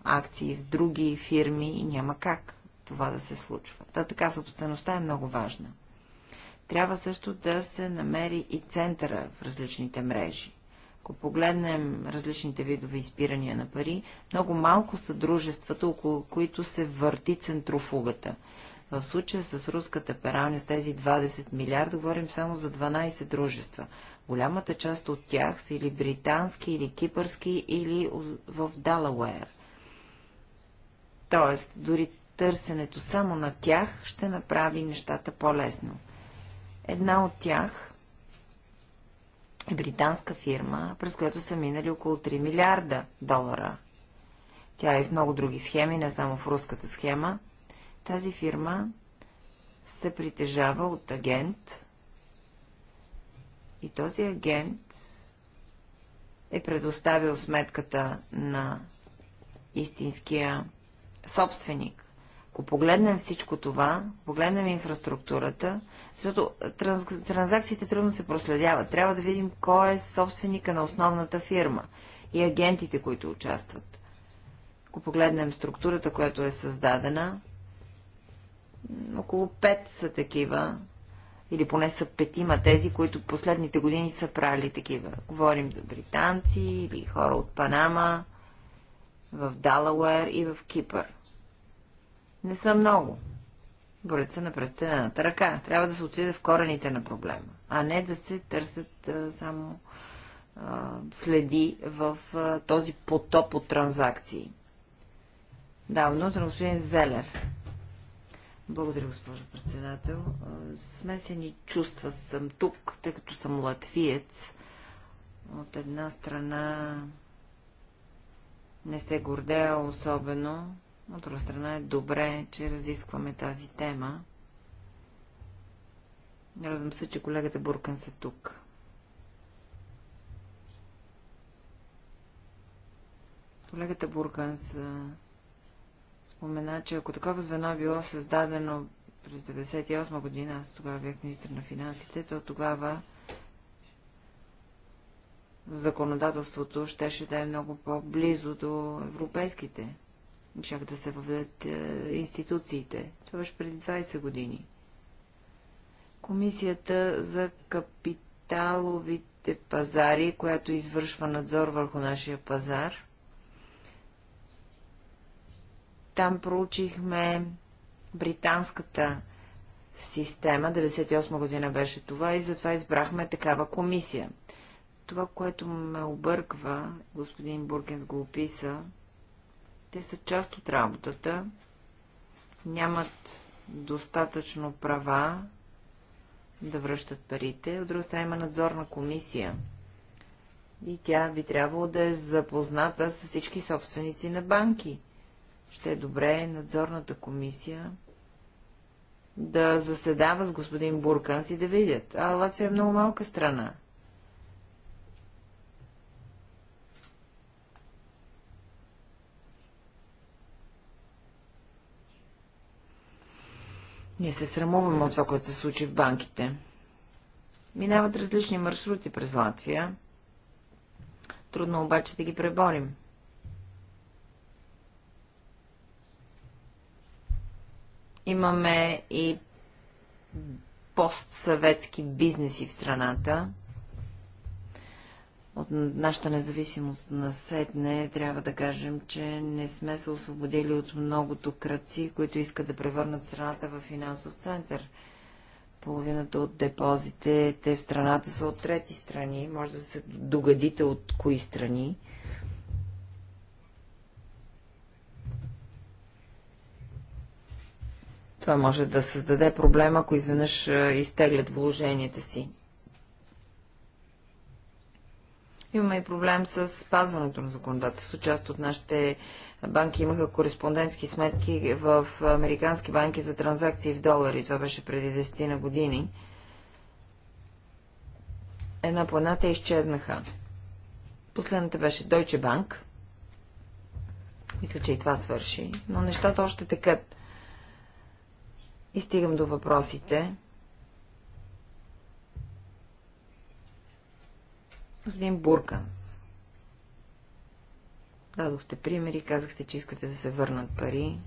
акции в други фирми и няма как това да се случва. Та така собствеността е много важна. Трябва също да се намери и центъра в различните мрежи. Ако погледнем различните видове изпирания на пари, много малко са дружествата, около които се върти центрофугата. В случая с руската пералня с тези 20 милиарда говорим само за 12 дружества. Голямата част от тях са или британски, или кипърски, или в Далауер. Тоест, дори търсенето само на тях ще направи нещата по-лесно. Една от тях британска фирма, през която са минали около 3 милиарда долара. Тя е в много други схеми, не само в руската схема. Тази фирма се притежава от агент и този агент е предоставил сметката на истинския собственик. Ако погледнем всичко това, погледнем инфраструктурата, защото транз, транзакциите трудно се проследяват. Трябва да видим кой е собственика на основната фирма и агентите, които участват. Ако погледнем структурата, която е създадена, около пет са такива, или поне са петима тези, които последните години са правили такива. Говорим за британци или хора от Панама, в Далауер и в Кипър не са много. Болят се на пръстената ръка. Трябва да се отиде в корените на проблема, а не да се търсят а, само а, следи в а, този потоп от транзакции. Давно на господин Зелер. Благодаря, госпожо председател. Смесени чувства съм тук, тъй като съм латвиец. От една страна не се гордея особено от друга страна е добре, че разискваме тази тема. Радвам се, че колегата Буркан са тук. Колегата Бурканс спомена, че ако такова звено е било създадено през 1998 година, аз тогава бях министр на финансите, то тогава законодателството щеше да е много по-близо до европейските. Щях да се въведат е, институциите. Това беше преди 20 години. Комисията за капиталовите пазари, която извършва надзор върху нашия пазар. Там проучихме британската система, 98 година беше това и затова избрахме такава комисия. Това, което ме обърква, господин Буркенс го описа, те са част от работата, нямат достатъчно права да връщат парите. От друга страна има надзорна комисия и тя би трябвало да е запозната с всички собственици на банки. Ще е добре надзорната комисия да заседава с господин Бурканс и да видят. А Латвия е много малка страна. Ние се срамуваме от това, което се случи в банките. Минават различни маршрути през Латвия. Трудно обаче да ги преборим. Имаме и постсъветски бизнеси в страната, от нашата независимост на седне, трябва да кажем, че не сме се освободили от многото кръци, които искат да превърнат страната в финансов център. Половината от те в страната са от трети страни. Може да се догадите от кои страни. Това може да създаде проблема, ако изведнъж изтеглят вложенията си. Имаме и проблем с спазването на законодателство. Част от нашите банки имаха кореспондентски сметки в американски банки за транзакции в долари. Това беше преди 10 на години. Една по една те изчезнаха. Последната беше Deutsche Bank. Мисля, че и това свърши. Но нещата още текат. И стигам до въпросите. Господин Бурканс, дадохте примери, казахте, че искате да се върнат пари.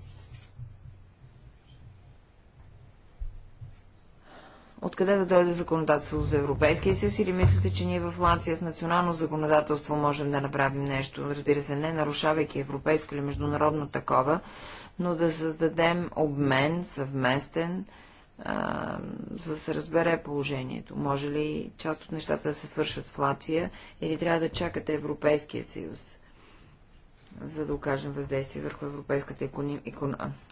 Откъде да дойде законодателство за Европейския съюз или мислите, че ние в Латвия с национално законодателство можем да направим нещо? Разбира се, не нарушавайки европейско или международно такова, но да създадем обмен съвместен, за да се разбере положението. Може ли част от нещата да се свършат в Латвия или трябва да чакате Европейския съюз, за да окажем въздействие върху Европейската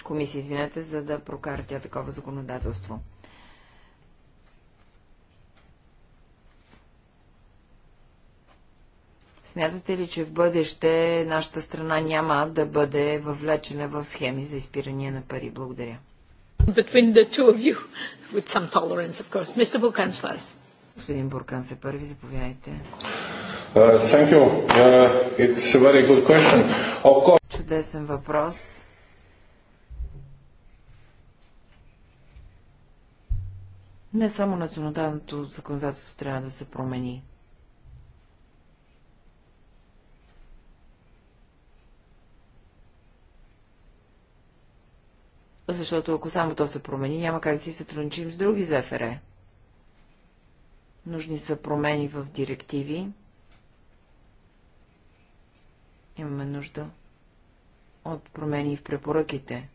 комисия, извинете, за да прокара тя такова законодателство? Смятате ли, че в бъдеще нашата страна няма да бъде въвлечена в схеми за изпирания на пари? Благодаря. Between the two of you, with some tolerance, of course. Mr. Burkan first. Господин Буркан се първи, заповядайте. Uh, thank you. Uh, it's a very good question. Of course... Чудесен въпрос. Не само националното законодателство трябва да се промени. Защото ако само то се промени, няма как да си сътрудничим с други ЗФР. Нужни са промени в директиви. Имаме нужда от промени в препоръките.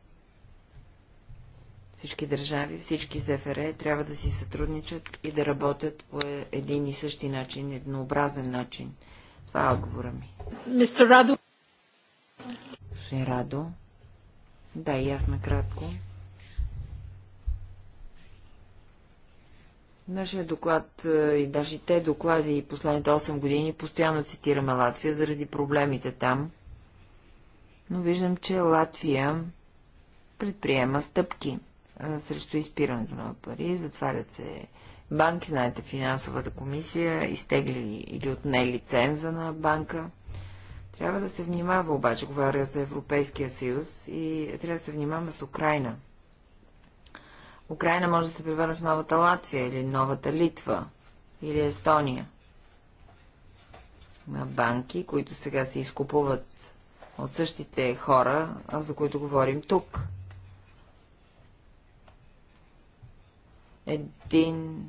Всички държави, всички ЗФР трябва да си сътрудничат и да работят по един и същи начин, еднообразен начин. Това е отговора ми. Мистер Радо. Господин Радо. Да, и аз накратко. Нашия доклад е, и даже те доклади и последните 8 години постоянно цитираме Латвия заради проблемите там. Но виждам, че Латвия предприема стъпки е, срещу изпирането на пари, затварят се банки, знаете, финансовата комисия изтегли или отне лиценза на банка. Трябва да се внимава, обаче говоря за Европейския съюз и трябва да се внимава с Украина. Украина може да се превърне в новата Латвия или новата Литва или Естония. Има банки, които сега се изкупуват от същите хора, за които говорим тук. Един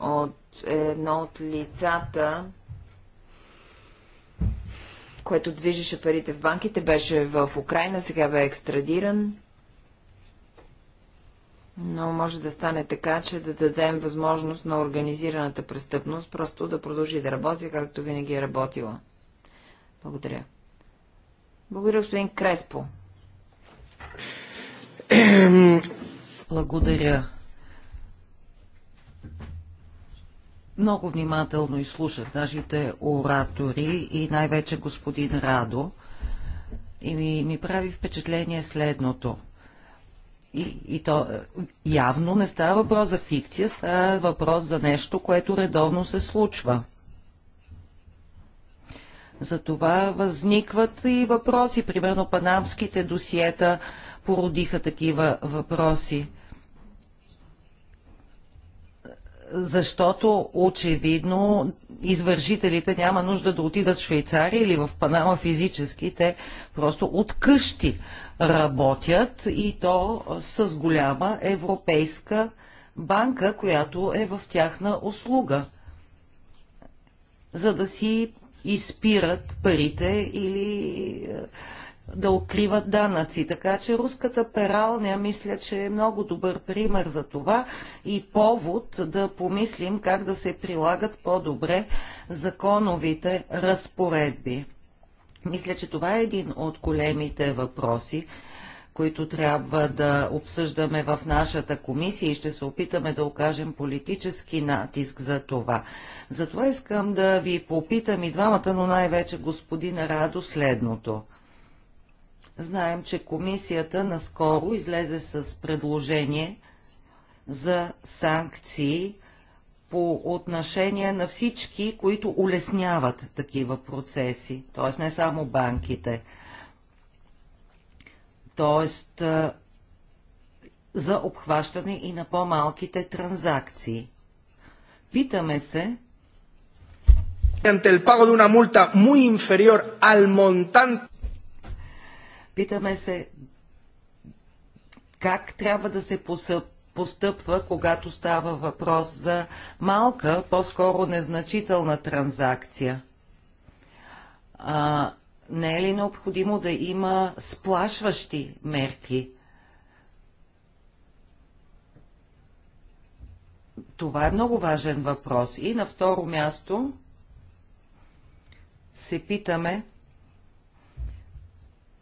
от, едно от лицата, което движеше парите в банките, беше в Украина, сега бе екстрадиран. Но може да стане така, че да дадем възможност на организираната престъпност просто да продължи да работи, както винаги е работила. Благодаря. Благодаря, господин Креспо. Благодаря, Много внимателно изслушах нашите оратори и най-вече господин Радо. И ми, ми прави впечатление следното. И, и то е, явно не става въпрос за фикция, става въпрос за нещо, което редовно се случва. Затова възникват и въпроси. Примерно панамските досиета породиха такива въпроси. защото очевидно извършителите няма нужда да отидат в Швейцария или в Панама физически. Те просто от къщи работят и то с голяма европейска банка, която е в тяхна услуга, за да си изпират парите или да укриват данъци. Така че руската пералня мисля, че е много добър пример за това и повод да помислим как да се прилагат по-добре законовите разпоредби. Мисля, че това е един от големите въпроси, които трябва да обсъждаме в нашата комисия и ще се опитаме да окажем политически натиск за това. Затова искам да ви попитам и двамата, но най-вече господина Радо следното – Знаем, че комисията наскоро излезе с предложение за санкции по отношение на всички, които улесняват такива процеси, т.е. не само банките. Т.е. за обхващане и на по-малките транзакции. Питаме се, ante el pago de una multa muy inferior al montante Питаме се как трябва да се постъпва, когато става въпрос за малка, по-скоро незначителна транзакция. А, не е ли необходимо да има сплашващи мерки? Това е много важен въпрос. И на второ място се питаме,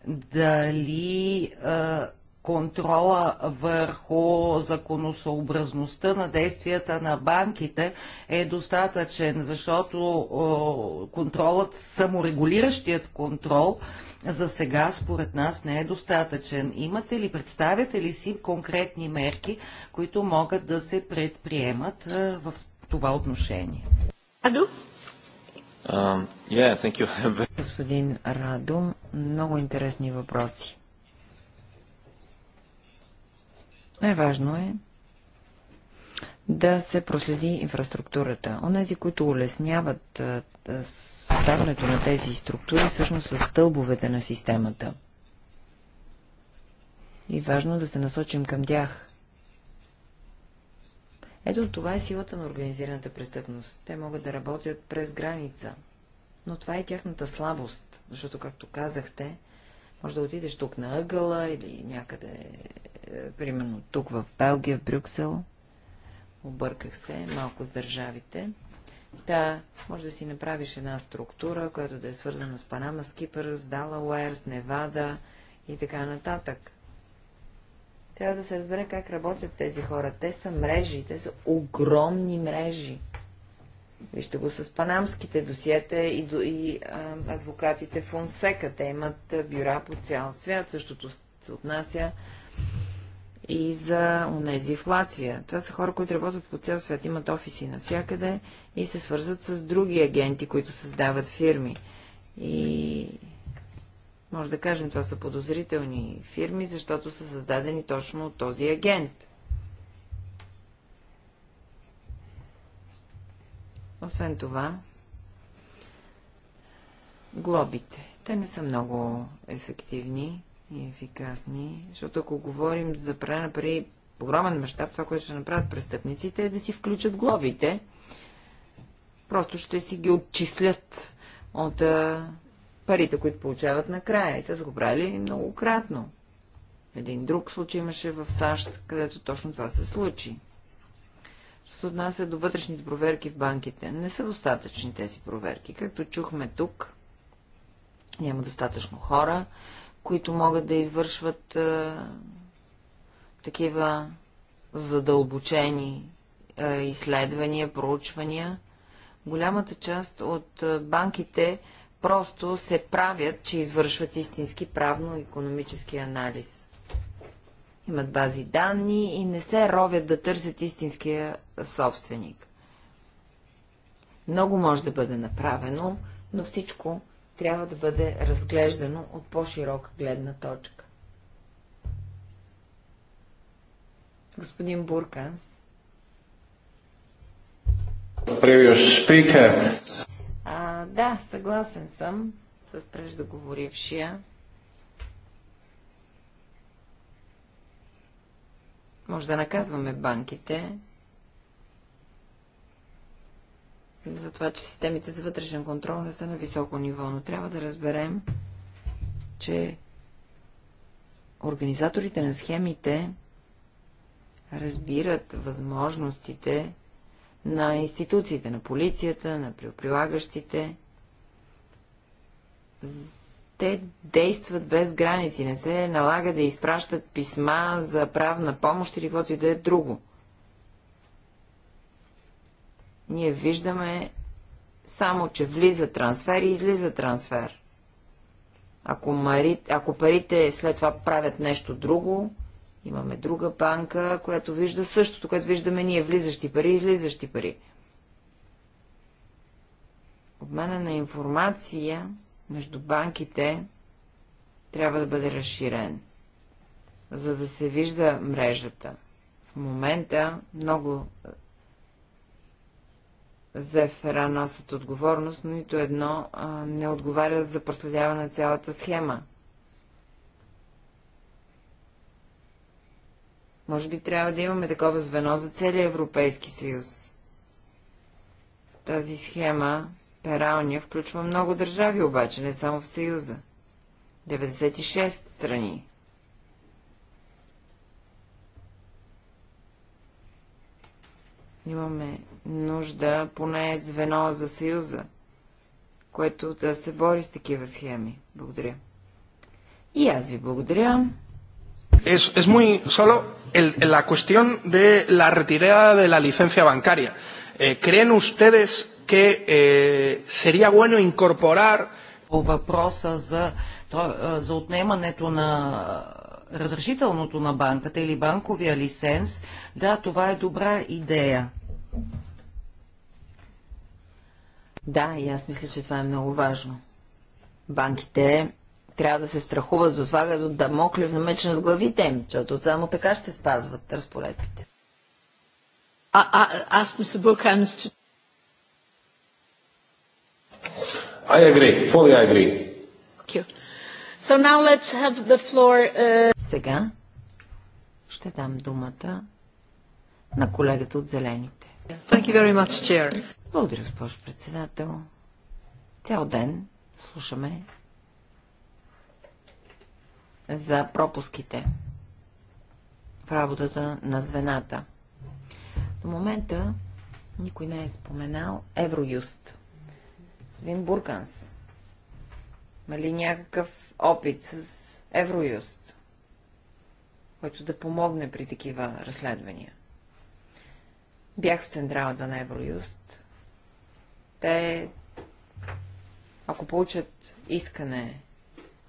дали а, контрола върху законосъобразността на действията на банките е достатъчен, защото контролът, саморегулиращият контрол за сега според нас не е достатъчен. Имате ли, представяте ли си конкретни мерки, които могат да се предприемат в това отношение? Адо? Um, *laughs* Господин Радо, много интересни въпроси. Най-важно е да се проследи инфраструктурата. Онези, които улесняват съставането на тези структури, всъщност са стълбовете на системата. И важно да се насочим към тях. Ето това е силата на организираната престъпност. Те могат да работят през граница, но това е тяхната слабост, защото, както казахте, може да отидеш тук на ъгъла или някъде, е, примерно тук в Белгия, в Брюксел. Обърках се малко с държавите. Да, може да си направиш една структура, която да е свързана с Панама, с Кипър, с Далауер, с Невада и така нататък. Трябва да се разбере как работят тези хора. Те са мрежи, те са огромни мрежи. Вижте го с панамските досиета и, до, и а, адвокатите Фонсека. Те имат бюра по цял свят. Същото се отнася и за унези в Латвия. Това са хора, които работят по цял свят, имат офиси навсякъде и се свързват с други агенти, които създават фирми. И може да кажем, това са подозрителни фирми, защото са създадени точно от този агент. Освен това, глобите. Те не са много ефективни и ефикасни, защото ако говорим за прана при огромен мащаб, това, което ще направят престъпниците, е да си включат глобите. Просто ще си ги отчислят от парите, които получават накрая. И те са го правили многократно. Един друг случай имаше в САЩ, където точно това се случи. Що се отнася до вътрешните проверки в банките, не са достатъчни тези проверки. Както чухме тук, няма достатъчно хора, които могат да извършват е, такива задълбочени е, изследвания, проучвания. Голямата част от банките просто се правят, че извършват истински правно-економически анализ. Имат бази данни и не се ровят да търсят истинския собственик. Много може да бъде направено, но всичко трябва да бъде разглеждано от по-широка гледна точка. Господин Бурканс. Previous speaker да, съгласен съм с преждоговорившия. Може да наказваме банките за това, че системите за вътрешен контрол не са на високо ниво, но трябва да разберем, че организаторите на схемите разбират възможностите на институциите, на полицията, на прилагащите. Те действат без граници, не се налага да изпращат писма за правна помощ или каквото и да е друго. Ние виждаме само, че влиза трансфер и излиза трансфер. Ако, мари... Ако парите след това правят нещо друго, Имаме друга банка, която вижда същото, което виждаме ние, влизащи пари, излизащи пари. Обмена на информация между банките трябва да бъде разширен, за да се вижда мрежата. В момента много е, зефера носят отговорност, но нито едно а, не отговаря за проследяване на цялата схема. Може би трябва да имаме такова звено за целия Европейски съюз. Тази схема, пералния, включва много държави, обаче не само в съюза. 96 страни. Имаме нужда поне звено за съюза, което да се бори с такива схеми. Благодаря. И аз ви благодаря es, es muy solo el, la cuestión de la retirada de la licencia bancaria. Eh, ¿Creen ustedes que eh, sería bueno incorporar разрешителното на банката или банковия лиценз, да, това е добра идея. Да, и аз мисля, че това е много важно. Банките трябва да се страхуват за това, като да моклев меч над главите им, защото само така ще спазват разпоредбите. А, а, аз ми се бълканство. I agree. Fully I agree. Thank you. So now let's have the floor. Uh... Сега ще дам думата на колегата от Зелените. Thank you very much, Chair. Благодаря, госпожо председател. Цял ден слушаме за пропуските в работата на звената. До момента никой не е споменал Евроюст. Един Бурканс, има ли някакъв опит с Евроюст, който да помогне при такива разследвания? Бях в централата на Евроюст. Те, ако получат искане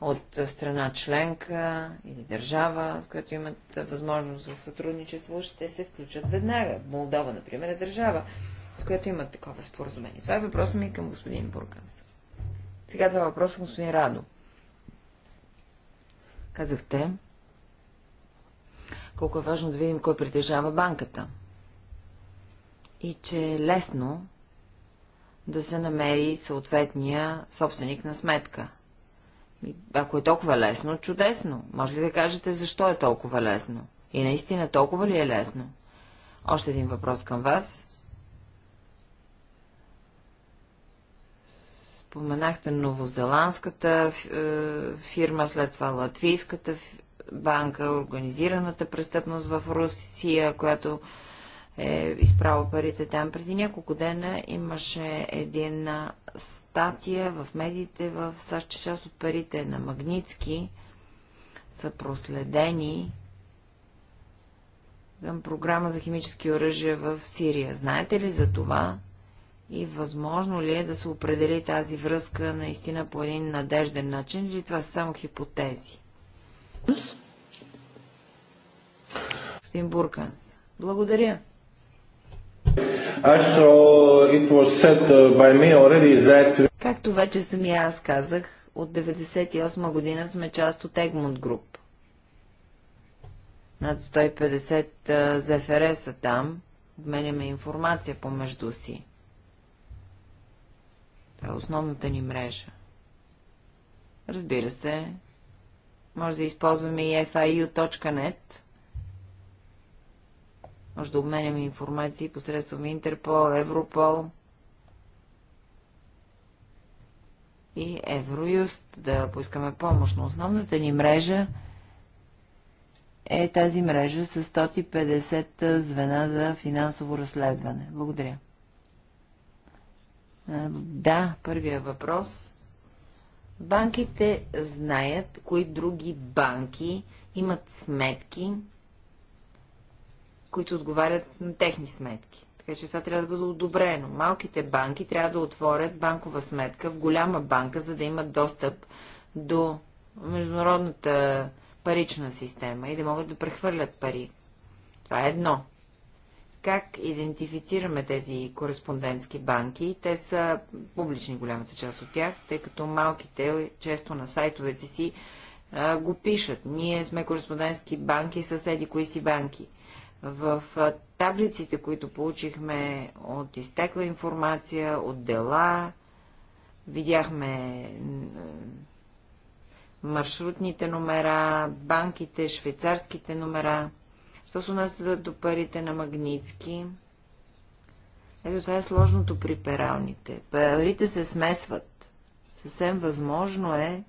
от е, страна членка или държава, с която имат е, възможност за сътрудничество, ще се включат веднага. Молдова, например, е държава, с която имат такова споразумение. Това е въпросът ми към господин Бургас. Сега това е въпрос към господин Радо. Казахте, колко е важно да видим кой притежава банката. И че е лесно да се намери съответния собственик на сметка. Ако е толкова лесно, чудесно. Може ли да кажете защо е толкова лесно? И наистина толкова ли е лесно? Още един въпрос към вас. Споменахте новозеландската е, фирма, след това латвийската банка, организираната престъпност в Русия, която е изправил парите там. Преди няколко дена имаше една статия в медиите в САЩ, че част от парите на Магницки са проследени към програма за химически оръжия в Сирия. Знаете ли за това? И възможно ли е да се определи тази връзка наистина по един надежден начин или това са само хипотези? Господин Бурканс, благодаря. Uh, Както вече самия аз казах, от 1998 година сме част от Egmont Group. Над 150 ЗФР са там. Обменяме информация помежду си. Това е основната ни мрежа. Разбира се, може да използваме и fiu.net, може да обменяме информации посредством Интерпол, Европол и Евроюст, да поискаме помощ. Но основната ни мрежа е тази мрежа с 150 звена за финансово разследване. Благодаря. Да, първия въпрос. Банките знаят кои други банки имат сметки които отговарят на техни сметки. Така че това трябва да бъде одобрено. Малките банки трябва да отворят банкова сметка в голяма банка, за да имат достъп до международната парична система и да могат да прехвърлят пари. Това е едно. Как идентифицираме тези кореспондентски банки? Те са публични голямата част от тях, тъй като малките често на сайтовете си а, го пишат. Ние сме кореспондентски банки с еди кои си банки. В таблиците, които получихме от изтекла информация, от дела, видяхме маршрутните номера, банките, швейцарските номера. Що се отнася до парите на Магницки? Ето това е сложното при пералните. Парите се смесват. Съвсем възможно е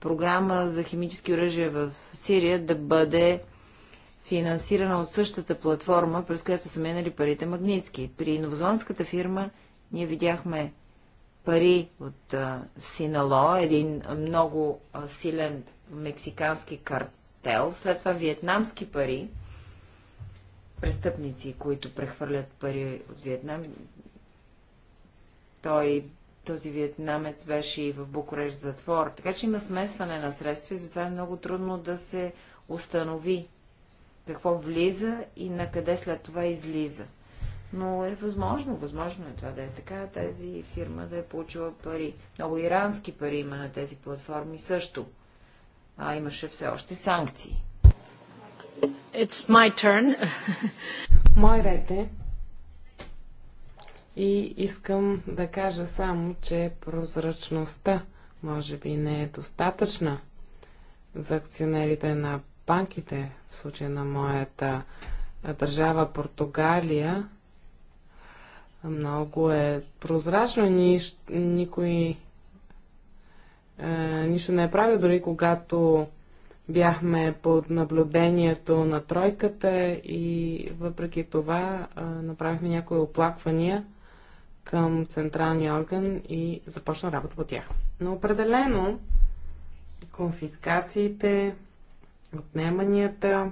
програма за химически оръжия в Сирия да бъде финансирана от същата платформа, през която са минали парите Магницки. При новозонската фирма ние видяхме пари от Синало, един много силен мексикански картел, след това виетнамски пари, престъпници, които прехвърлят пари от Виетнам. Той, този виетнамец беше и в Букурещ затвор, така че има смесване на средства и затова е много трудно да се установи какво влиза и на къде след това излиза. Но е възможно, възможно е това да е така, тази фирма да е получила пари. Много ирански пари има на тези платформи също. А имаше все още санкции. It's my turn. *laughs* Мой ред е. И искам да кажа само, че прозрачността може би не е достатъчна за акционерите на банките, в случая на моята държава Португалия, много е прозрачно. и никой е, нищо не е правил, дори когато бяхме под наблюдението на тройката и въпреки това е, направихме някои оплаквания към централния орган и започна работа по тях. Но определено конфискациите, отнеманията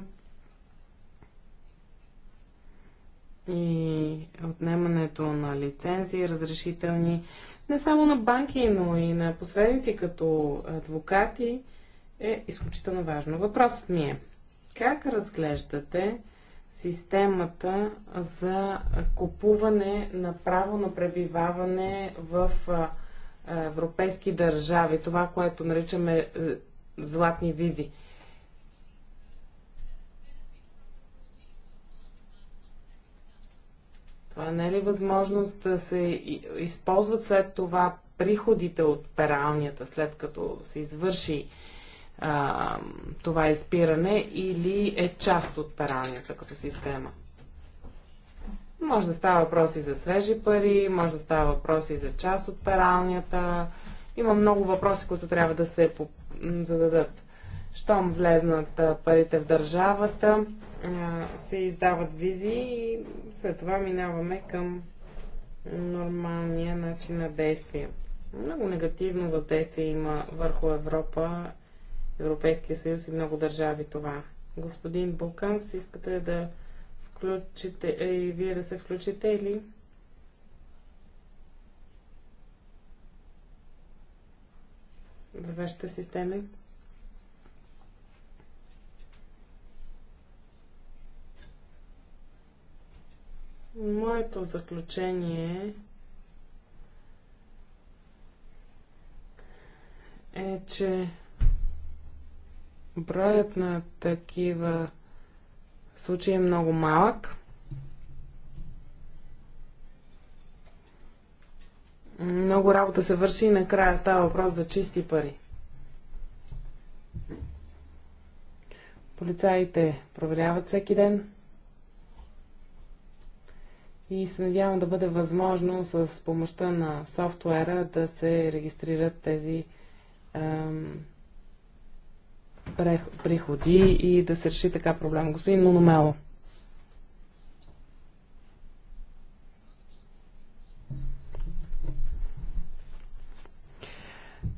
и отнемането на лицензии, разрешителни, не само на банки, но и на посредници като адвокати е изключително важно. Въпросът ми е, как разглеждате системата за купуване на право на пребиваване в европейски държави, това, което наричаме е, златни визи. Това не е ли възможност да се използват след това приходите от пералнията, след като се извърши а, това изпиране или е част от пералнията като система? Може да става въпрос и за свежи пари, може да става въпрос и за част от пералнията. Има много въпроси, които трябва да се зададат. Щом влезнат парите в държавата, се издават визи и след това минаваме към нормалния начин на действие. Много негативно въздействие има върху Европа, Европейския съюз и много държави това. Господин Буканс, искате да включите е, и вие да се включите или? За вашите системи? Моето заключение е, че броят на такива случаи е много малък. Много работа се върши и накрая става въпрос за чисти пари. Полицаите проверяват всеки ден и се надявам да бъде възможно с помощта на софтуера да се регистрират тези е, приходи и да се реши така проблема. Господин Мономело.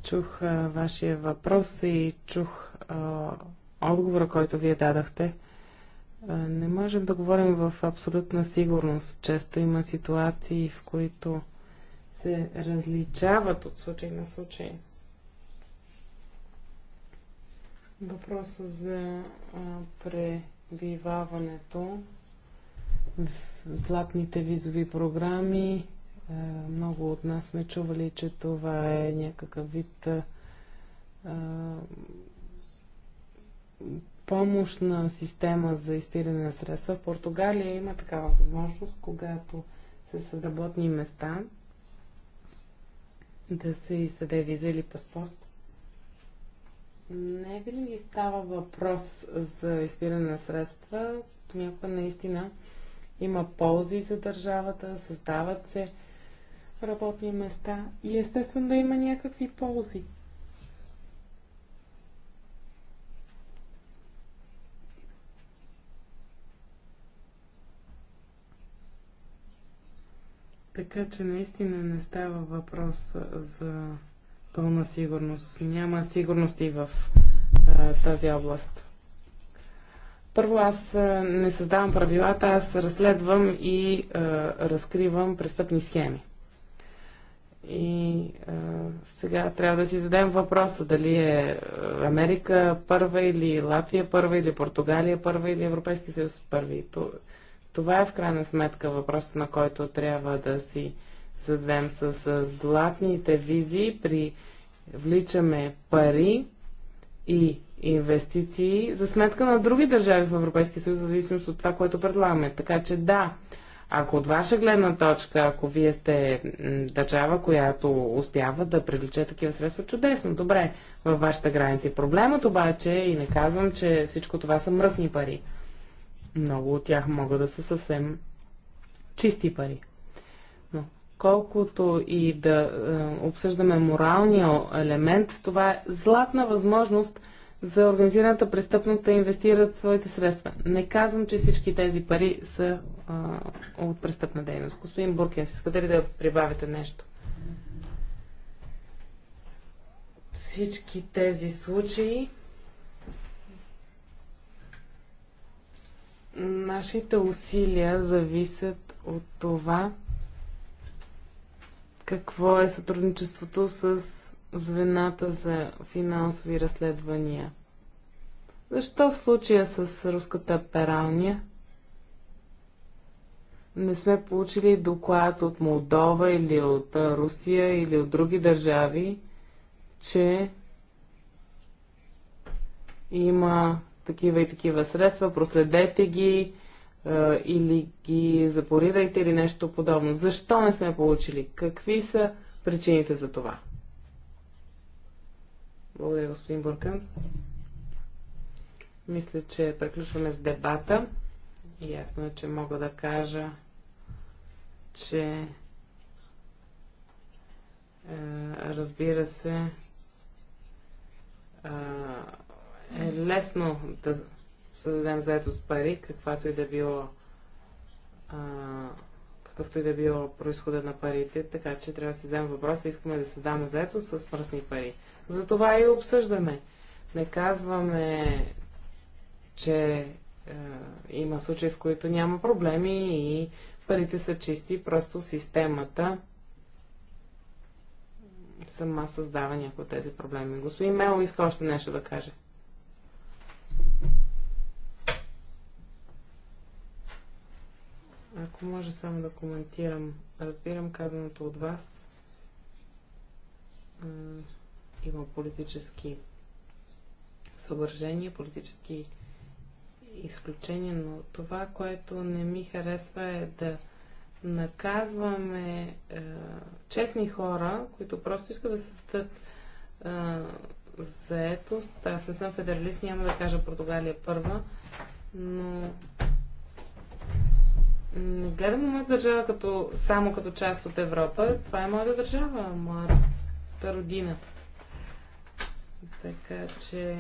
Чух а, вашия въпрос и чух а, отговора, който вие дадахте. Не можем да говорим в абсолютна сигурност. Често има ситуации, в които се различават от случай на случай. Въпросът за пребиваването в златните визови програми. Много от нас сме чували, че това е някакъв вид помощна система за изпиране на средства. В Португалия има такава възможност, когато се са работни места, да се издаде виза или паспорт. Не винаги става въпрос за изпиране на средства. Понякога наистина има ползи за държавата, създават се работни места и естествено да има някакви ползи. Така че наистина не става въпрос за пълна сигурност. Няма сигурност и в а, тази област. Първо, аз не създавам правилата, аз разследвам и а, разкривам престъпни схеми. И а, сега трябва да си зададем въпроса дали е Америка първа или Латвия първа или Португалия първа или Европейски съюз първи. Това е в крайна сметка въпросът, на който трябва да си зададем с, златните визии. При вличаме пари и инвестиции за сметка на други държави в Европейския съюз, в зависимост от това, което предлагаме. Така че да, ако от ваша гледна точка, ако вие сте държава, която успява да привлече такива средства, чудесно, добре, във вашите граници. Проблемът обаче, и не казвам, че всичко това са мръсни пари, много от тях могат да са съвсем чисти пари. Но колкото и да е, обсъждаме моралния елемент, това е златна възможност за организираната престъпност да инвестират своите средства. Не казвам, че всички тези пари са е, от престъпна дейност. Господин Буркин, искате ли да прибавите нещо? Всички тези случаи Нашите усилия зависят от това какво е сътрудничеството с звената за финансови разследвания. Защо в случая с руската пералня не сме получили доклад от Молдова или от Русия или от други държави, че има такива и такива средства, проследете ги а, или ги запорирайте или нещо подобно. Защо не сме получили? Какви са причините за това? Благодаря, господин Бурканс. Мисля, че приключваме с дебата. Ясно е, че мога да кажа, че е, разбира се, е лесно да създадем заето с пари, каквато и да било а, какъвто и да било происхода на парите, така че трябва да си зададем въпроса, искаме да създаваме заето с мръсни пари. Затова и обсъждаме. Не казваме, че е, има случаи, в които няма проблеми и парите са чисти, просто системата сама създава някои от тези проблеми. Господин Мело иска още нещо да каже. Ако може само да коментирам. Разбирам казаното от вас. Има политически съображения, политически изключения, но това, което не ми харесва е да наказваме е, честни хора, които просто искат да създадат е, заетост. Аз не съм федералист, няма да кажа Португалия първа, но не гледам моята държава като, само като част от Европа. Това е моята държава, моята родина. Така че...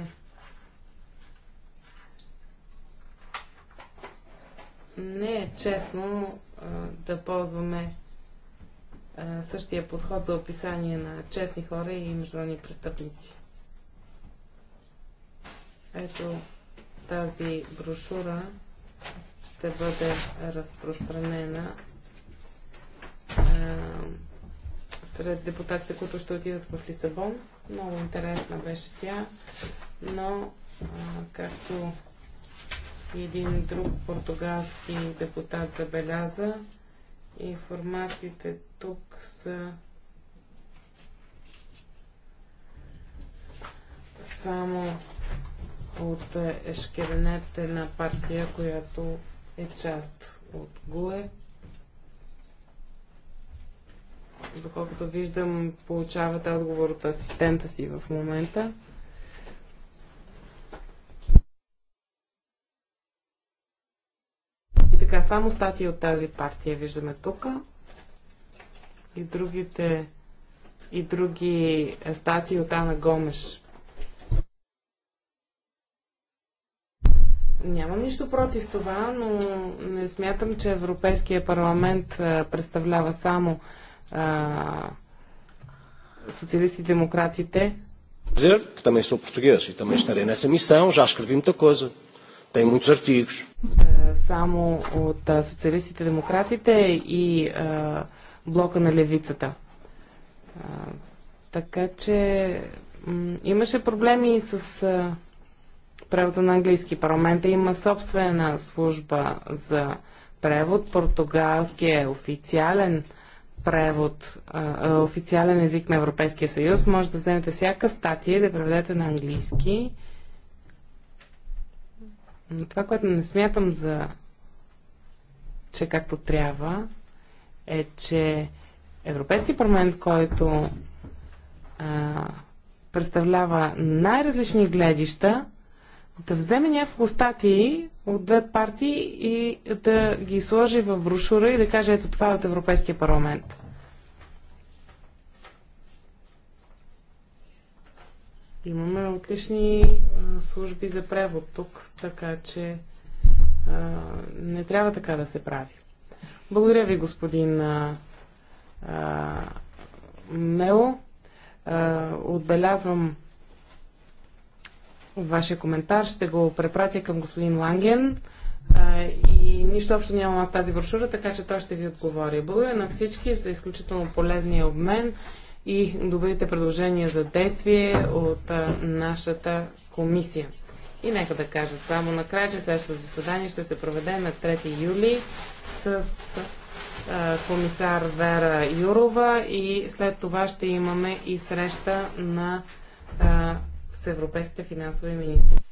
Не е честно а, да ползваме а, същия подход за описание на честни хора и международни престъпници. Ето тази брошура ще бъде разпространена сред депутатите, които ще отидат в Лисабон. Много интересна беше тя, но както един друг португалски депутат забеляза, информациите тук са само от ешкеренете на партия, която е част от ГУЕ. Доколкото виждам, получавате отговор от асистента си в момента. И така, само статии от тази партия виждаме тук. И другите и други статии от Ана Гомеш. Нямам нищо против това, но не смятам, че Европейския парламент представлява само а, социалисти и демократите. Dizer que também sou português e também estarei nessa missão, já escrevi muita coisa. Tem muitos artigos. Е, само от социалистите, демократите и а, блока на левицата. А, така че имаше проблеми с а, превода на английски. Парламента има собствена служба за превод. Португалски е официален превод, е, официален език на Европейския съюз. Може да вземете всяка статия и да преведете на английски. Но това, което не смятам за че както трябва, е, че Европейски парламент, който а, представлява най-различни гледища, да вземе няколко статии от две партии и да ги сложи в брошура и да каже ето това е от Европейския парламент. Имаме отлични а, служби за превод тук, така че а, не трябва така да се прави. Благодаря ви, господин а, а, Мело. А, отбелязвам вашия коментар. Ще го препратя към господин Ланген. И нищо общо нямам аз тази брошура, така че той ще ви отговори. Благодаря на всички за изключително полезния обмен и добрите предложения за действие от нашата комисия. И нека да кажа само накрая, че следващото заседание ще се проведе на 3 юли с комисар Вера Юрова и след това ще имаме и среща на с европейските финансови министри.